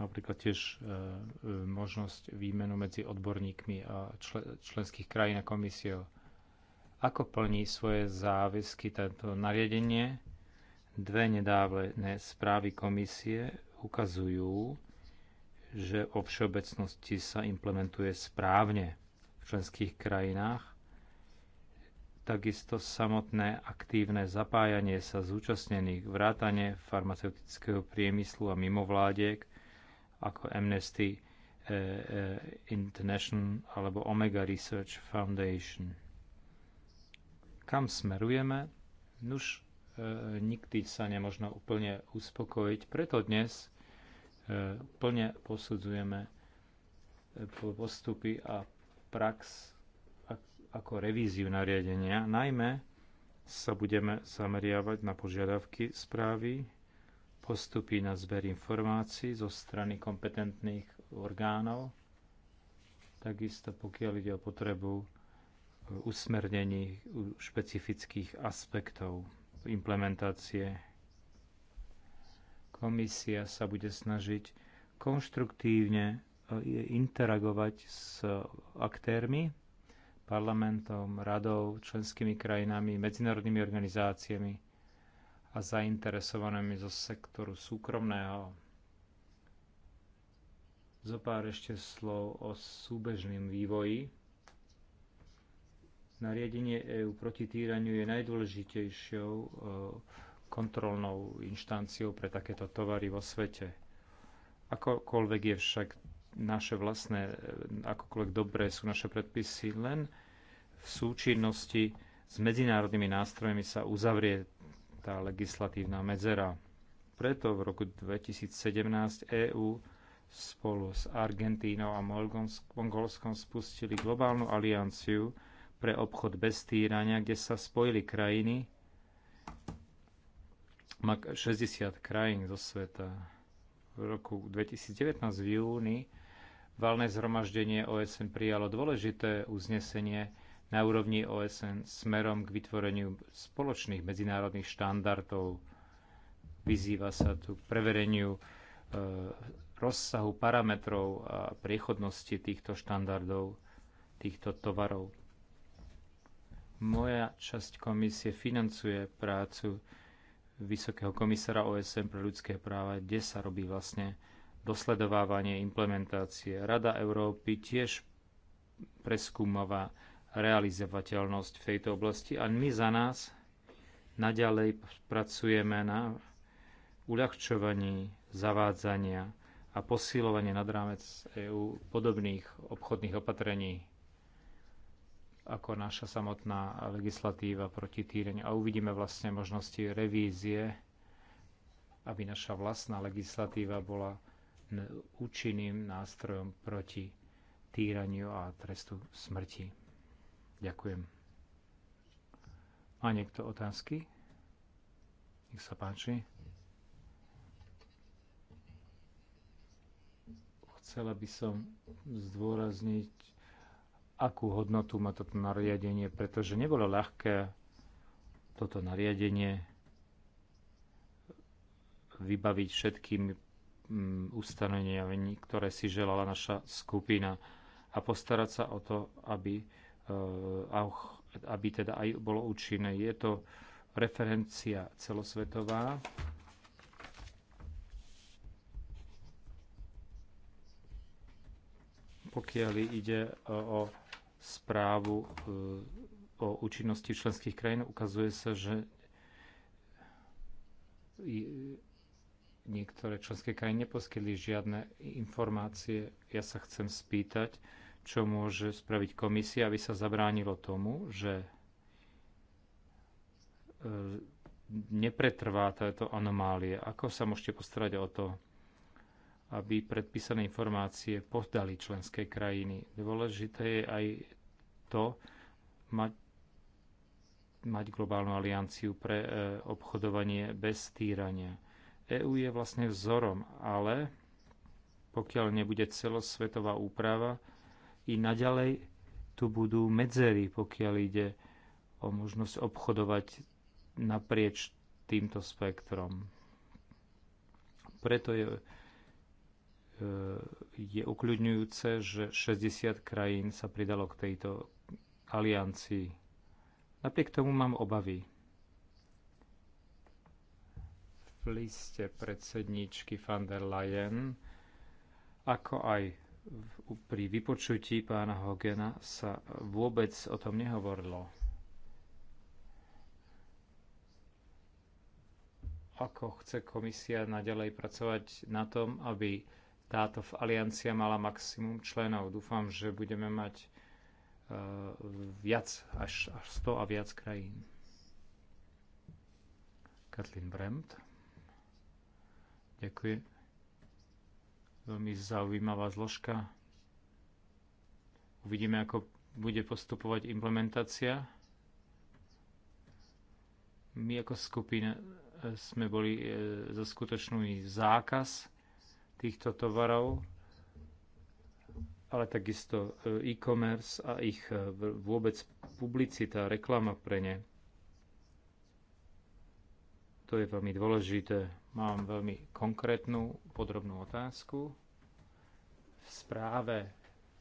napríklad tiež e, e, možnosť výmenu medzi odborníkmi a členských krajín a komisiou. Ako plní svoje záväzky tento nariadenie? Dve nedávne správy komisie ukazujú, že o všeobecnosti sa implementuje správne v členských krajinách. Takisto samotné aktívne zapájanie sa zúčastnených vrátane farmaceutického priemyslu a mimovládiek ako Amnesty eh, eh, International alebo Omega Research Foundation. Kam smerujeme? Nuž E, nikdy sa nemožno úplne uspokojiť. Preto dnes e, plne posudzujeme e, postupy a prax ako revíziu nariadenia. Najmä sa budeme zameriavať na požiadavky správy, postupy na zber informácií zo strany kompetentných orgánov, takisto pokiaľ ide o potrebu usmernení špecifických aspektov implementácie. Komisia sa bude snažiť konštruktívne e, interagovať s aktérmi, parlamentom, radou, členskými krajinami, medzinárodnými organizáciami a zainteresovanými zo sektoru súkromného. Zopár ešte slov o súbežným vývoji Nariadenie EÚ proti týraniu je najdôležitejšou e, kontrolnou inštanciou pre takéto tovary vo svete. Akokoľvek je však naše vlastné, e, akokoľvek dobré sú naše predpisy, len v súčinnosti s medzinárodnými nástrojmi sa uzavrie tá legislatívna medzera. Preto v roku 2017 EÚ spolu s Argentínou a Mongolskom spustili globálnu alianciu pre obchod bez týrania, kde sa spojili krajiny, 60 krajín zo sveta. V roku 2019 v júni valné zhromaždenie OSN prijalo dôležité uznesenie na úrovni OSN smerom k vytvoreniu spoločných medzinárodných štandardov. Vyzýva sa tu k prevereniu e, rozsahu parametrov a priechodnosti týchto štandardov, týchto tovarov. Moja časť komisie financuje prácu Vysokého komisára OSN pre ľudské práva, kde sa robí vlastne dosledovávanie implementácie. Rada Európy tiež preskúmava realizovateľnosť v tejto oblasti a my za nás naďalej pracujeme na uľahčovaní zavádzania a posilovanie nad rámec EÚ podobných obchodných opatrení ako naša samotná legislatíva proti týreniu. A uvidíme vlastne možnosti revízie, aby naša vlastná legislatíva bola účinným nástrojom proti týraniu a trestu smrti. Ďakujem. Má niekto otázky? Nech sa páči. Chcela by som zdôrazniť akú hodnotu má toto nariadenie, pretože nebolo ľahké toto nariadenie vybaviť všetkými mm, ustanoveniami, ktoré si želala naša skupina a postarať sa o to, aby, e, aby teda aj bolo účinné. Je to referencia celosvetová, pokiaľ ide o, o správu e, o účinnosti členských krajín, ukazuje sa, že niektoré členské krajiny neposkytli žiadne informácie. Ja sa chcem spýtať, čo môže spraviť komisia, aby sa zabránilo tomu, že e, nepretrvá táto anomálie. Ako sa môžete postarať o to, aby predpísané informácie podali členské krajiny. Dôležité je aj to mať, mať globálnu alianciu pre e, obchodovanie bez týrania. EÚ je vlastne vzorom, ale pokiaľ nebude celosvetová úprava, i naďalej tu budú medzery, pokiaľ ide o možnosť obchodovať naprieč týmto spektrom. Preto je je ukľudňujúce, že 60 krajín sa pridalo k tejto aliancii. Napriek tomu mám obavy. V liste predsedníčky van der Leyen, ako aj pri vypočutí pána Hogena sa vôbec o tom nehovorilo. Ako chce komisia naďalej pracovať na tom, aby táto aliancia mala maximum členov. Dúfam, že budeme mať e, viac, až, až 100 a viac krajín. Katlin Bremt. Ďakujem. Veľmi zaujímavá zložka. Uvidíme, ako bude postupovať implementácia. My ako skupina e, sme boli e, za skutočný zákaz týchto tovarov, ale takisto e, e-commerce a ich e, vôbec publicita, reklama pre ne. To je veľmi dôležité. Mám veľmi konkrétnu, podrobnú otázku. V správe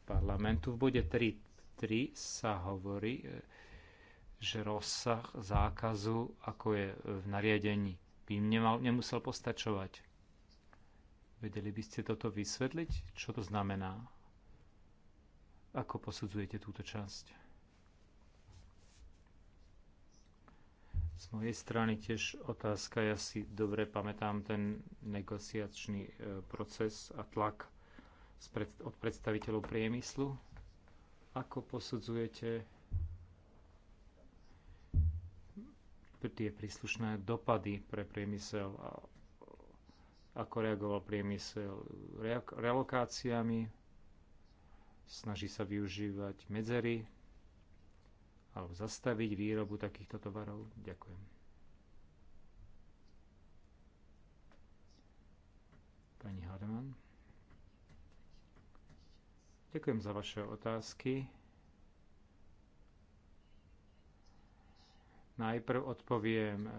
parlamentu v bode 3.3 sa hovorí, e, že rozsah zákazu, ako je v nariadení, by nemal, nemusel postačovať Vedeli by ste toto vysvetliť? Čo to znamená? Ako posudzujete túto časť? Z mojej strany tiež otázka. Ja si dobre pamätám ten negociačný e, proces a tlak od predstaviteľov priemyslu. Ako posudzujete tie príslušné dopady pre priemysel a ako reagoval priemysel relokáciami, snaží sa využívať medzery alebo zastaviť výrobu takýchto tovarov. Ďakujem. Pani Hardeman. Ďakujem za vaše otázky. Najprv odpoviem e,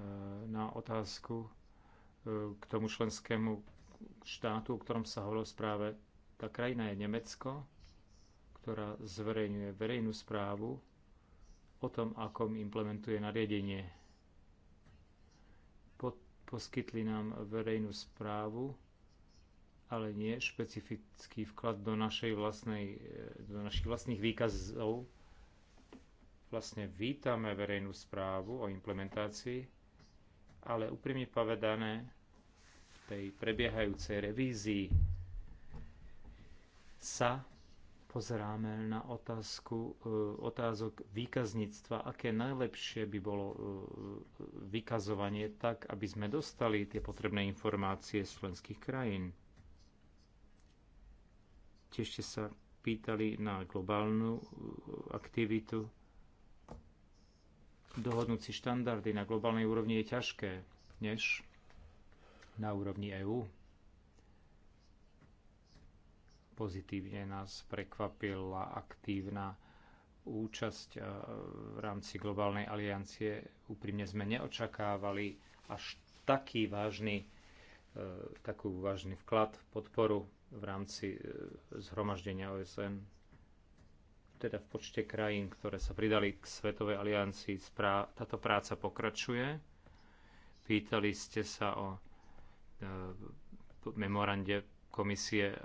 na otázku, k tomu členskému štátu, o ktorom sa hovorilo v správe. Tá krajina je Nemecko, ktorá zverejňuje verejnú správu o tom, akom implementuje nariadenie. Poskytli nám verejnú správu, ale nie špecifický vklad do, našej vlastnej, do našich vlastných výkazov. Vlastne vítame verejnú správu o implementácii, ale úprimne povedané v tej prebiehajúcej revízii sa pozeráme na otázku, e, otázok výkazníctva, aké najlepšie by bolo e, vykazovanie tak, aby sme dostali tie potrebné informácie z členských krajín. Tiež ste sa pýtali na globálnu e, aktivitu dohodnúť si štandardy na globálnej úrovni je ťažké, než na úrovni EÚ. Pozitívne nás prekvapila aktívna účasť eh, v rámci globálnej aliancie. Úprimne sme neočakávali až taký vážny, eh, takú vážny vklad, podporu v rámci eh, zhromaždenia OSN teda v počte krajín, ktoré sa pridali k Svetovej aliancii. Táto práca pokračuje. Pýtali ste sa o e, memorande komisie, e,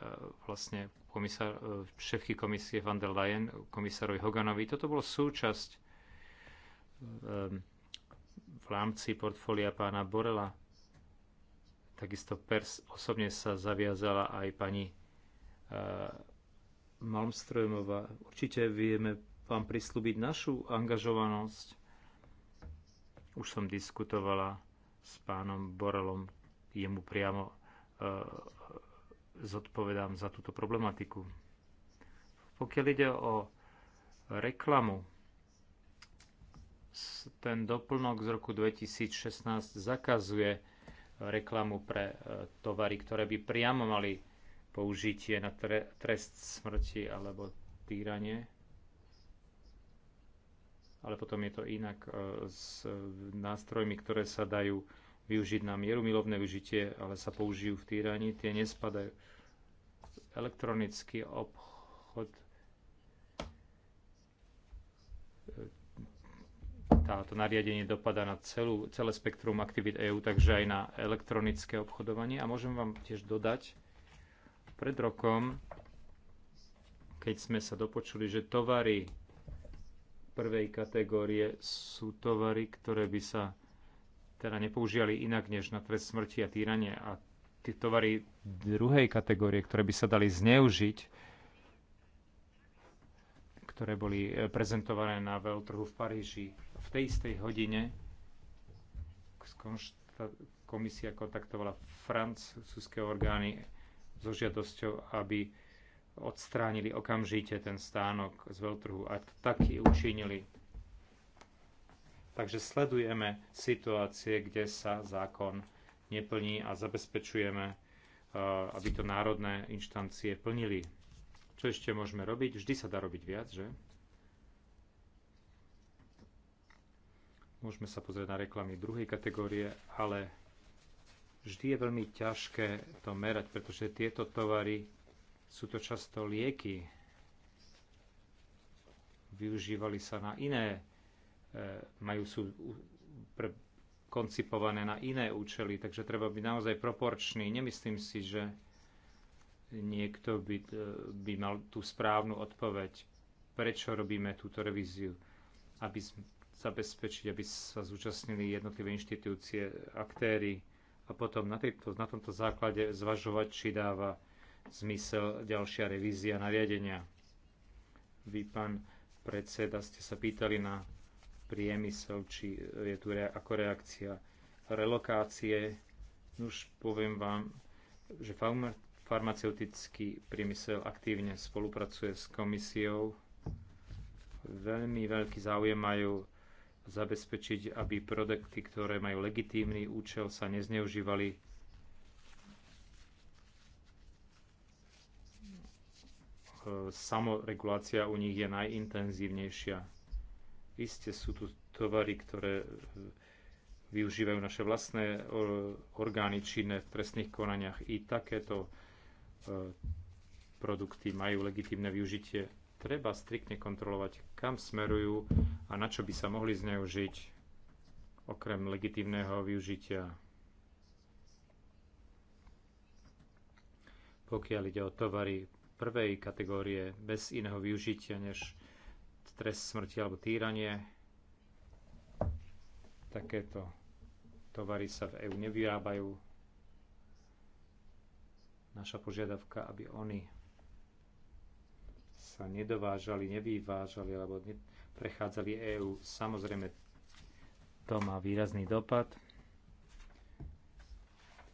vlastne komisár, e, šéfky komisie van der Leyen, komisárovi Hoganovi. Toto bolo súčasť v rámci portfólia pána Borela. Takisto pers, osobne sa zaviazala aj pani Malmströmová. Určite vieme vám prislúbiť našu angažovanosť. Už som diskutovala s pánom Borelom, jemu priamo e, zodpovedám za túto problematiku. Pokiaľ ide o reklamu, ten doplnok z roku 2016 zakazuje reklamu pre e, tovary, ktoré by priamo mali použitie na tre, trest smrti alebo týranie. Ale potom je to inak e, s nástrojmi, ktoré sa dajú využiť na mieru milovné využitie, ale sa použijú v týraní, tie nespadajú. Elektronický obchod e, táto nariadenie dopada na celú, celé spektrum aktivít EÚ, takže aj na elektronické obchodovanie. A môžem vám tiež dodať, pred rokom, keď sme sa dopočuli, že tovary prvej kategórie sú tovary, ktoré by sa teda nepoužívali inak než na trest smrti a týranie. A tie tovary druhej kategórie, ktoré by sa dali zneužiť, ktoré boli e, prezentované na veľtrhu v Paríži v tej istej hodine, komisia kontaktovala francúzske orgány so žiadosťou, aby odstránili okamžite ten stánok z veľtrhu a taky učinili. Takže sledujeme situácie, kde sa zákon neplní a zabezpečujeme, eh, aby to národné inštancie plnili. Čo ešte môžeme robiť? Vždy sa dá robiť viac, že? Môžeme sa pozrieť na reklamy druhej kategórie, ale Vždy je veľmi ťažké to merať, pretože tieto tovary sú to často lieky. Využívali sa na iné, e, majú sú pre, koncipované na iné účely, takže treba byť naozaj proporčný. Nemyslím si, že niekto by, e, by mal tú správnu odpoveď, prečo robíme túto revíziu, aby zabezpečiť, aby sa zúčastnili jednotlivé inštitúcie, aktéry, a potom na, tejto, na tomto základe zvažovať, či dáva zmysel ďalšia revízia nariadenia. Vy, pán predseda, ste sa pýtali na priemysel, či je tu re, ako reakcia relokácie. Už poviem vám, že farmaceutický priemysel aktívne spolupracuje s komisiou. Veľmi veľký záujem majú zabezpečiť, aby produkty, ktoré majú legitímny účel, sa nezneužívali. E, samoregulácia u nich je najintenzívnejšia. Isté sú tu tovary, ktoré e, využívajú naše vlastné e, orgány činné v trestných konaniach. I takéto produkty majú legitímne využitie Treba striktne kontrolovať, kam smerujú a na čo by sa mohli zneužiť okrem legitívneho využitia. Pokiaľ ide o tovary prvej kategórie bez iného využitia než trest smrti alebo týranie, takéto tovary sa v EÚ nevyrábajú. Naša požiadavka, aby oni sa nedovážali, nevyvážali alebo prechádzali EÚ. Samozrejme, to má výrazný dopad.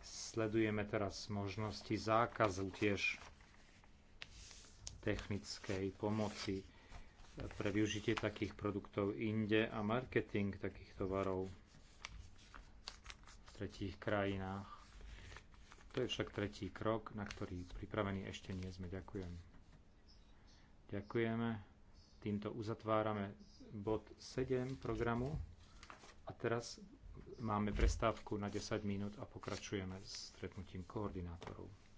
Sledujeme teraz možnosti zákazu tiež technickej pomoci pre využitie takých produktov inde a marketing takých tovarov v tretích krajinách. To je však tretí krok, na ktorý pripravený ešte nie sme. Ďakujem. Ďakujeme. Týmto uzatvárame bod 7 programu. A teraz máme prestávku na 10 minút a pokračujeme s stretnutím koordinátorov.